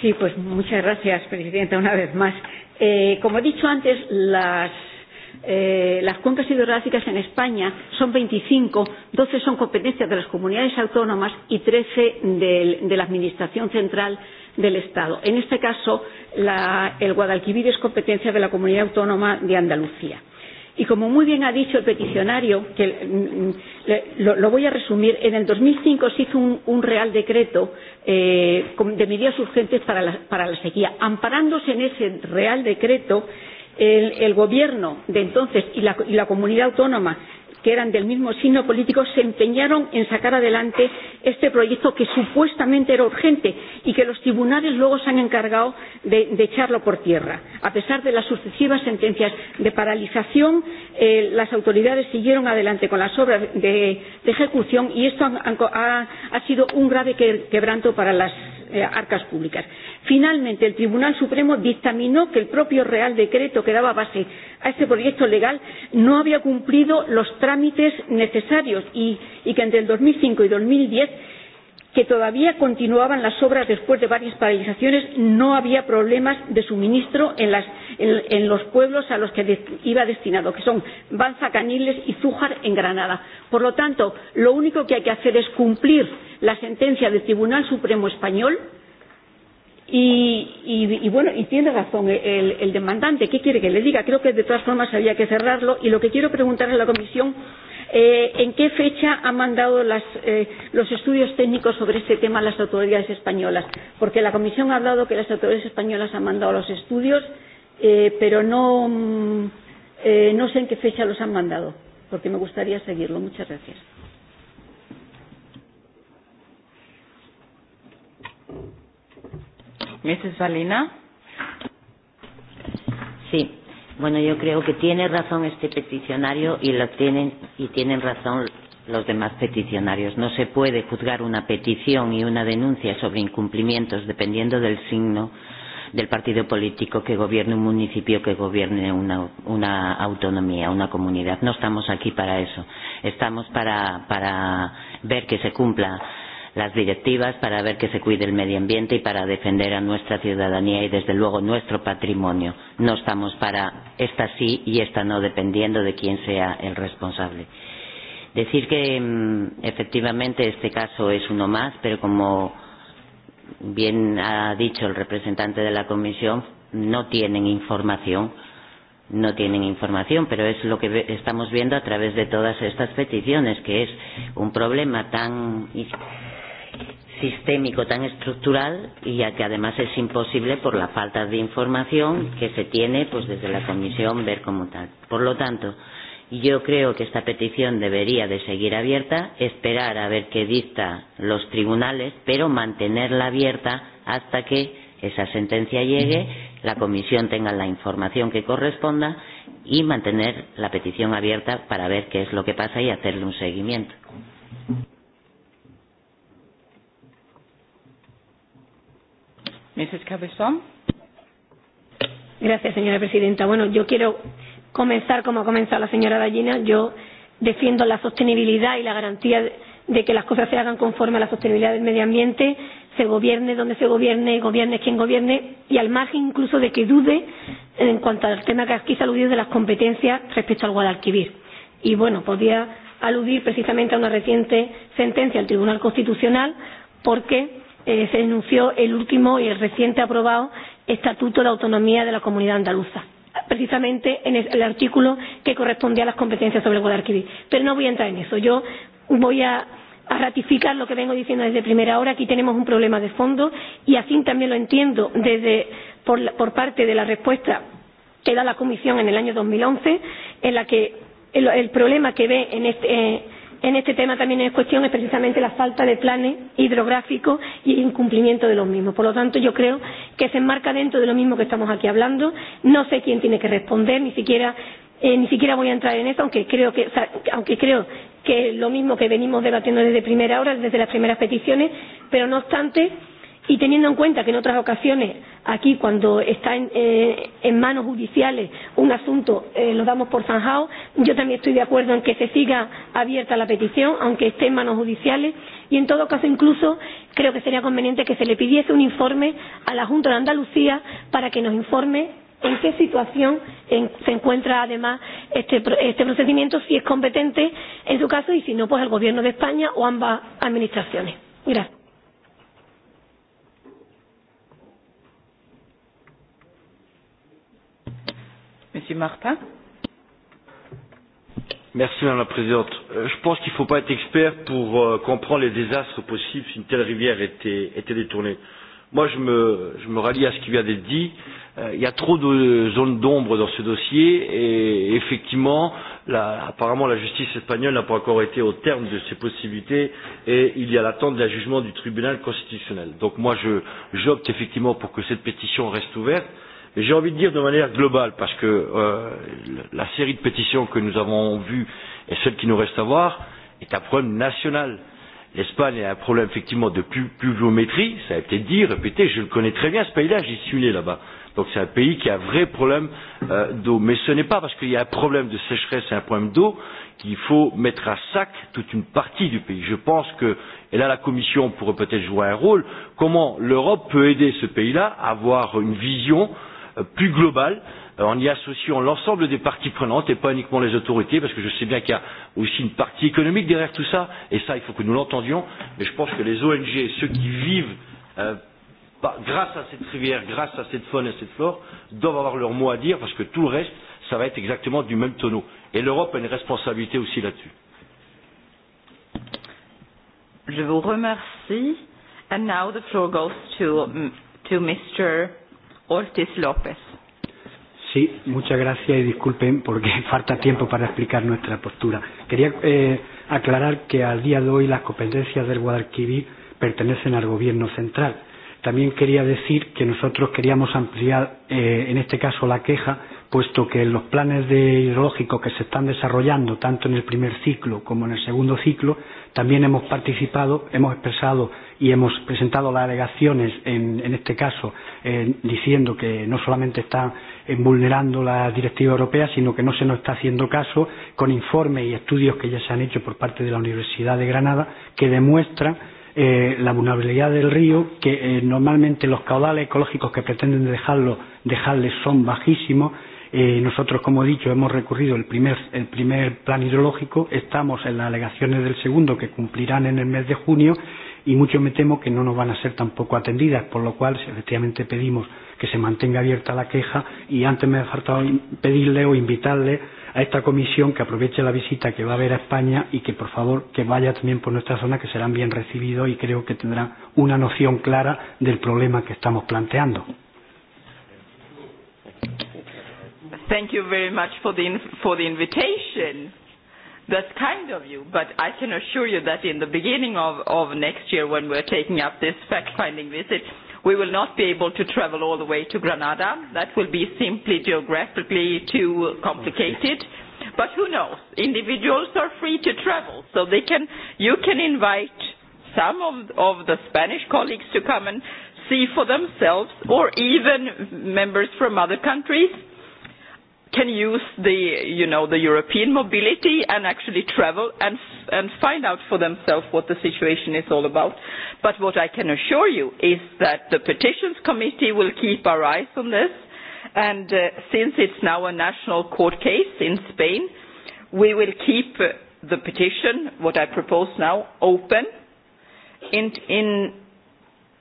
Sí, pues muchas gracias, Presidenta, una vez más. Eh, como he dicho antes, las eh, las cuencas hidrográficas en España son 25, 12 son competencias de las comunidades autónomas y 13 del, de la Administración Central del Estado. En este caso, la, el Guadalquivir es competencia de la Comunidad Autónoma de Andalucía. Y como muy bien ha dicho el peticionario, que mm, mm, lo, lo voy a resumir, en el 2005 se hizo un, un real decreto eh, de medidas urgentes para la, para la sequía. Amparándose en ese real decreto, el, el gobierno de entonces y la, y la comunidad autónoma que eran del mismo signo político, se empeñaron en sacar adelante este proyecto que supuestamente era urgente y que los tribunales luego se han encargado de, de echarlo por tierra. A pesar de las sucesivas sentencias de paralización, eh, las autoridades siguieron adelante con las obras de, de ejecución y esto han, han, ha, ha sido un grave quebranto para las eh, arcas públicas. Finalmente, el Tribunal Supremo dictaminó que el propio Real Decreto que daba base a este proyecto legal no había cumplido los trámites necesarios y, y que entre el 2005 y 2010 que todavía continuaban las obras después de varias paralizaciones, no había problemas de suministro en, las, en, en los pueblos a los que de, iba destinado, que son Banza, Caniles y Zújar en Granada. Por lo tanto, lo único que hay que hacer es cumplir la sentencia del Tribunal Supremo Español, Y, y, y bueno, y tiene razón el, el demandante. ¿Qué quiere que le diga? Creo que de todas formas había que cerrarlo. Y lo que quiero preguntar a la comisión Eh, ¿En qué fecha han mandado las, eh, los estudios técnicos sobre este tema las autoridades españolas? Porque la Comisión ha hablado que las autoridades españolas han mandado los estudios, eh, pero no, mm, eh, no sé en qué fecha los han mandado, porque me gustaría seguirlo. Muchas gracias. Mrs. Salina. Sí, Bueno, yo creo que tiene razón este peticionario y lo tienen y tienen razón los demás peticionarios. No se puede juzgar una petición y una denuncia sobre incumplimientos dependiendo del signo del partido político que gobierne un municipio, que gobierne una, una autonomía, una comunidad. No estamos aquí para eso. Estamos para, para ver que se cumpla las directivas para ver que se cuide el medio ambiente y para defender a nuestra ciudadanía y desde luego nuestro patrimonio. No estamos para esta sí y esta no dependiendo de quién sea el responsable. Decir que mm, efectivamente este caso es uno más, pero como bien ha dicho el representante de la Comisión, no tienen información, no tienen información, pero es lo que estamos viendo a través de todas estas peticiones, que es un problema tan sistémico, tan estructural y ya que además es imposible por la falta de información que se tiene pues desde la Comisión ver como tal. Por lo tanto, yo creo que esta petición debería de seguir abierta, esperar a ver qué dicta los tribunales, pero mantenerla abierta hasta que esa sentencia llegue, la Comisión tenga la información que corresponda y mantener la petición abierta para ver qué es lo que pasa y hacerle un seguimiento. Mrs. Cabezón. Gracias, señora presidenta. Bueno, yo quiero comenzar como ha comenzado la señora Dallina. Yo defiendo la sostenibilidad y la garantía de que las cosas se hagan conforme a la sostenibilidad del medio ambiente, se gobierne donde se gobierne, gobierne quien gobierne, y al margen incluso de que dude en cuanto al tema que aquí se ha aludido de las competencias respecto al Guadalquivir. Y bueno, podría aludir precisamente a una reciente sentencia del Tribunal Constitucional porque eh, se denunció el último y el reciente aprobado Estatuto de Autonomía de la Comunidad Andaluza precisamente en el el artículo que correspondía a las competencias sobre el Guadalquivir. Pero no voy a entrar en eso. Yo voy a, a ratificar lo que vengo diciendo desde primera hora. Aquí tenemos un problema de fondo y así también lo entiendo desde por, por parte de la respuesta que da la Comisión en el año 2011, en la que el, el problema que ve en este. Eh, En este tema también es cuestión es precisamente la falta de planes hidrográficos y el incumplimiento de los mismos. Por lo tanto, yo creo que se enmarca dentro de lo mismo que estamos aquí hablando. No sé quién tiene que responder, ni siquiera, eh, ni siquiera voy a entrar en eso, aunque creo que, o sea, aunque creo que es lo mismo que venimos debatiendo desde primera hora, desde las primeras peticiones, pero no obstante, y teniendo en cuenta que en otras ocasiones aquí cuando está en, eh, en manos judiciales un asunto eh, lo damos por zanjado, yo también estoy de acuerdo en que se siga abierta la petición aunque esté en manos judiciales y en todo caso incluso creo que sería conveniente que se le pidiese un informe a la Junta de Andalucía para que nos informe en qué situación en, se encuentra además este, este procedimiento, si es competente en su caso y si no, pues el Gobierno de España o ambas administraciones. Gracias. Monsieur Martin. Merci Madame la Présidente. Euh, je pense qu'il ne faut pas être expert pour euh, comprendre les désastres possibles si une telle rivière était, était détournée. Moi, je me, je me rallie à ce qui vient d'être dit. Euh, il y a trop de zones d'ombre dans ce dossier et effectivement, la, apparemment, la justice espagnole n'a pas encore été au terme de ses possibilités et il y a l'attente d'un jugement du tribunal constitutionnel. Donc moi, j'opte effectivement pour que cette pétition reste ouverte j'ai envie de dire de manière globale, parce que euh, la série de pétitions que nous avons vues et celle qui nous reste à voir est un problème national. L'Espagne a un problème effectivement de pu pluviométrie, ça a été dit, répété, je le connais très bien ce pays-là, j'y suis né là-bas. Donc c'est un pays qui a un vrai problème euh, d'eau. Mais ce n'est pas parce qu'il y a un problème de sécheresse et un problème d'eau qu'il faut mettre à sac toute une partie du pays. Je pense que, et là la Commission pourrait peut-être jouer un rôle, comment l'Europe peut aider ce pays-là à avoir une vision euh, Euh, plus global euh, en y associant l'ensemble des parties prenantes et pas uniquement les autorités, parce que je sais bien qu'il y a aussi une partie économique derrière tout ça, et ça, il faut que nous l'entendions, mais je pense que les ONG, ceux qui vivent euh, bah, grâce à cette rivière, grâce à cette faune et à cette flore, doivent avoir leur mot à dire, parce que tout le reste, ça va être exactement du même tonneau. Et l'Europe a une responsabilité aussi là-dessus. Je vous remercie. And now the floor goes to, to Mr. Ortiz López. Sí, muchas gracias y disculpen porque <laughs> falta tiempo para explicar nuestra postura. Quería eh, aclarar que al día de hoy las competencias del Guadalquivir pertenecen al Gobierno central. También quería decir que nosotros queríamos ampliar, eh, en este caso, la queja, puesto que los planes de hidrológicos que se están desarrollando, tanto en el primer ciclo como en el segundo ciclo, también hemos participado, hemos expresado y hemos presentado las alegaciones en, en este caso eh, diciendo que no solamente están eh, vulnerando la directiva europea sino que no se nos está haciendo caso con informes y estudios que ya se han hecho por parte de la Universidad de Granada que demuestran eh, la vulnerabilidad del río, que eh, normalmente los caudales ecológicos que pretenden dejarlo, dejarles son bajísimos, Eh, nosotros, como he dicho, hemos recurrido el primer, el primer plan hidrológico, estamos en las alegaciones del segundo que cumplirán en el mes de junio y mucho me temo que no nos van a ser tampoco atendidas, por lo cual efectivamente pedimos que se mantenga abierta la queja y antes me ha faltado pedirle o invitarle a esta comisión que aproveche la visita que va a haber a España y que por favor que vaya también por nuestra zona que serán bien recibidos y creo que tendrán una noción clara del problema que estamos planteando. Thank you very much for the, for the invitation. That's kind of you, but I can assure you that in the beginning of, of next year when we're taking up this fact-finding visit, we will not be able to travel all the way to Granada. That will be simply geographically too complicated. But who knows? Individuals are free to travel, so they can, you can invite some of, of the Spanish colleagues to come and see for themselves, or even members from other countries can use the you know the European mobility and actually travel and and find out for themselves what the situation is all about. But what I can assure you is that the petitions committee will keep our eyes on this. And uh, since it's now a national court case in Spain, we will keep uh, the petition, what I propose now, open in, in,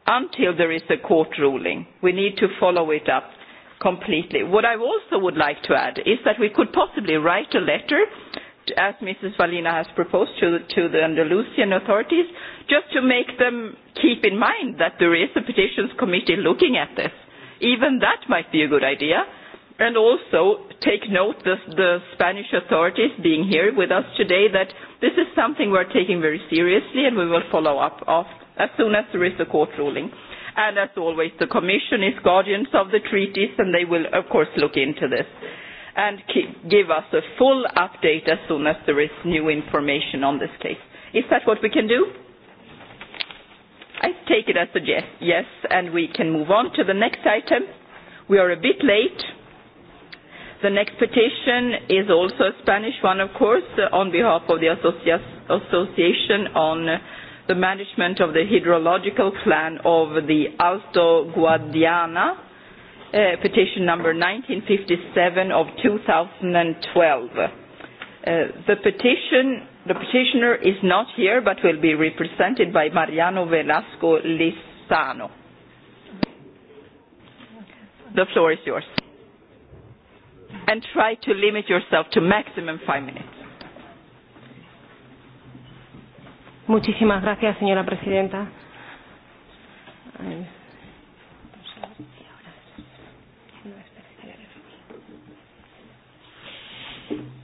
until there is a court ruling. We need to follow it up completely. What I also would like to add is that we could possibly write a letter, as Mrs. Valina has proposed, to, to the Andalusian authorities, just to make them keep in mind that there is a petitions committee looking at this. Even that might be a good idea. And also take note the, the Spanish authorities being here with us today that this is something we're taking very seriously and we will follow up of as soon as there is a court ruling and as always the Commission is guardians of the treaties and they will of course look into this and give us a full update as soon as there is new information on this case. Is that what we can do? I take it as a yes, yes, and we can move on to the next item. We are a bit late. The next petition is also a Spanish one, of course, on behalf of the Association on the management of the hydrological plan of the Alto Guadiana, uh, petition number 1957 of 2012. Uh, the petition the petitioner is not here but will be represented by Mariano Velasco Lissano. The floor is yours. And try to limit yourself to maximum five minutes. Muchísimas gracias, señora presidenta.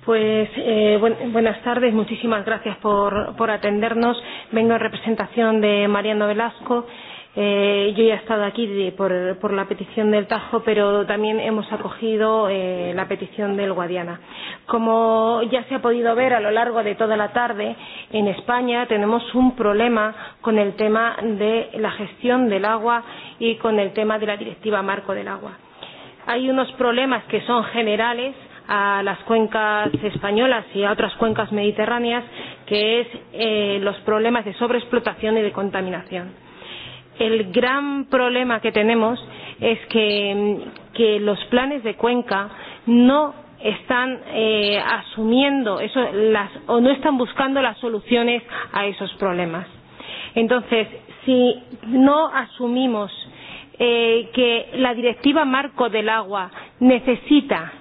Pues eh, bu buenas tardes, muchísimas gracias por, por atendernos. Vengo en representación de Mariano Velasco Eh, yo ya he estado aquí de, por, por la petición del Tajo, pero también hemos acogido eh, la petición del Guadiana. Como ya se ha podido ver a lo largo de toda la tarde, en España tenemos un problema con el tema de la gestión del agua y con el tema de la directiva marco del agua. Hay unos problemas que son generales a las cuencas españolas y a otras cuencas mediterráneas, que es eh, los problemas de sobreexplotación y de contaminación el gran problema que tenemos es que, que los planes de cuenca no están eh, asumiendo eso, las, o no están buscando las soluciones a esos problemas. Entonces, si no asumimos eh, que la directiva marco del agua necesita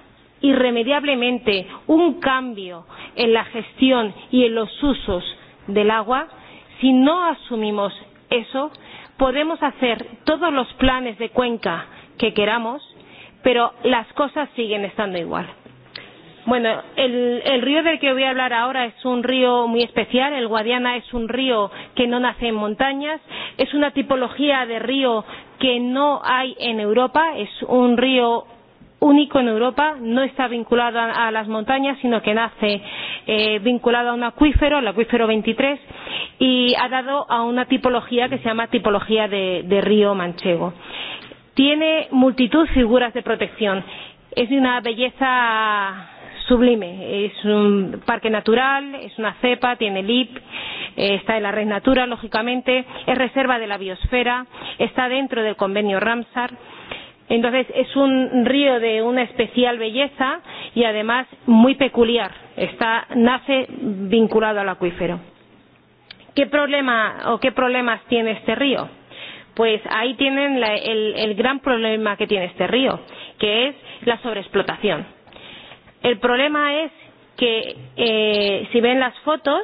irremediablemente un cambio en la gestión y en los usos del agua, si no asumimos eso, Podemos hacer todos los planes de cuenca que queramos, pero las cosas siguen estando igual. Bueno, el, el río del que voy a hablar ahora es un río muy especial. El Guadiana es un río que no nace en montañas. Es una tipología de río que no hay en Europa. Es un río único en Europa, no está vinculado a, a las montañas, sino que nace eh, vinculado a un acuífero, el acuífero 23, y ha dado a una tipología que se llama tipología de, de río manchego. Tiene multitud de figuras de protección. Es de una belleza sublime. Es un parque natural, es una cepa, tiene LIP, eh, está en la red Natura, lógicamente, es reserva de la biosfera, está dentro del convenio Ramsar Entonces es un río de una especial belleza y además muy peculiar. Está, nace vinculado al acuífero. ¿Qué problema o qué problemas tiene este río? Pues ahí tienen la, el, el gran problema que tiene este río, que es la sobreexplotación. El problema es que eh, si ven las fotos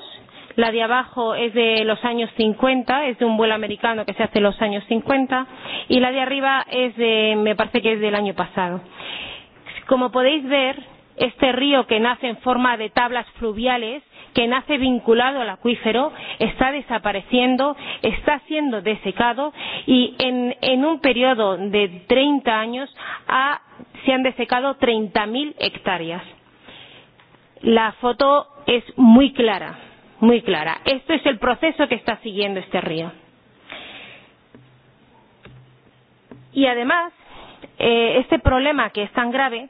la de abajo es de los años 50, es de un vuelo americano que se hace en los años 50 y la de arriba es de, me parece que es del año pasado. Como podéis ver, este río que nace en forma de tablas fluviales que nace vinculado al acuífero está desapareciendo, está siendo desecado y en, en un periodo de 30 años ha, se han desecado 30.000 hectáreas. La foto es muy clara muy clara. Esto es el proceso que está siguiendo este río. Y además, eh, este problema que es tan grave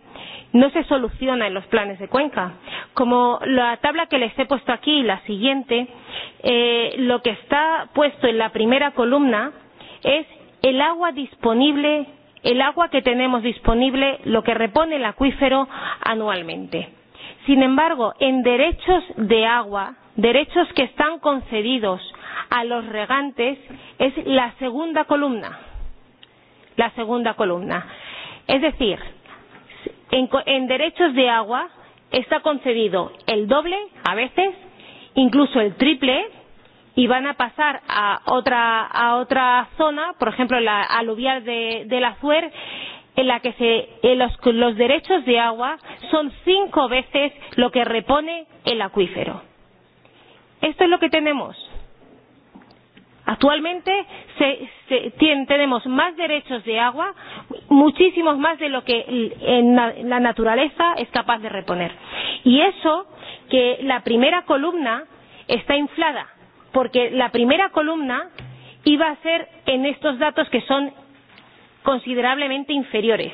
no se soluciona en los planes de cuenca. Como la tabla que les he puesto aquí, la siguiente, eh, lo que está puesto en la primera columna es el agua disponible, el agua que tenemos disponible, lo que repone el acuífero anualmente. Sin embargo, en derechos de agua derechos que están concedidos a los regantes es la segunda columna. La segunda columna. Es decir, en, en derechos de agua está concedido el doble, a veces, incluso el triple, y van a pasar a otra, a otra zona, por ejemplo, la aluvial de, de la Azuer, en la que se, en los, los derechos de agua son cinco veces lo que repone el acuífero. Esto es lo que tenemos. Actualmente se, se, tiene, tenemos más derechos de agua, muchísimos más de lo que en la, la naturaleza es capaz de reponer. Y eso que la primera columna está inflada, porque la primera columna iba a ser en estos datos que son considerablemente inferiores.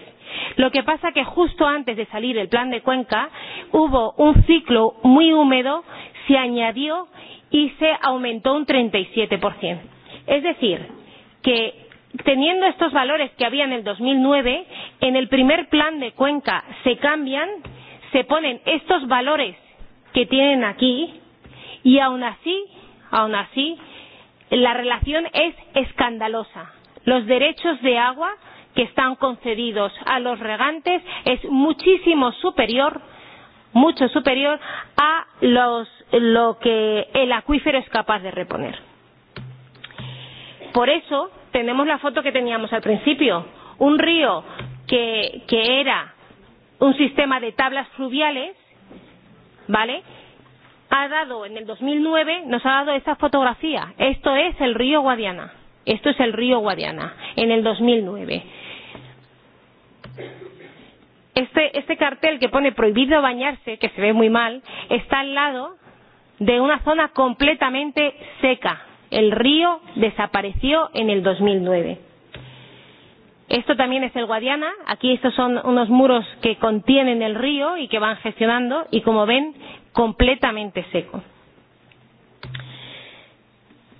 Lo que pasa que justo antes de salir el plan de Cuenca hubo un ciclo muy húmedo se añadió y se aumentó un 37%. Es decir, que teniendo estos valores que había en el 2009, en el primer plan de Cuenca se cambian, se ponen estos valores que tienen aquí y aún así, aún así, la relación es escandalosa. Los derechos de agua que están concedidos a los regantes es muchísimo superior, mucho superior a los lo que el acuífero es capaz de reponer. Por eso tenemos la foto que teníamos al principio, un río que, que era un sistema de tablas fluviales, ¿vale? Ha dado, en el 2009, nos ha dado esta fotografía. Esto es el río Guadiana. Esto es el río Guadiana, en el 2009. Este, este cartel que pone prohibido bañarse, que se ve muy mal, está al lado de una zona completamente seca. El río desapareció en el 2009. Esto también es el Guadiana. Aquí estos son unos muros que contienen el río y que van gestionando y como ven, completamente seco.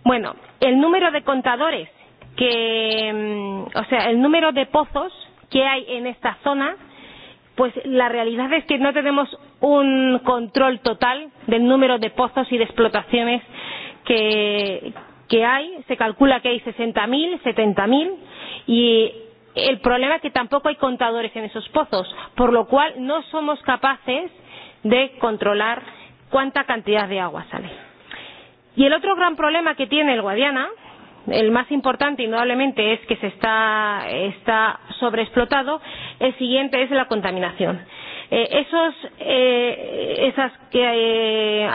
Bueno, el número de contadores que, mm, o sea, el número de pozos que hay en esta zona, pues la realidad es que no tenemos un control total del número de pozos y de explotaciones que, que hay. Se calcula que hay 60.000, 70.000 y el problema es que tampoco hay contadores en esos pozos, por lo cual no somos capaces de controlar cuánta cantidad de agua sale. Y el otro gran problema que tiene el Guadiana, el más importante indudablemente es que se está, está sobreexplotado, el siguiente es la contaminación. Eh, esos, eh, esas que, eh,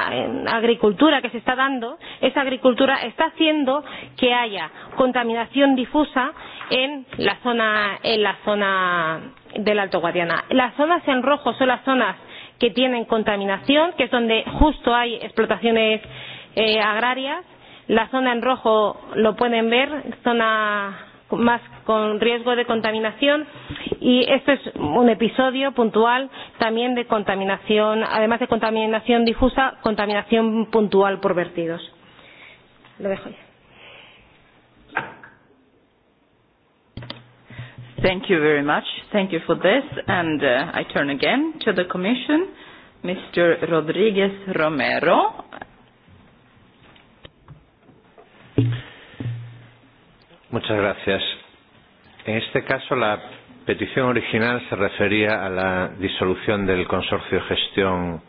agricultura que se está dando, esa agricultura está haciendo que haya contaminación difusa en la zona, en la zona del Alto Guadiana. Las zonas en rojo son las zonas que tienen contaminación, que es donde justo hay explotaciones eh, agrarias. La zona en rojo lo pueden ver, zona más con riesgo de contaminación y esto es un episodio puntual también de contaminación, además de contaminación difusa, contaminación puntual por vertidos. Lo dejo ya. Thank you very much. Thank you for this. And uh, I turn again to the Commission, Mr. Rodriguez Romero. Muchas gracias. En este caso, la petición original se refería a la disolución del consorcio de gestión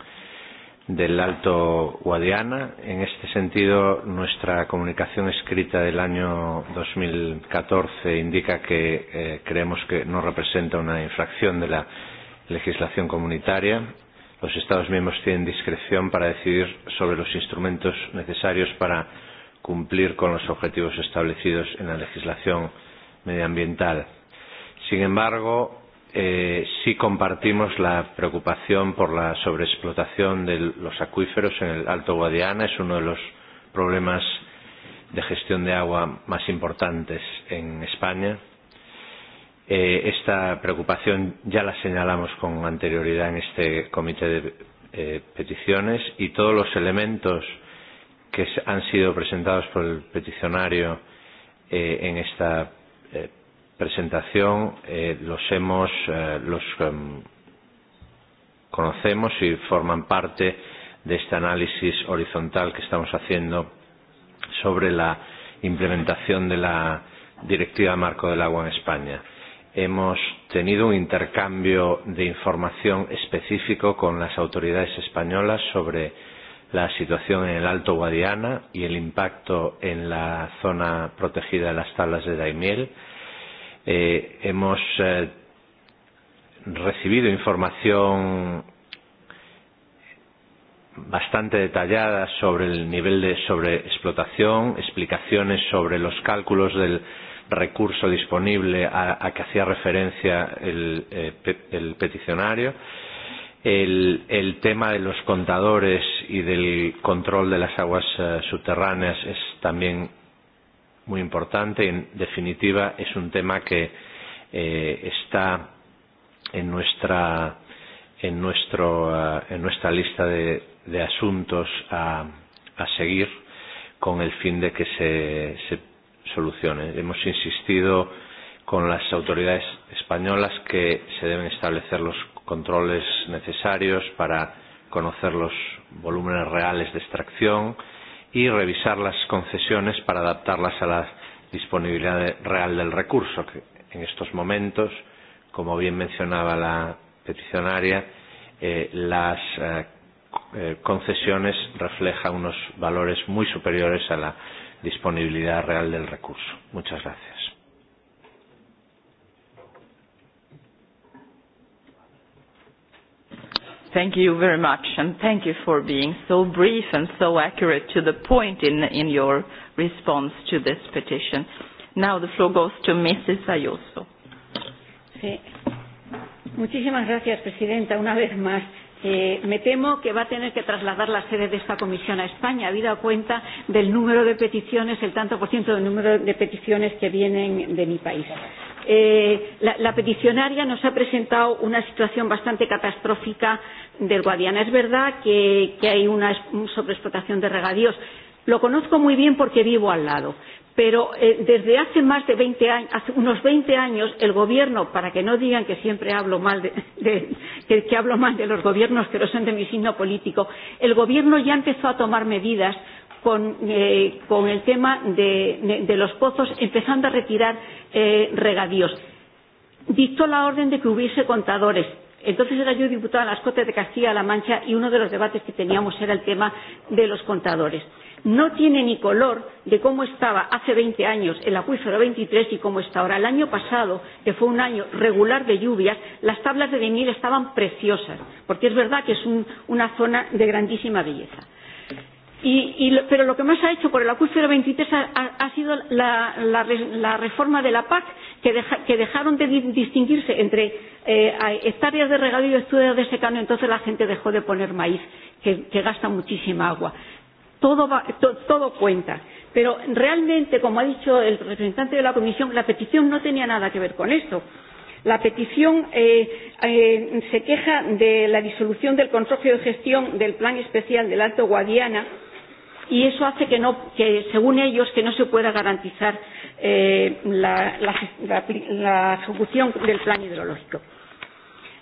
del Alto Guadiana. En este sentido, nuestra comunicación escrita del año 2014 indica que eh, creemos que no representa una infracción de la legislación comunitaria. Los Estados miembros tienen discreción para decidir sobre los instrumentos necesarios para cumplir con los objetivos establecidos en la legislación medioambiental. Sin embargo, eh, sí compartimos la preocupación por la sobreexplotación de los acuíferos en el Alto Guadiana. Es uno de los problemas de gestión de agua más importantes en España. Eh, esta preocupación ya la señalamos con anterioridad en este comité de eh, peticiones y todos los elementos eh, que han sido presentados por el peticionario eh, en esta eh, presentación eh, los hemos eh, los eh, conocemos y forman parte de este análisis horizontal que estamos haciendo sobre la implementación de la Directiva Marco del Agua en España. Hemos tenido un intercambio de información específico con las autoridades españolas sobre eh, la situación en el Alto Guadiana y el impacto en la zona protegida de las tablas de Daimiel. Eh, hemos eh, recibido información bastante detallada sobre el nivel de sobreexplotación, explicaciones sobre los cálculos del recurso disponible a, a que hacía referencia el, eh, pe, el peticionario. Eh, el, el tema de los contadores y del control de las aguas uh, subterráneas es también muy importante. En definitiva, es un tema que eh, está en nuestra, en nuestro, uh, en nuestra lista de, de asuntos a, a seguir con el fin de que se, se solucione. Hemos insistido con las autoridades españolas que se deben establecer los controles necesarios para conocer los volúmenes reales de extracción y revisar las concesiones para adaptarlas a la disponibilidad real del recurso, que en estos momentos, como bien mencionaba la peticionaria, eh, las eh, eh concesiones reflejan unos valores muy superiores a la disponibilidad real del recurso. Muchas gracias. Thank you very much, and thank you for being so brief and so accurate to the point in, in your response to this petition. Now the floor goes to Mrs. Ayuso. Sí. Muchísimas gracias, Presidenta, una vez más Eh, me temo que va a tener que trasladar la sede de esta comisión a España, habida cuenta del número de peticiones, el tanto por ciento del número de peticiones que vienen de mi país. Eh, la, la peticionaria nos ha presentado una situación bastante catastrófica del Guadiana. Es verdad que, que hay una sobreexplotación de regadíos. Lo conozco muy bien porque vivo al lado, pero eh, desde hace más de 20 años, hace unos 20 años, el gobierno, para que no digan que siempre hablo mal de, de que, que hablo mal de los gobiernos que no son de mi signo político, el gobierno ya empezó a tomar medidas con, eh, con el tema de, de, de los pozos, empezando a retirar eh, regadíos. Dictó la orden de que hubiese contadores, Entonces era yo diputada en las Cortes de Castilla-La Mancha y uno de los debates que teníamos era el tema de los contadores no tiene ni color de cómo estaba hace 20 años el acuífero 23 y cómo está ahora. El año pasado, que fue un año regular de lluvias, las tablas de venir estaban preciosas, porque es verdad que es un, una zona de grandísima belleza. Y, y, pero lo que más ha hecho por el acuífero 23 ha, ha, ha sido la, la, la reforma de la PAC, que, deja, que dejaron de distinguirse entre eh, hectáreas de regadío y estudios de secano, entonces la gente dejó de poner maíz, que, que gasta muchísima agua todo, va, to, todo cuenta. Pero realmente, como ha dicho el representante de la Comisión, la petición no tenía nada que ver con esto. La petición eh, eh, se queja de la disolución del Consorcio de Gestión del Plan Especial del Alto Guadiana y eso hace que, no, que según ellos, que no se pueda garantizar eh, la, la, la, la ejecución del plan hidrológico.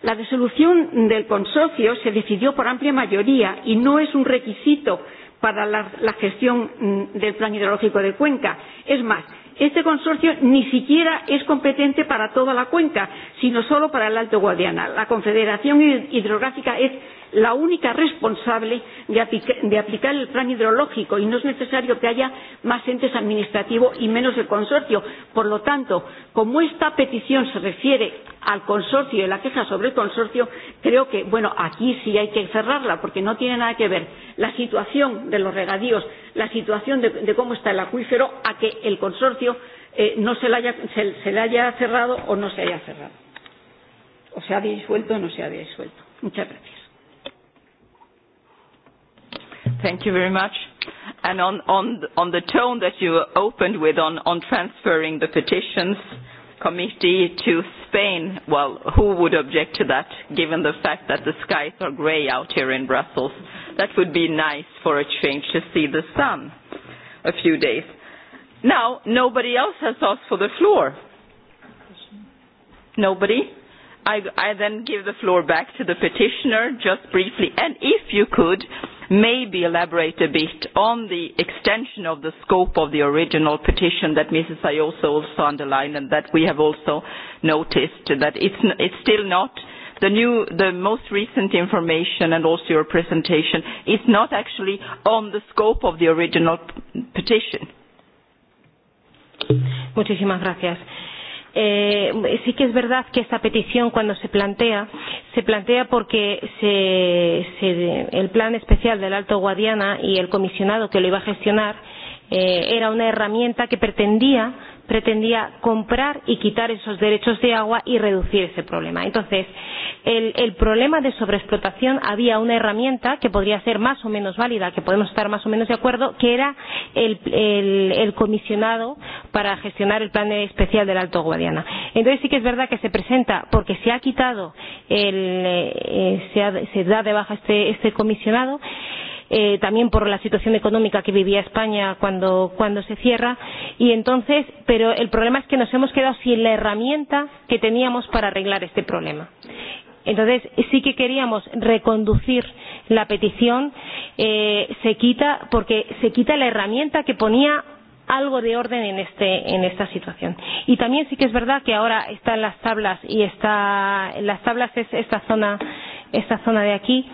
La disolución del consorcio se decidió por amplia mayoría y no es un requisito para la, la gestión mm, del plan hidrológico de Cuenca. Es más, este consorcio ni siquiera es competente para toda la cuenca, sino solo para el Alto Guadiana. La Confederación Hidrográfica es la única responsable de, aplica de aplicar el plan hidrológico y no es necesario que haya más entes administrativos y menos el consorcio. Por lo tanto, como esta petición se refiere al consorcio y la queja sobre el consorcio, creo que, bueno, aquí sí hay que cerrarla porque no tiene nada que ver la situación de los regadíos, la situación de, de cómo está el acuífero a que el consorcio eh, no se le, haya, se, se le haya cerrado o no se haya cerrado. O se ha disuelto o no se ha disuelto. Muchas gracias. Thank you very much. And on, on, on the tone that you opened with on, on transferring the petitions committee to Spain, well, who would object to that, given the fact that the skies are grey out here in Brussels? That would be nice for a change to see the sun a few days. Now, nobody else has asked for the floor. Nobody? I, I then give the floor back to the petitioner just briefly, and if you could maybe elaborate a bit on the extension of the scope of the original petition that Mrs. Ayoso also underlined and that we have also noticed that it's, it's still not the new the most recent information and also your presentation is not actually on the scope of the original petition. Muchísimas gracias. Eh, sí que es verdad que esta petición cuando se plantea, se plantea porque se, se, el plan especial del Alto Guadiana y el comisionado que lo iba a gestionar eh, era una herramienta que pretendía pretendía comprar y quitar esos derechos de agua y reducir ese problema. Entonces, el, el problema de sobreexplotación había una herramienta que podría ser más o menos válida, que podemos estar más o menos de acuerdo, que era el, el, el comisionado para gestionar el plan especial del Alto Guadiana. Entonces sí que es verdad que se presenta porque se ha quitado, el, eh, se, ha, se da de baja este, este comisionado eh, también por la situación económica que vivía España cuando, cuando se cierra. Y entonces, pero el problema es que nos hemos quedado sin la herramienta que teníamos para arreglar este problema. Entonces, sí que queríamos reconducir la petición, eh, se quita, porque se quita la herramienta que ponía algo de orden en, este, en esta situación. Y también sí que es verdad que ahora están las tablas y está, las tablas es esta zona, esta zona de aquí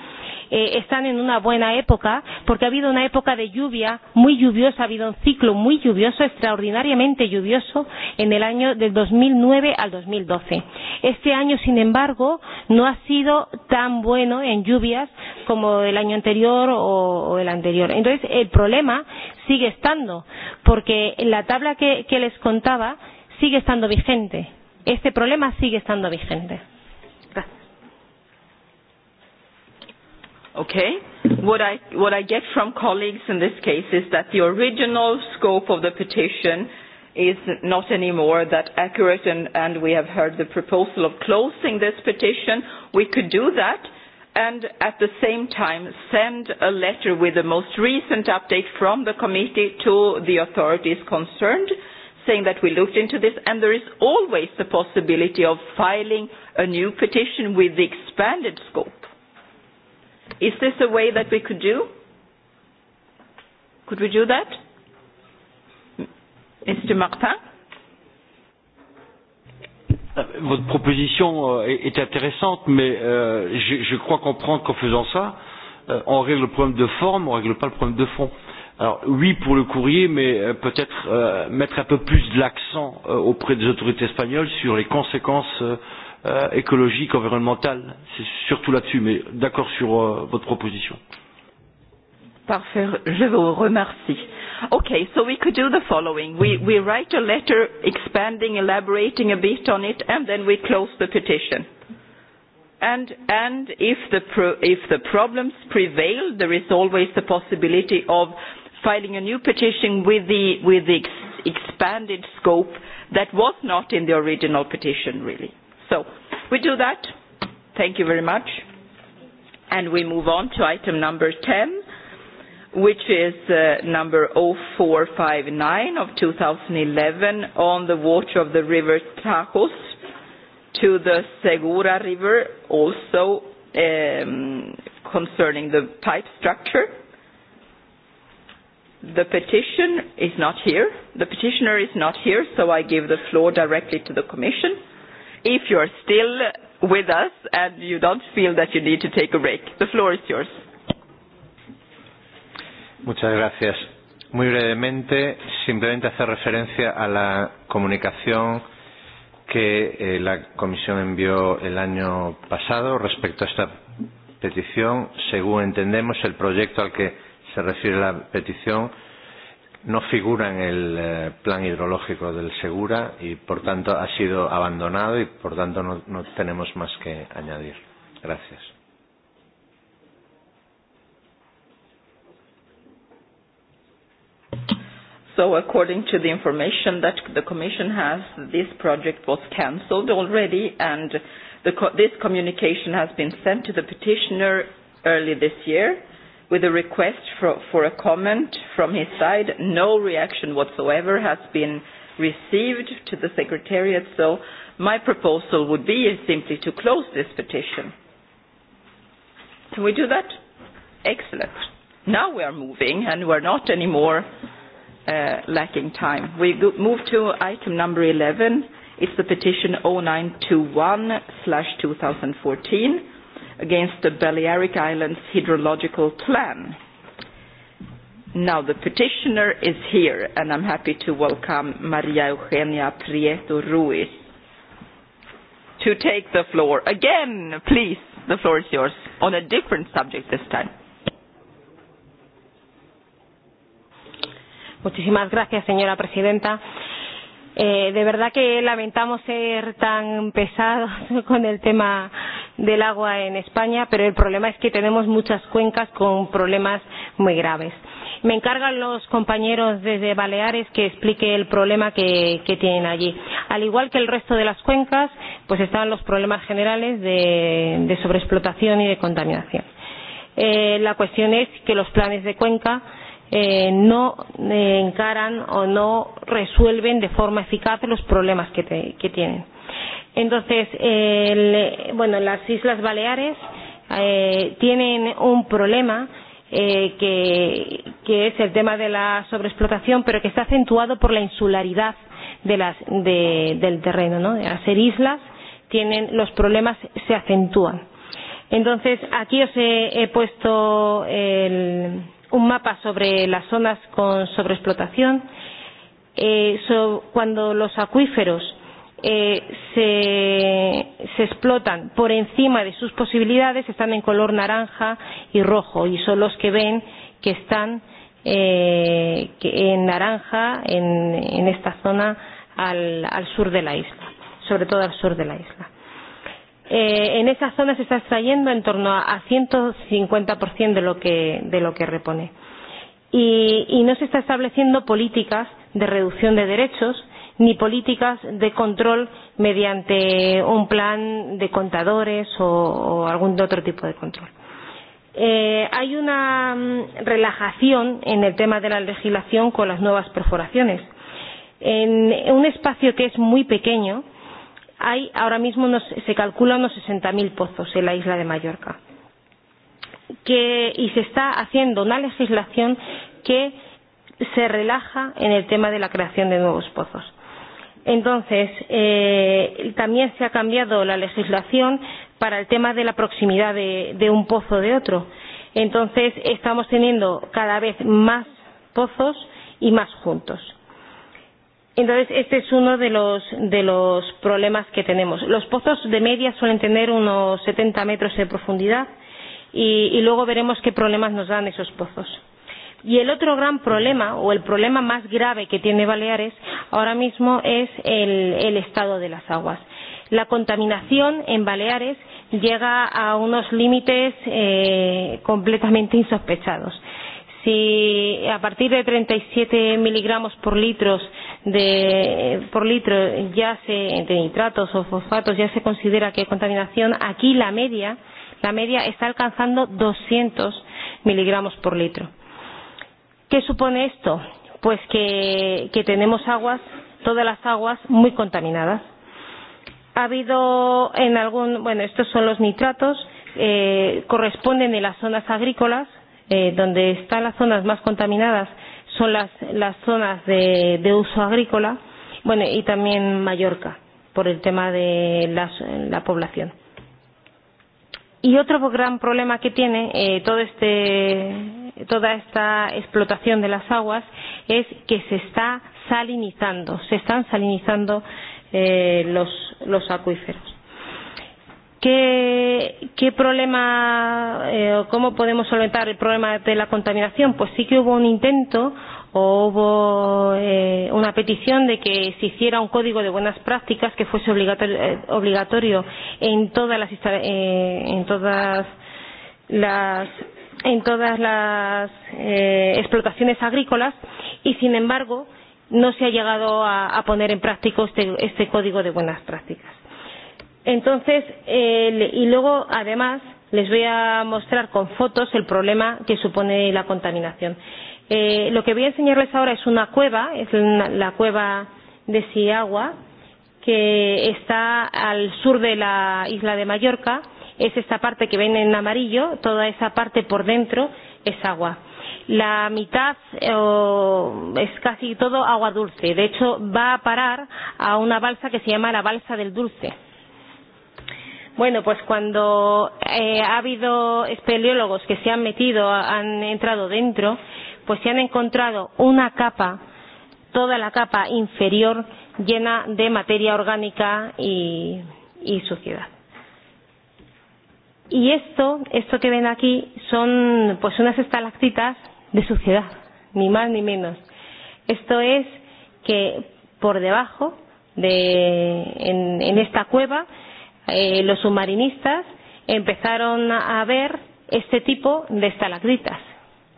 eh, están en una buena época, porque ha habido una época de lluvia muy lluviosa, ha habido un ciclo muy lluvioso, extraordinariamente lluvioso, en el año del 2009 al 2012. Este año, sin embargo, no ha sido tan bueno en lluvias como el año anterior o, o el anterior. Entonces, el problema sigue estando, porque la tabla que, que les contaba sigue estando vigente. Este problema sigue estando vigente. Okay? What I, what I get from colleagues in this case is that the original scope of the petition is not anymore that accurate, and, and we have heard the proposal of closing this petition. We could do that, and at the same time send a letter with the most recent update from the committee to the authorities concerned, saying that we looked into this, and there is always the possibility of filing a new petition with the expanded scope Is this a way that we could do? Could we do that? Mr. Martin? Ah, votre proposition euh, est intéressante, mais euh, je, crois comprendre qu'en faisant ça, euh, on règle le problème de forme, on ne règle pas le problème de fond. Alors oui pour le courrier, mais peut-être mettre un peu plus de l'accent auprès des autorités espagnoles sur les conséquences euh, euh, écologique, environnemental. C'est surtout là-dessus, mais d'accord sur euh, votre proposition. Parfait, je vous remercie. Okay, so we could do the following. We, we write a letter expanding, elaborating a bit on it, and then we close the petition. And, and if, the pro, if the problems prevail, there is always the possibility of filing a new petition with the, with the ex, expanded scope that was not in the original petition, really. So we do that. Thank you very much. And we move on to item number 10, which is uh, number 0459 of 2011 on the water of the river Tacos to the Segura River, also um, concerning the pipe structure. The petition is not here. The petitioner is not here, so I give the floor directly to the Commission if you're still with us and you don't feel that you need to take a break, the floor is yours. Muchas gracias. Muy brevemente, simplemente hacer referencia a la comunicación que eh, la Comisión envió el año pasado respecto a esta petición. Según entendemos, el proyecto al que se refiere la petición no figura en el eh, plan hidrológico del Segura y, por tanto, ha sido abandonado y, por tanto, no, no tenemos más que añadir. Gracias. So according to the information that the Commission has, this project was cancelled already and the co this communication has been sent to the petitioner early this year with a request for, for a comment from his side. No reaction whatsoever has been received to the Secretariat, so my proposal would be simply to close this petition. Can we do that? Excellent. Now we are moving and we are not anymore uh, lacking time. We go, move to item number 11. It's the petition 0921 2014 against the Balearic Islands hydrological plan. Now the petitioner is here and I'm happy to welcome Maria Eugenia Prieto Ruiz to take the floor. Again, please, the floor is yours on a different subject this time. Muchísimas gracias, señora presidenta. Eh, de verdad que lamentamos ser tan pesados <laughs> con el tema del agua en España, pero el problema es que tenemos muchas cuencas con problemas muy graves. Me encargan los compañeros desde Baleares que explique el problema que, que tienen allí. Al igual que el resto de las cuencas, pues están los problemas generales de, de sobreexplotación y de contaminación. Eh, la cuestión es que los planes de cuenca eh, eh, no eh, encaran o no resuelven de forma eficaz los problemas que, te, que tienen. Entonces, eh, el, bueno, las Islas Baleares eh, tienen un problema eh, que, que es el tema de la sobreexplotación, pero que está acentuado por la insularidad de las, de, del terreno. ¿no? Al ser islas, tienen, los problemas se acentúan. Entonces, aquí os he, he puesto el, un mapa sobre las zonas con sobreexplotación. Eh, so, cuando los acuíferos eh, se, se explotan por encima de sus posibilidades, están en color naranja y rojo y son los que ven que están eh, en naranja en, en esta zona al, al sur de la isla, sobre todo al sur de la isla eh, en esa zona se está extrayendo en torno a 150% de lo que, de lo que repone. Y, y no se está estableciendo políticas de reducción de derechos ni políticas de control mediante un plan de contadores o, o algún otro tipo de control. Eh, hay una mm, relajación en el tema de la legislación con las nuevas perforaciones. En un espacio que es muy pequeño, hay ahora mismo unos, se calcula unos 60.000 pozos en la isla de Mallorca. Que, y se está haciendo una legislación que se relaja en el tema de la creación de nuevos pozos. Entonces, eh, también se ha cambiado la legislación para el tema de la proximidad de, de un pozo de otro. Entonces, estamos teniendo cada vez más pozos y más juntos Entonces, este es uno de los, de los problemas que tenemos. Los pozos de media suelen tener unos 70 metros de profundidad y, y luego veremos qué problemas nos dan esos pozos. Y el otro gran problema, o el problema más grave que tiene Baleares ahora mismo, es el, el estado de las aguas. La contaminación en Baleares llega a unos límites eh, completamente insospechados. Eh, si a partir de 37 miligramos por litro de, por litro ya se, de nitratos o fosfatos ya se considera que hay contaminación, aquí la media, la media está alcanzando 200 miligramos por litro. ¿Qué supone esto? Pues que, que tenemos aguas, todas las aguas muy contaminadas. Ha habido en algún, bueno, estos son los nitratos, eh, corresponden en las zonas agrícolas, eh, donde están las zonas más contaminadas son las, las zonas de, de uso agrícola bueno, y también Mallorca por el tema de las, la población. Y otro gran problema que tiene eh, todo este, toda esta explotación de las aguas es que se está salinizando, se están salinizando eh, los, los acuíferos. ¿Qué, qué problema, eh, cómo podemos solventar el problema de la contaminación? Pues sí que hubo un intento o hubo eh, una petición de que se hiciera un código de buenas prácticas que fuese obligatorio, eh, obligatorio en todas las eh, en todas las en todas las eh, explotaciones agrícolas y sin embargo no se ha llegado a, a poner en práctica este, este código de buenas prácticas Entonces, eh, y luego, además, les voy a mostrar con fotos el problema que supone la contaminación. Eh, lo que voy a enseñarles ahora es una cueva, es una, la cueva de Siagua, que está al sur de la isla de Mallorca. Es esta parte que ven en amarillo, toda esa parte por dentro es agua. La mitad oh, es casi todo agua dulce. De hecho, va a parar a una balsa que se llama la balsa del dulce Bueno, pues cuando eh, ha habido espeleólogos que se han metido, han entrado dentro, pues se han encontrado una capa, toda la capa inferior llena de materia orgánica y, y suciedad. Y esto, esto que ven aquí, son pues unas estalactitas de suciedad, ni más ni menos. Esto es que por debajo de en, en esta cueva eh, los submarinistas empezaron a ver este tipo de estalactitas,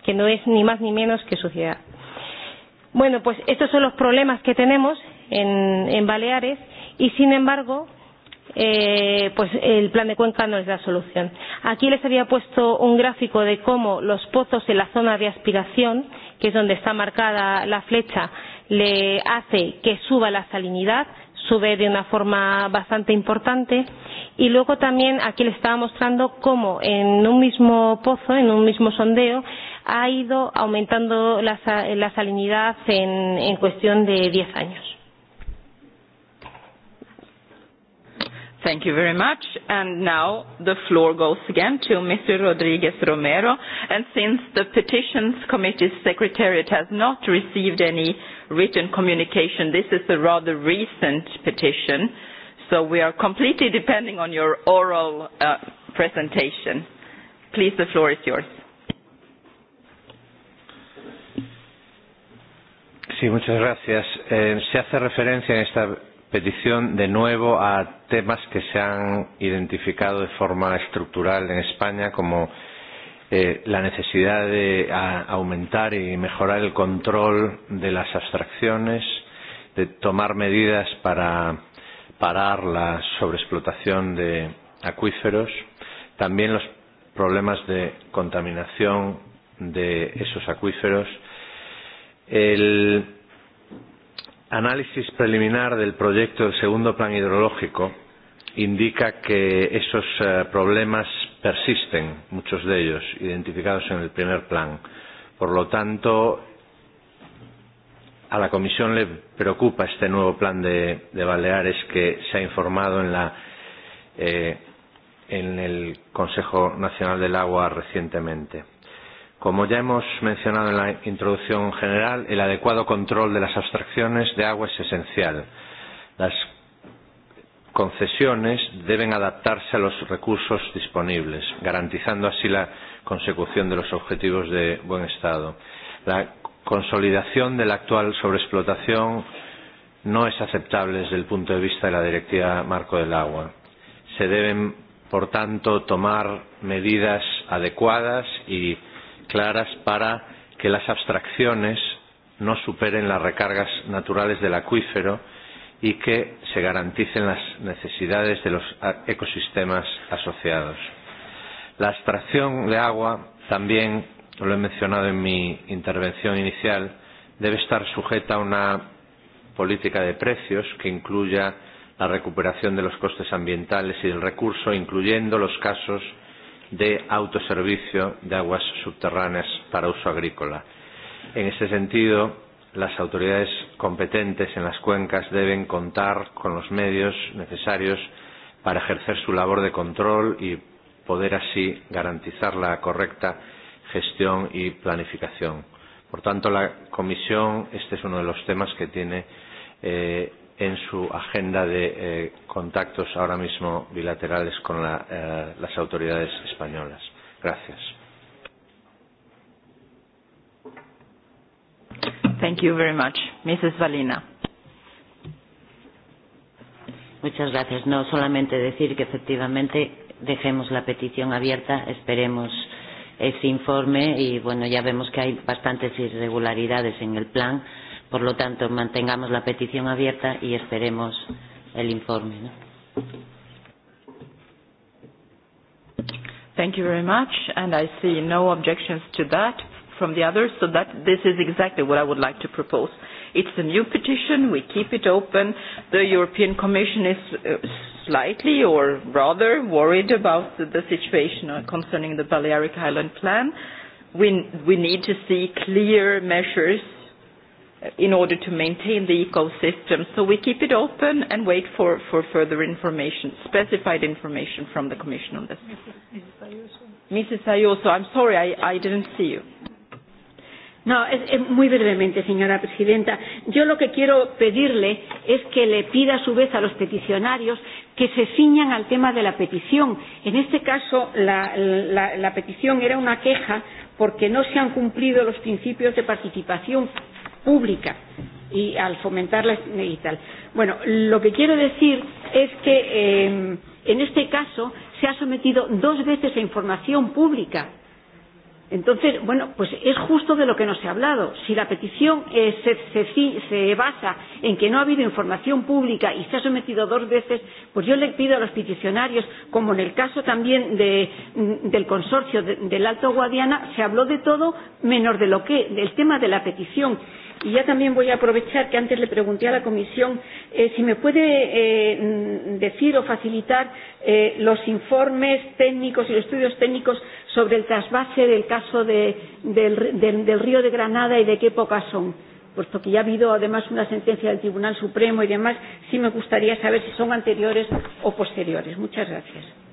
que no es ni más ni menos que suciedad. Bueno, pues estos son los problemas que tenemos en, en Baleares y, sin embargo, eh, pues el plan de Cuenca no es la solución. Aquí les había puesto un gráfico de cómo los pozos en la zona de aspiración, que es donde está marcada la flecha, le hace que suba la salinidad, sube de una forma bastante importante. Y luego también aquí le estaba mostrando cómo en un mismo pozo, en un mismo sondeo, ha ido aumentando la, la salinidad en, en cuestión de 10 años. Thank you very much. And now the floor goes again to Mr. Rodriguez Romero. And since the Petitions Committee Secretariat has not received any written communication, this is a rather recent petition. So we are completely depending on your oral uh, presentation. Please, the floor is yours. Sí, muchas gracias. Eh, se hace referencia en esta petición de nuevo a temas que se han identificado de forma estructural en España como eh, la necesidad de a, aumentar y mejorar el control de las abstracciones, de tomar medidas para parar la sobreexplotación de acuíferos, también los problemas de contaminación de esos acuíferos, el análisis preliminar del proyecto del segundo plan hidrológico indica que esos eh, problemas persisten, muchos de ellos identificados en el primer plan. Por lo tanto, a la Comisión le preocupa este nuevo plan de, de Baleares que se ha informado en, la, eh, en el Consejo Nacional del Agua recientemente Como ya hemos mencionado en la introducción general, el adecuado control de las abstracciones de agua es esencial. Las concesiones deben adaptarse a los recursos disponibles, garantizando así la consecución de los objetivos de buen estado. La consolidación de la actual sobreexplotación no es aceptable desde el punto de vista de la Directiva Marco del Agua. Se deben, por tanto, tomar medidas adecuadas y claras para que las abstracciones no superen las recargas naturales del acuífero y que se garanticen las necesidades de los ah, ecosistemas asociados. La abstracción de agua también, lo he mencionado en mi intervención inicial, debe estar sujeta a una política de precios que incluya la recuperación de los costes ambientales y del recurso, incluyendo los casos de autoservicio de aguas subterráneas para uso agrícola. En este sentido, las autoridades competentes en las cuencas deben contar con los medios necesarios para ejercer su labor de control y poder así garantizar la correcta gestión y planificación. Por tanto, la Comisión, este es uno de los temas que tiene eh, en su agenda de eh, contactos ahora mismo bilaterales con la, eh, las autoridades españolas. Gracias. Thank you very much. Mrs. Valina. Muchas gracias. No solamente decir que efectivamente dejemos la petición abierta, esperemos ese informe y bueno, ya vemos que hay bastantes irregularidades en el plan Por lo tanto, mantengamos la petición abierta y esperemos el informe. ¿no? Thank you very much, and I see no objections to that from the others, so that this is exactly what I would like to propose. It's a new petition, we keep it open. The European Commission is uh, slightly or rather worried about the, the situation concerning the Balearic Island plan. We, we need to see clear measures Uh, in order to maintain the ecosystem. So we keep it open and wait for, for further information, specified information from the Commission on this. Mrs. Ayuso, I'm sorry, I, I didn't see you. No, es, es muy brevemente, señora presidenta. Yo lo que quiero pedirle es que le pida a su vez a los peticionarios que se ciñan al tema de la petición. En este caso, la, la, la petición era una queja porque no se han cumplido los principios de participación pública y al fomentar la digital. Bueno, lo que quiero decir es que eh, en este caso se ha sometido dos veces a información pública. Entonces, bueno, pues es justo de lo que nos ha hablado. Si la petición eh, se, se, se basa en que no ha habido información pública y se ha sometido dos veces, pues yo le pido a los peticionarios, como en el caso también de, mm, del consorcio de, del Alto Guadiana, se habló de todo menos de lo que, del tema de la petición Y ya también voy a aprovechar que antes le pregunté a la Comisión eh, si me puede eh, mm, decir o facilitar eh, los informes técnicos y los estudios técnicos sobre el trasvase del caso de, del, del, del río de Granada y de qué pocas son. Puesto que ya ha habido además una sentencia del Tribunal Supremo y demás, sí me gustaría saber si son anteriores o posteriores. Muchas gracias.